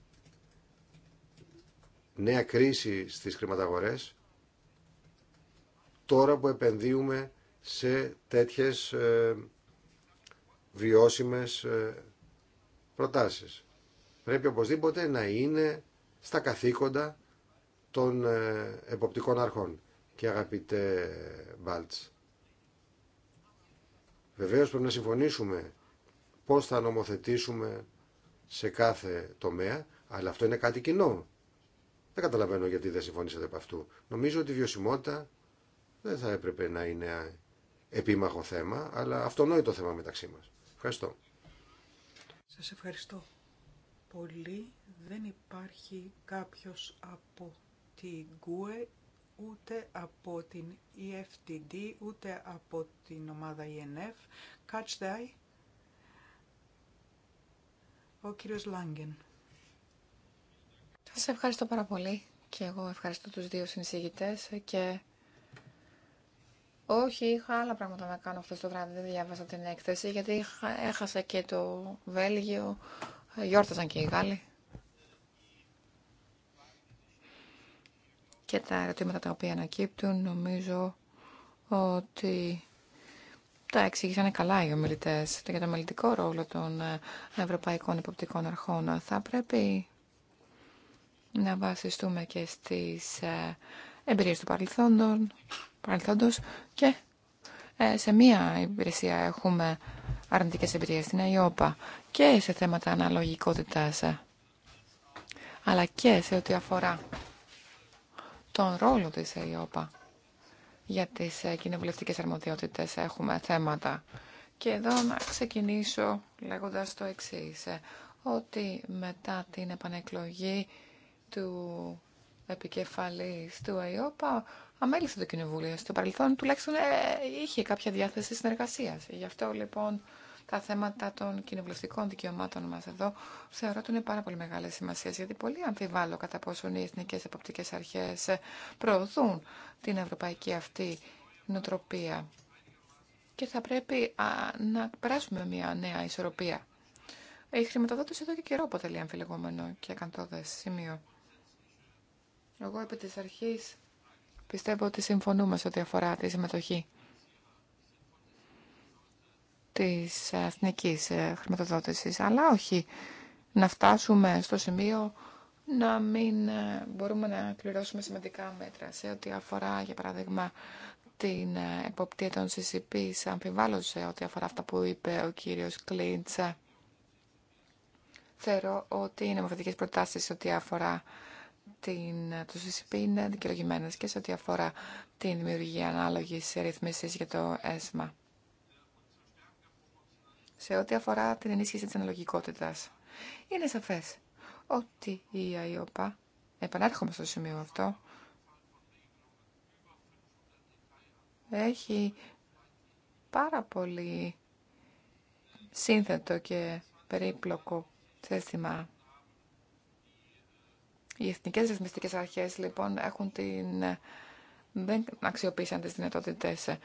νέα κρίση στις χρηματαγορές τώρα που επενδύουμε σε τέτοιες ε, βιώσιμες ε, προτάσεις. Πρέπει οπωσδήποτε να είναι στα καθήκοντα των ε, εποπτικών αρχών. Και αγαπητέ Μπάλτς, βεβαίως πρέπει να συμφωνήσουμε πώς θα νομοθετήσουμε σε κάθε τομέα, αλλά αυτό είναι κάτι κοινό. Δεν καταλαβαίνω γιατί δεν συμφωνήσατε από αυτού. Νομίζω ότι η βιωσιμότητα δεν θα έπρεπε να είναι επίμαχο θέμα, αλλά αυτονόητο θέμα μεταξύ μας. Ευχαριστώ. Σας ευχαριστώ πολύ. Δεν υπάρχει κάποιος από την ΚΟΕ, e, ούτε από την EFTD, ούτε από την ομάδα ENF. Catch ο κύριος Λάγκεν. Σας ευχαριστώ πάρα πολύ και εγώ ευχαριστώ τους δύο συνεισηγητές και όχι, είχα άλλα πράγματα να κάνω αυτό το βράδυ, δεν διάβασα την έκθεση γιατί έχασα και το Βέλγιο, γιόρταζαν και οι Γάλλοι. Και τα ερωτήματα τα οποία ανακύπτουν νομίζω ότι τα εξήγησαν καλά οι ομιλητέ για το μελλοντικό ρόλο των ε, Ευρωπαϊκών Υποπτικών Αρχών. Θα πρέπει να βασιστούμε και στις ε, εμπειρίες του παρελθόντος και ε, σε μία υπηρεσία έχουμε αρνητικές εμπειρίες στην ΑΙΟΠΑ και σε θέματα αναλογικότητα, αλλά και σε ό,τι αφορά τον ρόλο της ΑΙΟΠΑ για τις ε, κοινοβουλευτικές αρμοδιότητες έχουμε θέματα. Και εδώ να ξεκινήσω λέγοντας το εξής, ε, ότι μετά την επανεκλογή του επικεφαλής του ΑΙΟΠΑ αμέλησε το Κοινοβούλιο. Στο παρελθόν τουλάχιστον ε, είχε κάποια διάθεση συνεργασίας. Γι' αυτό λοιπόν τα θέματα των κοινοβουλευτικών δικαιωμάτων μα εδώ, θεωρώ ότι είναι πάρα πολύ μεγάλη σημασία, γιατί πολύ αμφιβάλλω κατά πόσον οι εθνικέ εποπτικέ αρχέ προωθούν την ευρωπαϊκή αυτή νοοτροπία. Και θα πρέπει να περάσουμε μια νέα ισορροπία. Η χρηματοδότηση εδώ και καιρό αποτελεί αμφιλεγόμενο και ακαντόδε σημείο. Εγώ επί της αρχής πιστεύω ότι συμφωνούμε σε ό,τι αφορά τη συμμετοχή της εθνικής ε, χρηματοδότησης, αλλά όχι να φτάσουμε στο σημείο να μην ε, μπορούμε να κληρώσουμε σημαντικά μέτρα σε ό,τι αφορά, για παράδειγμα, την ε, εποπτεία των CCP. Αμφιβάλλω σε ό,τι αφορά αυτά που είπε ο κύριος Κλίντσα. Θεωρώ ότι είναι νομοθετικές προτάσεις σε ό,τι αφορά την, το CCP είναι και σε ό,τι αφορά την δημιουργία ανάλογη ρυθμίση για το ΕΣΜΑ σε ό,τι αφορά την ενίσχυση της αναλογικότητας. Είναι σαφές ότι η ΑΙΟΠΑ, επανέρχομαι στο σημείο αυτό, έχει πάρα πολύ σύνθετο και περίπλοκο σύστημα. Οι εθνικές ρυθμιστικές αρχές λοιπόν έχουν την... δεν αξιοποίησαν τις δυνατότητες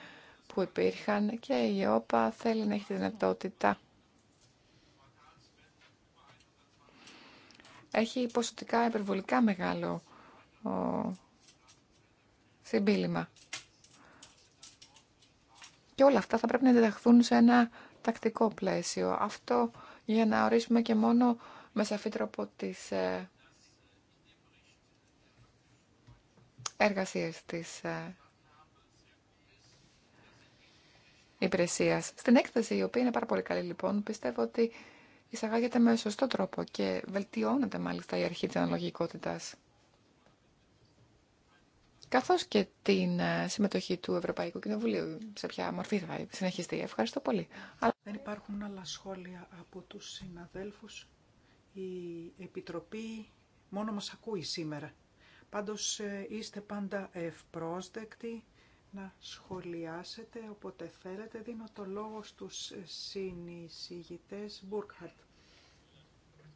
που υπήρχαν και η ΕΟΠΑ θέλει να έχει τη δυνατότητα. Έχει ποσοτικά υπερβολικά μεγάλο ο, συμπίλημα. Και όλα αυτά θα πρέπει να ενταχθούν σε ένα τακτικό πλαίσιο. Αυτό για να ορίσουμε και μόνο με σαφή τρόπο τις ε, εργασίες της ε, Στην έκθεση, η οποία είναι πάρα πολύ καλή λοιπόν, πιστεύω ότι εισαγάγεται με σωστό τρόπο και βελτιώνεται μάλιστα η αρχή τη αναλογικότητα. Καθώ και την ε, συμμετοχή του Ευρωπαϊκού Κοινοβουλίου, σε ποια μορφή θα συνεχιστεί. Ευχαριστώ πολύ. Δεν υπάρχουν άλλα σχόλια από τους συναδέλφους. Η Επιτροπή μόνο μας ακούει σήμερα. Πάντως ε, είστε πάντα ευπρόσδεκτοι να σχολιάσετε όποτε θέλετε. Δίνω το λόγο στους συνεισηγητές Burkhardt.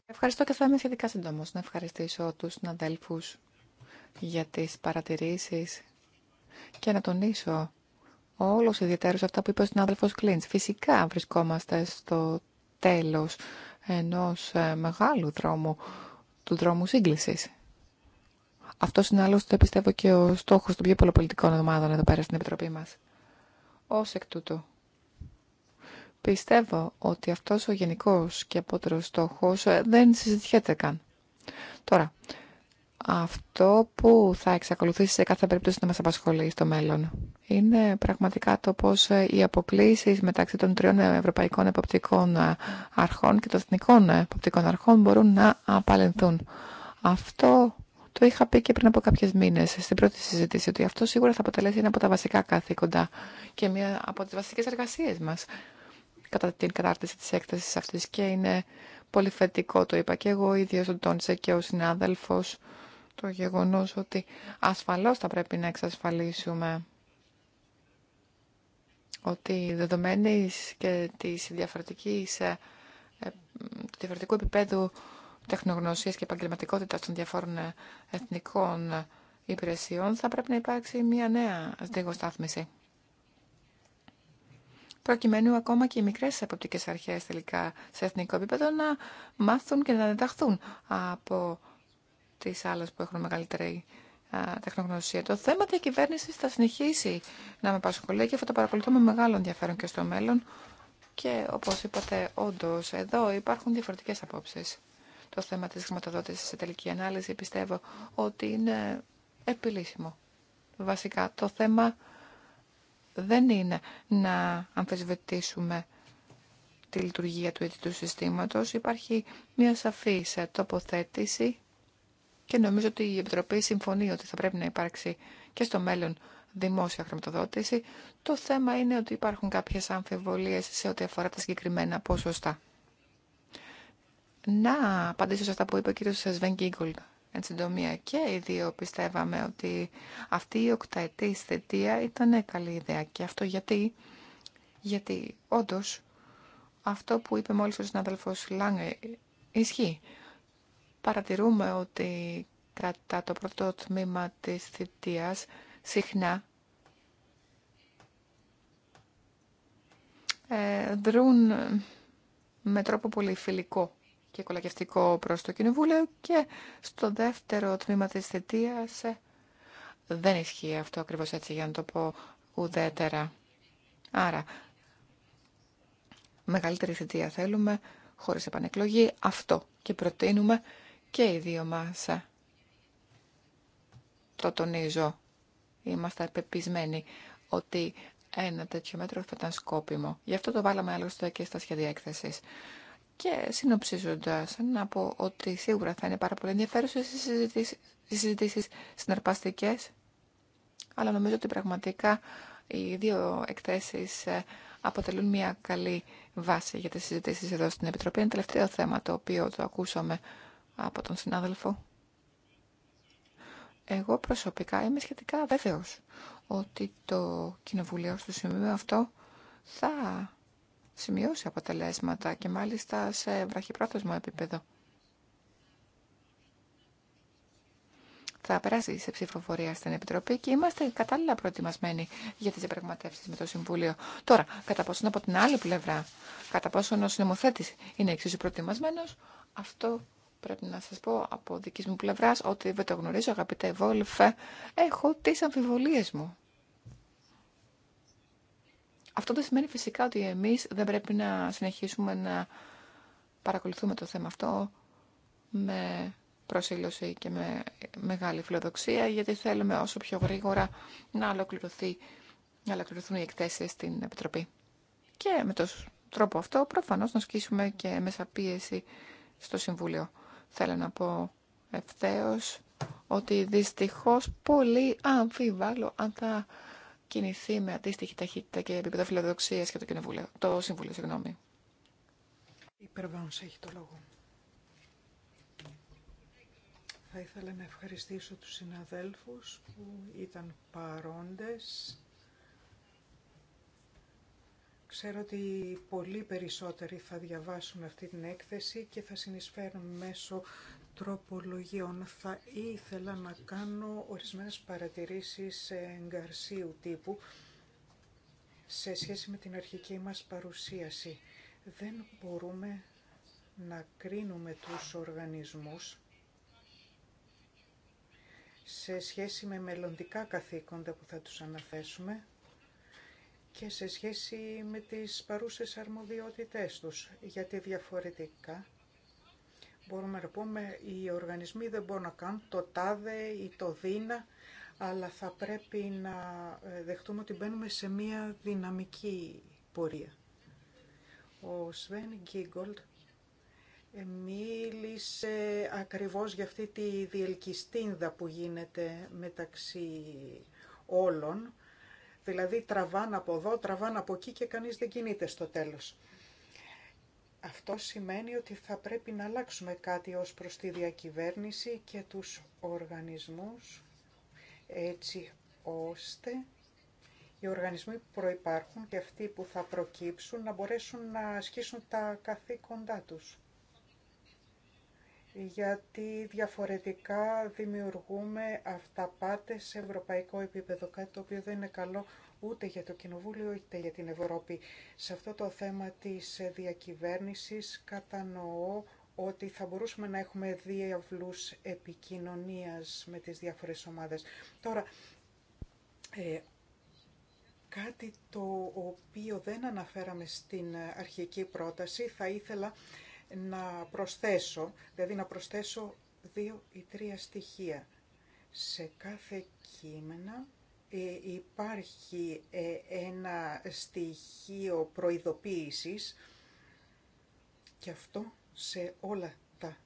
Ευχαριστώ και θα είμαι σχετικά σύντομος να ευχαριστήσω τους συναδέλφους για τις παρατηρήσεις και να τονίσω οι ιδιαιτέρους αυτά που είπε ο συνάδελφος Κλίντς. Φυσικά βρισκόμαστε στο τέλος ενός ε, μεγάλου δρόμου, του δρόμου σύγκλησης. Αυτό είναι άλλωστε πιστεύω και ο στόχο των πιο πολλοπολιτικών ομάδων εδώ πέρα στην Επιτροπή μα. Ω εκ τούτου. Πιστεύω ότι αυτό ο γενικό και απότερο στόχο ε, δεν συζητιέται καν. Τώρα, αυτό που θα εξακολουθήσει σε κάθε περίπτωση να μας απασχολεί στο μέλλον είναι πραγματικά το πώς ε, οι αποκλήσεις μεταξύ των τριών ε, ευρωπαϊκών εποπτικών αρχών και των εθνικών εποπτικών αρχών μπορούν να απαλληλθούν. Αυτό το είχα πει και πριν από κάποιε μήνε στην πρώτη συζήτηση ότι αυτό σίγουρα θα αποτελέσει ένα από τα βασικά καθήκοντα και μία από τι βασικέ εργασίε μα κατά την κατάρτιση τη έκταση αυτή. Και είναι πολύ θετικό, το είπα και εγώ ίδιο τον Τόνισε και ο συνάδελφο, το γεγονό ότι ασφαλώ θα πρέπει να εξασφαλίσουμε ότι δεδομένη και της διαφορετικής, ε, διαφορετικού επίπεδου τεχνογνωσίας και επαγγελματικότητα των διαφόρων εθνικών υπηρεσιών, θα πρέπει να υπάρξει μια νέα στήγοσταθμιση Προκειμένου ακόμα και οι μικρέ εποπτικέ αρχέ τελικά σε εθνικό επίπεδο να μάθουν και να διδαχθούν από τι άλλε που έχουν μεγαλύτερη τεχνογνωσία. Το θέμα διακυβέρνηση θα συνεχίσει να με απασχολεί και αυτό το παρακολουθώ με μεγάλο ενδιαφέρον και στο μέλλον. Και όπως είπατε, όντως εδώ υπάρχουν διαφορετικές απόψεις το θέμα της χρηματοδότησης σε τελική ανάλυση πιστεύω ότι είναι επιλύσιμο. Βασικά το θέμα δεν είναι να αμφισβητήσουμε τη λειτουργία του αιτητού συστήματος. Υπάρχει μια σε τοποθέτηση και νομίζω ότι η Επιτροπή συμφωνεί ότι θα πρέπει να υπάρξει και στο μέλλον δημόσια χρηματοδότηση. Το θέμα είναι ότι υπάρχουν κάποιες αμφιβολίες σε ό,τι αφορά τα συγκεκριμένα ποσοστά. Να απαντήσω σε αυτά που είπε ο κύριος Σβέν Γκίγκολ. Εν συντομία και οι δύο πιστεύαμε ότι αυτή η οκταετή θετία ήταν καλή ιδέα. Και αυτό γιατί, γιατί όντω αυτό που είπε μόλις ο συνάδελφος Λάγκε ισχύει. Παρατηρούμε ότι κατά το πρώτο τμήμα της θητείας συχνά ε, δρούν με τρόπο πολύ φιλικό και κολακευτικό προς το Κοινοβούλιο και στο δεύτερο τμήμα της θετίας ε, δεν ισχύει αυτό ακριβώς έτσι για να το πω ουδέτερα. Άρα, μεγαλύτερη θετία θέλουμε, χωρίς επανεκλογή, αυτό και προτείνουμε και οι δύο μας. Ε, το τονίζω. Είμαστε πεπισμένοι ότι ένα τέτοιο μέτρο θα ήταν σκόπιμο. Γι' αυτό το βάλαμε άλλωστε και στα σχέδια έκθεσης. Και συνοψίζοντα, να πω ότι σίγουρα θα είναι πάρα πολύ ενδιαφέρουσε οι συζητήσει συναρπαστικέ, αλλά νομίζω ότι πραγματικά οι δύο εκθέσει ε, αποτελούν μια καλή βάση για τι συζητήσει εδώ στην Επιτροπή. το τελευταίο θέμα το οποίο το ακούσαμε από τον συνάδελφο. Εγώ προσωπικά είμαι σχετικά βέβαιος ότι το Κοινοβουλίο στο σημείο αυτό θα σημειώσει αποτελέσματα και μάλιστα σε βραχυπρόθεσμο επίπεδο. Θα περάσει σε ψηφοφορία στην Επιτροπή και είμαστε κατάλληλα προετοιμασμένοι για τι διαπραγματεύσει με το Συμβούλιο. Τώρα, κατά πόσον από την άλλη πλευρά, κατά πόσον ο νομοθέτη είναι εξίσου προετοιμασμένο, αυτό πρέπει να σας πω από δική μου πλευρά ότι δεν το γνωρίζω αγαπητέ Βόλφε, έχω τι αμφιβολίε μου. Αυτό δεν σημαίνει φυσικά ότι εμείς δεν πρέπει να συνεχίσουμε να παρακολουθούμε το θέμα αυτό με προσήλωση και με μεγάλη φιλοδοξία, γιατί θέλουμε όσο πιο γρήγορα να, ολοκληρωθεί, να ολοκληρωθούν οι εκθέσεις στην Επιτροπή. Και με τον τρόπο αυτό προφανώς να σκίσουμε και μέσα πίεση στο Συμβούλιο. Θέλω να πω ευθέως ότι δυστυχώς πολύ αμφιβάλλω αν θα κινηθεί με αντίστοιχη ταχύτητα και επίπεδο φιλοδοξία και το, κοινοβούλιο, το Συμβούλιο. Συγγνώμη. έχει το λόγο. Θα ήθελα να ευχαριστήσω τους συναδέλφους που ήταν παρόντες. Ξέρω ότι πολύ περισσότεροι θα διαβάσουν αυτή την έκθεση και θα συνεισφέρουν μέσω τροπολογιών θα ήθελα να κάνω ορισμένες παρατηρήσεις εγκαρσίου τύπου σε σχέση με την αρχική μας παρουσίαση. Δεν μπορούμε να κρίνουμε τους οργανισμούς σε σχέση με μελλοντικά καθήκοντα που θα τους αναθέσουμε και σε σχέση με τις παρούσες αρμοδιότητές τους, γιατί διαφορετικά μπορούμε να πούμε οι οργανισμοί δεν μπορούν να κάνουν το τάδε ή το δίνα, αλλά θα πρέπει να ε, δεχτούμε ότι μπαίνουμε σε μία δυναμική πορεία. Ο Σβέν Γκίγκολτ ε, μίλησε ακριβώς για αυτή τη διελκυστίνδα που γίνεται μεταξύ όλων, δηλαδή τραβάν από εδώ, τραβάν από εκεί και κανείς δεν κινείται στο τέλος. Αυτό σημαίνει ότι θα πρέπει να αλλάξουμε κάτι ως προς τη διακυβέρνηση και τους οργανισμούς έτσι ώστε οι οργανισμοί που προϋπάρχουν και αυτοί που θα προκύψουν να μπορέσουν να ασκήσουν τα καθήκοντά τους. Γιατί διαφορετικά δημιουργούμε αυταπάτες σε ευρωπαϊκό επίπεδο, κάτι το οποίο δεν είναι καλό ούτε για το Κοινοβούλιο ούτε για την Ευρώπη. Σε αυτό το θέμα της διακυβέρνησης κατανοώ ότι θα μπορούσαμε να έχουμε διαβλούς επικοινωνίας με τις διάφορες ομάδες. Τώρα, ε, κάτι το οποίο δεν αναφέραμε στην αρχική πρόταση θα ήθελα να προσθέσω, δηλαδή να προσθέσω δύο ή τρία στοιχεία. Σε κάθε κείμενα ε, υπάρχει ε, ένα στοιχείο προειδοποίησης και αυτό σε όλα τα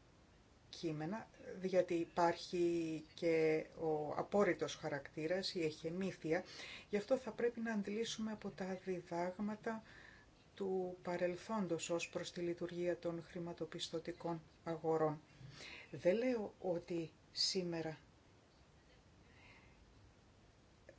κείμενα, γιατί υπάρχει και ο απόρριτος χαρακτήρας, η εχεμήθεια, γι' αυτό θα πρέπει να αντιλήσουμε από τα διδάγματα του παρελθόντος ως προς τη λειτουργία των χρηματοπιστωτικών αγορών. Δεν λέω ότι σήμερα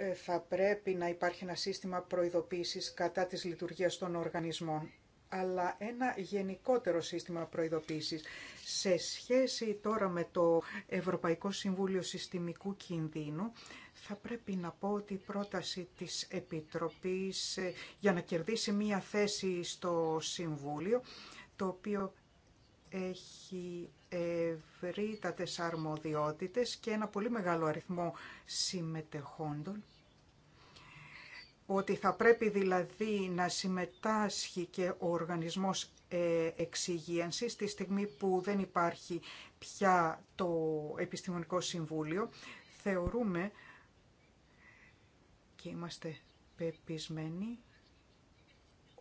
ε, θα πρέπει να υπάρχει ένα σύστημα προειδοποίησης κατά της λειτουργίας των οργανισμών αλλά ένα γενικότερο σύστημα προειδοποίησης. Σε σχέση τώρα με το Ευρωπαϊκό Συμβούλιο Συστημικού Κινδύνου, θα πρέπει να πω ότι η πρόταση της Επιτροπής ε, για να κερδίσει μία θέση στο Συμβούλιο, το οποίο έχει ευρύτατες αρμοδιότητες και ένα πολύ μεγάλο αριθμό συμμετεχόντων, ότι θα πρέπει δηλαδή να συμμετάσχει και ο οργανισμός ε, εξυγίανσης τη στιγμή που δεν υπάρχει πια το Επιστημονικό Συμβούλιο, θεωρούμε και είμαστε πεπισμένοι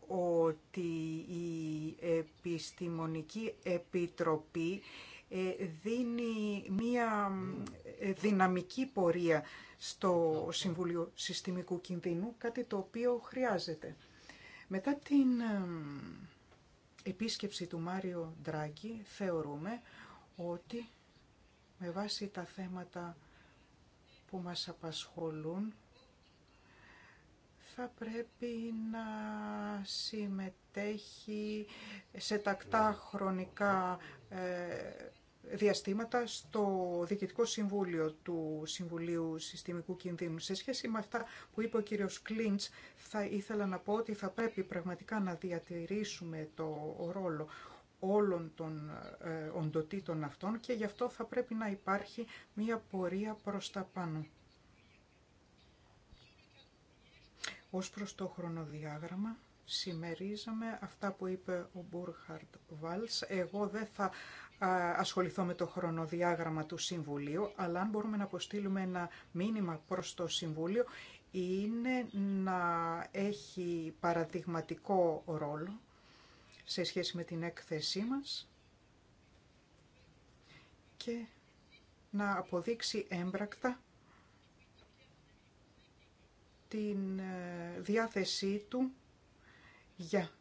ότι η Επιστημονική Επιτροπή ε, δίνει μία ε, δυναμική πορεία στο Συμβούλιο Συστημικού Κινδύνου, κάτι το οποίο χρειάζεται. Μετά την ε, επίσκεψη του Μάριο Ντράγκη θεωρούμε ότι με βάση τα θέματα που μας απασχολούν θα πρέπει να συμμετέχει σε τακτά χρονικά ε, διαστήματα στο Διοικητικό Συμβούλιο του Συμβουλίου Συστημικού Κινδύνου. Σε σχέση με αυτά που είπε ο κύριος Κλίντς, θα ήθελα να πω ότι θα πρέπει πραγματικά να διατηρήσουμε το ρόλο όλων των ε, οντοτήτων αυτών και γι' αυτό θα πρέπει να υπάρχει μία πορεία προς τα πάνω. Ως προς το χρονοδιάγραμμα, συμμερίζαμε αυτά που είπε ο Μπούρχαρτ Βάλς. Εγώ δεν θα ασχοληθώ με το χρονοδιάγραμμα του Συμβουλίου, αλλά αν μπορούμε να αποστείλουμε ένα μήνυμα προς το Συμβούλιο, είναι να έχει παραδειγματικό ρόλο σε σχέση με την έκθεσή μας και να αποδείξει έμπρακτα την ε, διάθεσή του για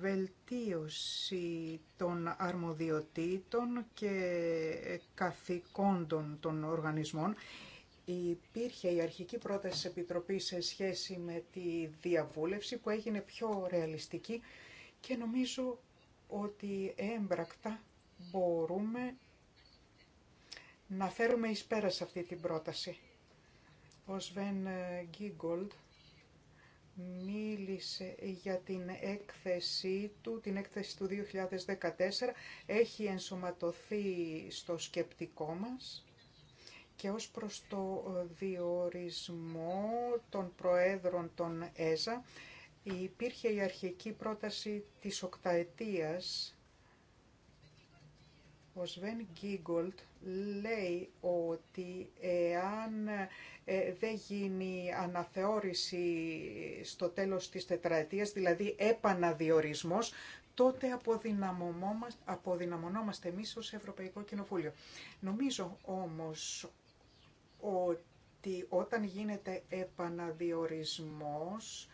βελτίωση των αρμοδιοτήτων και καθηκόντων των οργανισμών. Υπήρχε η αρχική πρόταση της Επιτροπής σε σχέση με τη διαβούλευση που έγινε πιο ρεαλιστική και νομίζω ότι έμπρακτα μπορούμε να φέρουμε εις πέρα σε αυτή την πρόταση. Ο Σβέν ε, Γκίγκολτ μίλησε για την έκθεσή του, την έκθεση του 2014. Έχει ενσωματωθεί στο σκεπτικό μας και ως προς το διορισμό των προέδρων των ΕΖΑ υπήρχε η αρχική πρόταση της οκταετίας ο Σβέν Γκίγκολτ λέει ότι εάν ε, δεν γίνει αναθεώρηση στο τέλος της τετραετίας, δηλαδή επαναδιορισμός, τότε αποδυναμωνόμαστε εμείς ως Ευρωπαϊκό Κοινοβούλιο. Νομίζω όμως ότι όταν γίνεται επαναδιορισμός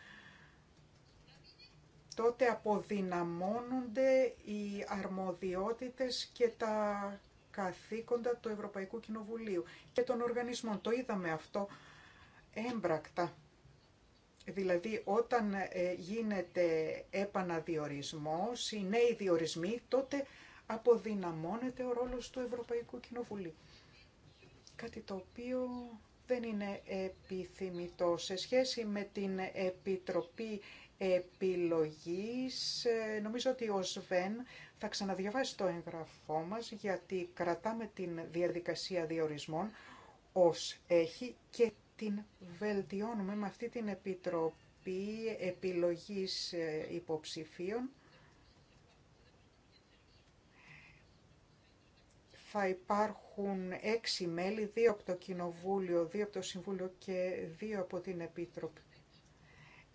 τότε αποδυναμώνονται οι αρμοδιότητες και τα καθήκοντα του Ευρωπαϊκού Κοινοβουλίου και των οργανισμών. Το είδαμε αυτό έμπρακτα. Δηλαδή όταν ε, γίνεται επαναδιορισμός ή νέοι διορισμοί, τότε αποδυναμώνεται ο ρόλος του Ευρωπαϊκού Κοινοβουλίου. Κάτι το οποίο δεν είναι επιθυμητό σε σχέση με την Επιτροπή επιλογής. Ε, νομίζω ότι ο Σβέν θα ξαναδιαβάσει το έγγραφό μας γιατί κρατάμε την διαδικασία διορισμών ως έχει και την βελτιώνουμε με αυτή την Επιτροπή Επιλογής ε, Υποψηφίων. Θα υπάρχουν έξι μέλη, δύο από το Κοινοβούλιο, δύο από το Συμβούλιο και δύο από την Επίτροπη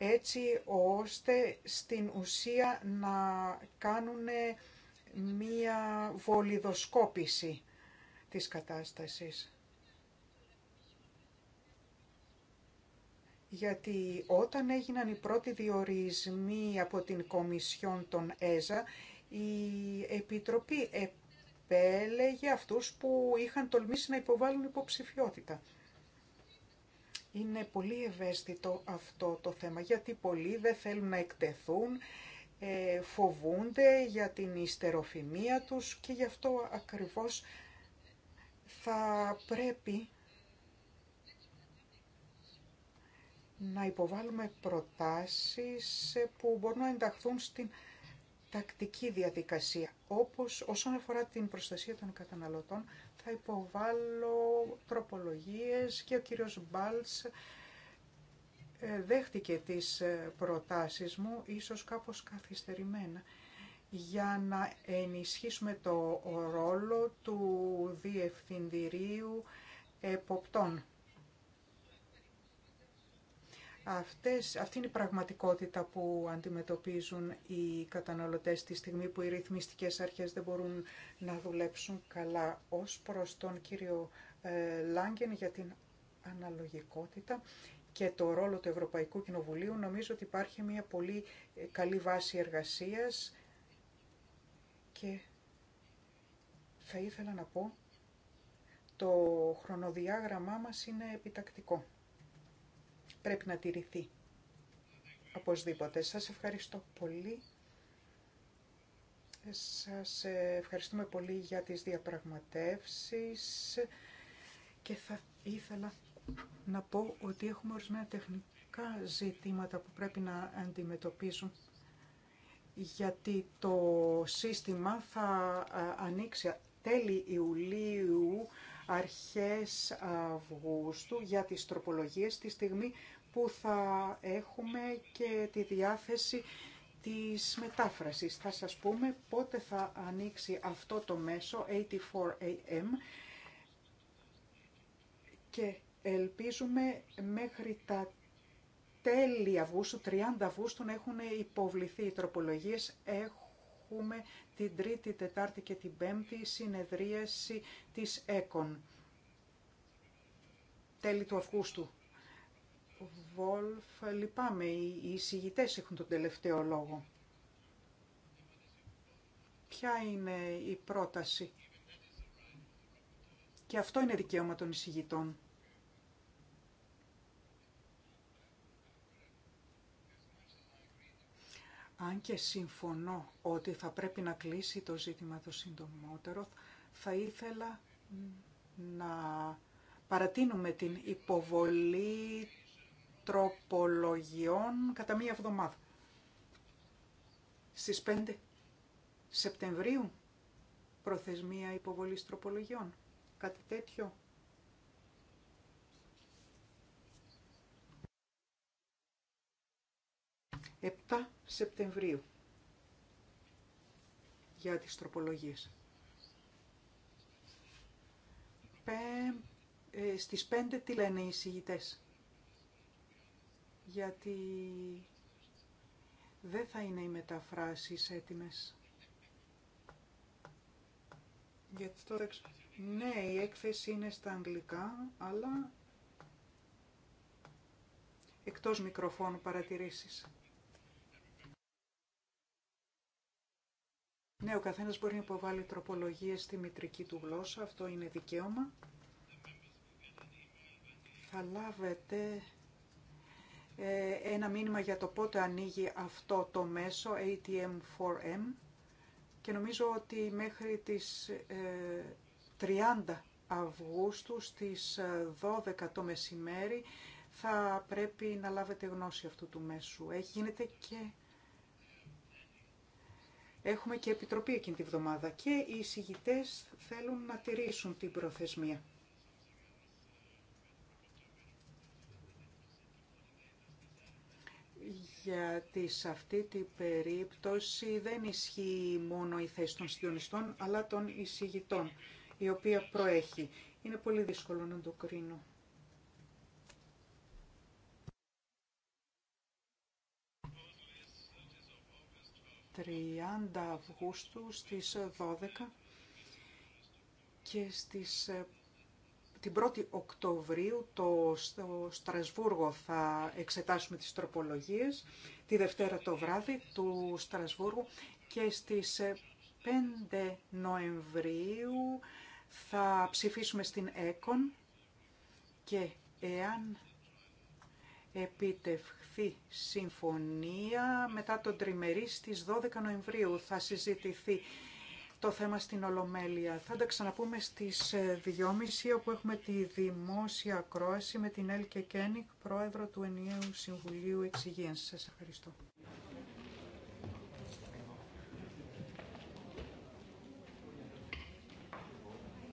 έτσι ώστε στην ουσία να κάνουν μία βολιδοσκόπηση της κατάστασης. Γιατί όταν έγιναν οι πρώτοι διορισμοί από την Κομισιόν των ΕΖΑ, η Επιτροπή επέλεγε αυτούς που είχαν τολμήσει να υποβάλουν υποψηφιότητα. Είναι πολύ ευαίσθητο αυτό το θέμα, γιατί πολλοί δεν θέλουν να εκτεθούν, ε, φοβούνται για την ιστεροφημία τους και γι' αυτό ακριβώς θα πρέπει να υποβάλουμε προτάσεις που μπορούν να ενταχθούν στην τακτική διαδικασία, όπως όσον αφορά την προστασία των καταναλωτών θα υποβάλω τροπολογίες και ο κύριος Μπάλτς ε, δέχτηκε τις ε, προτάσεις μου, ίσως κάπως καθυστερημένα, για να ενισχύσουμε το ρόλο του Διευθυντηρίου Εποπτών. Αυτές, αυτή είναι η πραγματικότητα που αντιμετωπίζουν οι καταναλωτές τη στιγμή που οι ρυθμιστικές αρχές δεν μπορούν να δουλέψουν καλά ως προς τον κύριο ε, Λάγκεν για την αναλογικότητα και το ρόλο του Ευρωπαϊκού Κοινοβουλίου. Νομίζω ότι υπάρχει μια πολύ ε, καλή βάση εργασίας και θα ήθελα να πω το χρονοδιάγραμμά μας είναι επιτακτικό πρέπει να τηρηθεί. Οπωσδήποτε. Σας ευχαριστώ πολύ. Σας ευχαριστούμε πολύ για τις διαπραγματεύσεις και θα ήθελα να πω ότι έχουμε ορισμένα τεχνικά ζητήματα που πρέπει να αντιμετωπίζουν γιατί το σύστημα θα ε, ανοίξει τέλη Ιουλίου αρχές Αυγούστου για τις τροπολογίες τη στιγμή που θα έχουμε και τη διάθεση της μετάφρασης. Θα σας πούμε πότε θα ανοίξει αυτό το μέσο 84am και ελπίζουμε μέχρι τα τέλη Αυγούστου, 30 Αυγούστου να έχουν υποβληθεί οι τροπολογίες. Έχουν έχουμε την Τρίτη, Τετάρτη και την Πέμπτη συνεδρίαση της ΕΚΟΝ. Τέλη του Αυγούστου. Βολφ, λυπάμαι, οι εισηγητές έχουν τον τελευταίο λόγο. Ποια είναι η πρόταση. Και αυτό είναι δικαίωμα των εισηγητών. Αν και συμφωνώ ότι θα πρέπει να κλείσει το ζήτημα το συντομότερο, θα ήθελα να παρατείνουμε την υποβολή τροπολογιών κατά μία εβδομάδα. Στις 5 Σεπτεμβρίου προθεσμία υποβολής τροπολογιών. Κάτι τέτοιο. Επτά Σεπτεμβρίου για τις τροπολογίες. Ε, στις 5 τι λένε οι εισηγητές. Γιατί δεν θα είναι οι μεταφράσεις έτοιμες. Γιατί τώρα... Ναι, η έκθεση είναι στα αγγλικά, αλλά εκτός μικροφώνου παρατηρήσεις. Ναι, ο καθένας μπορεί να υποβάλει τροπολογίες στη μητρική του γλώσσα, αυτό είναι δικαίωμα. Θα λάβετε ε, ένα μήνυμα για το πότε ανοίγει αυτό το μέσο, ATM4M, και νομίζω ότι μέχρι τις 30 ε, Αυγούστου στις 12 ε, το μεσημέρι θα πρέπει να λάβετε γνώση αυτού του μέσου. Έχει γίνεται και Έχουμε και επιτροπή εκείνη τη βδομάδα και οι εισηγητές θέλουν να τηρήσουν την προθεσμία. γιατί σε αυτή την περίπτωση δεν ισχύει μόνο η θέση των συντονιστών, αλλά των εισηγητών, η οποία προέχει. Είναι πολύ δύσκολο να το κρίνω. 30 Αυγούστου στις 12 και στις, ε, την 1η Οκτωβρίου το, στο Στρασβούργο θα εξετάσουμε τις τροπολογίες, τη Δευτέρα το βράδυ του Στρασβούργου και στις 5 ε, Νοεμβρίου θα ψηφίσουμε στην ΕΚΟΝ και εάν επιτευχθεί συμφωνία μετά τον τριμερή στις 12 Νοεμβρίου θα συζητηθεί το θέμα στην Ολομέλεια. Θα τα ξαναπούμε στις 2.30 ε, όπου έχουμε τη δημόσια ακρόαση με την Έλκε Κένικ, πρόεδρο του Ενιαίου Συμβουλίου Εξυγείας. Σας ευχαριστώ.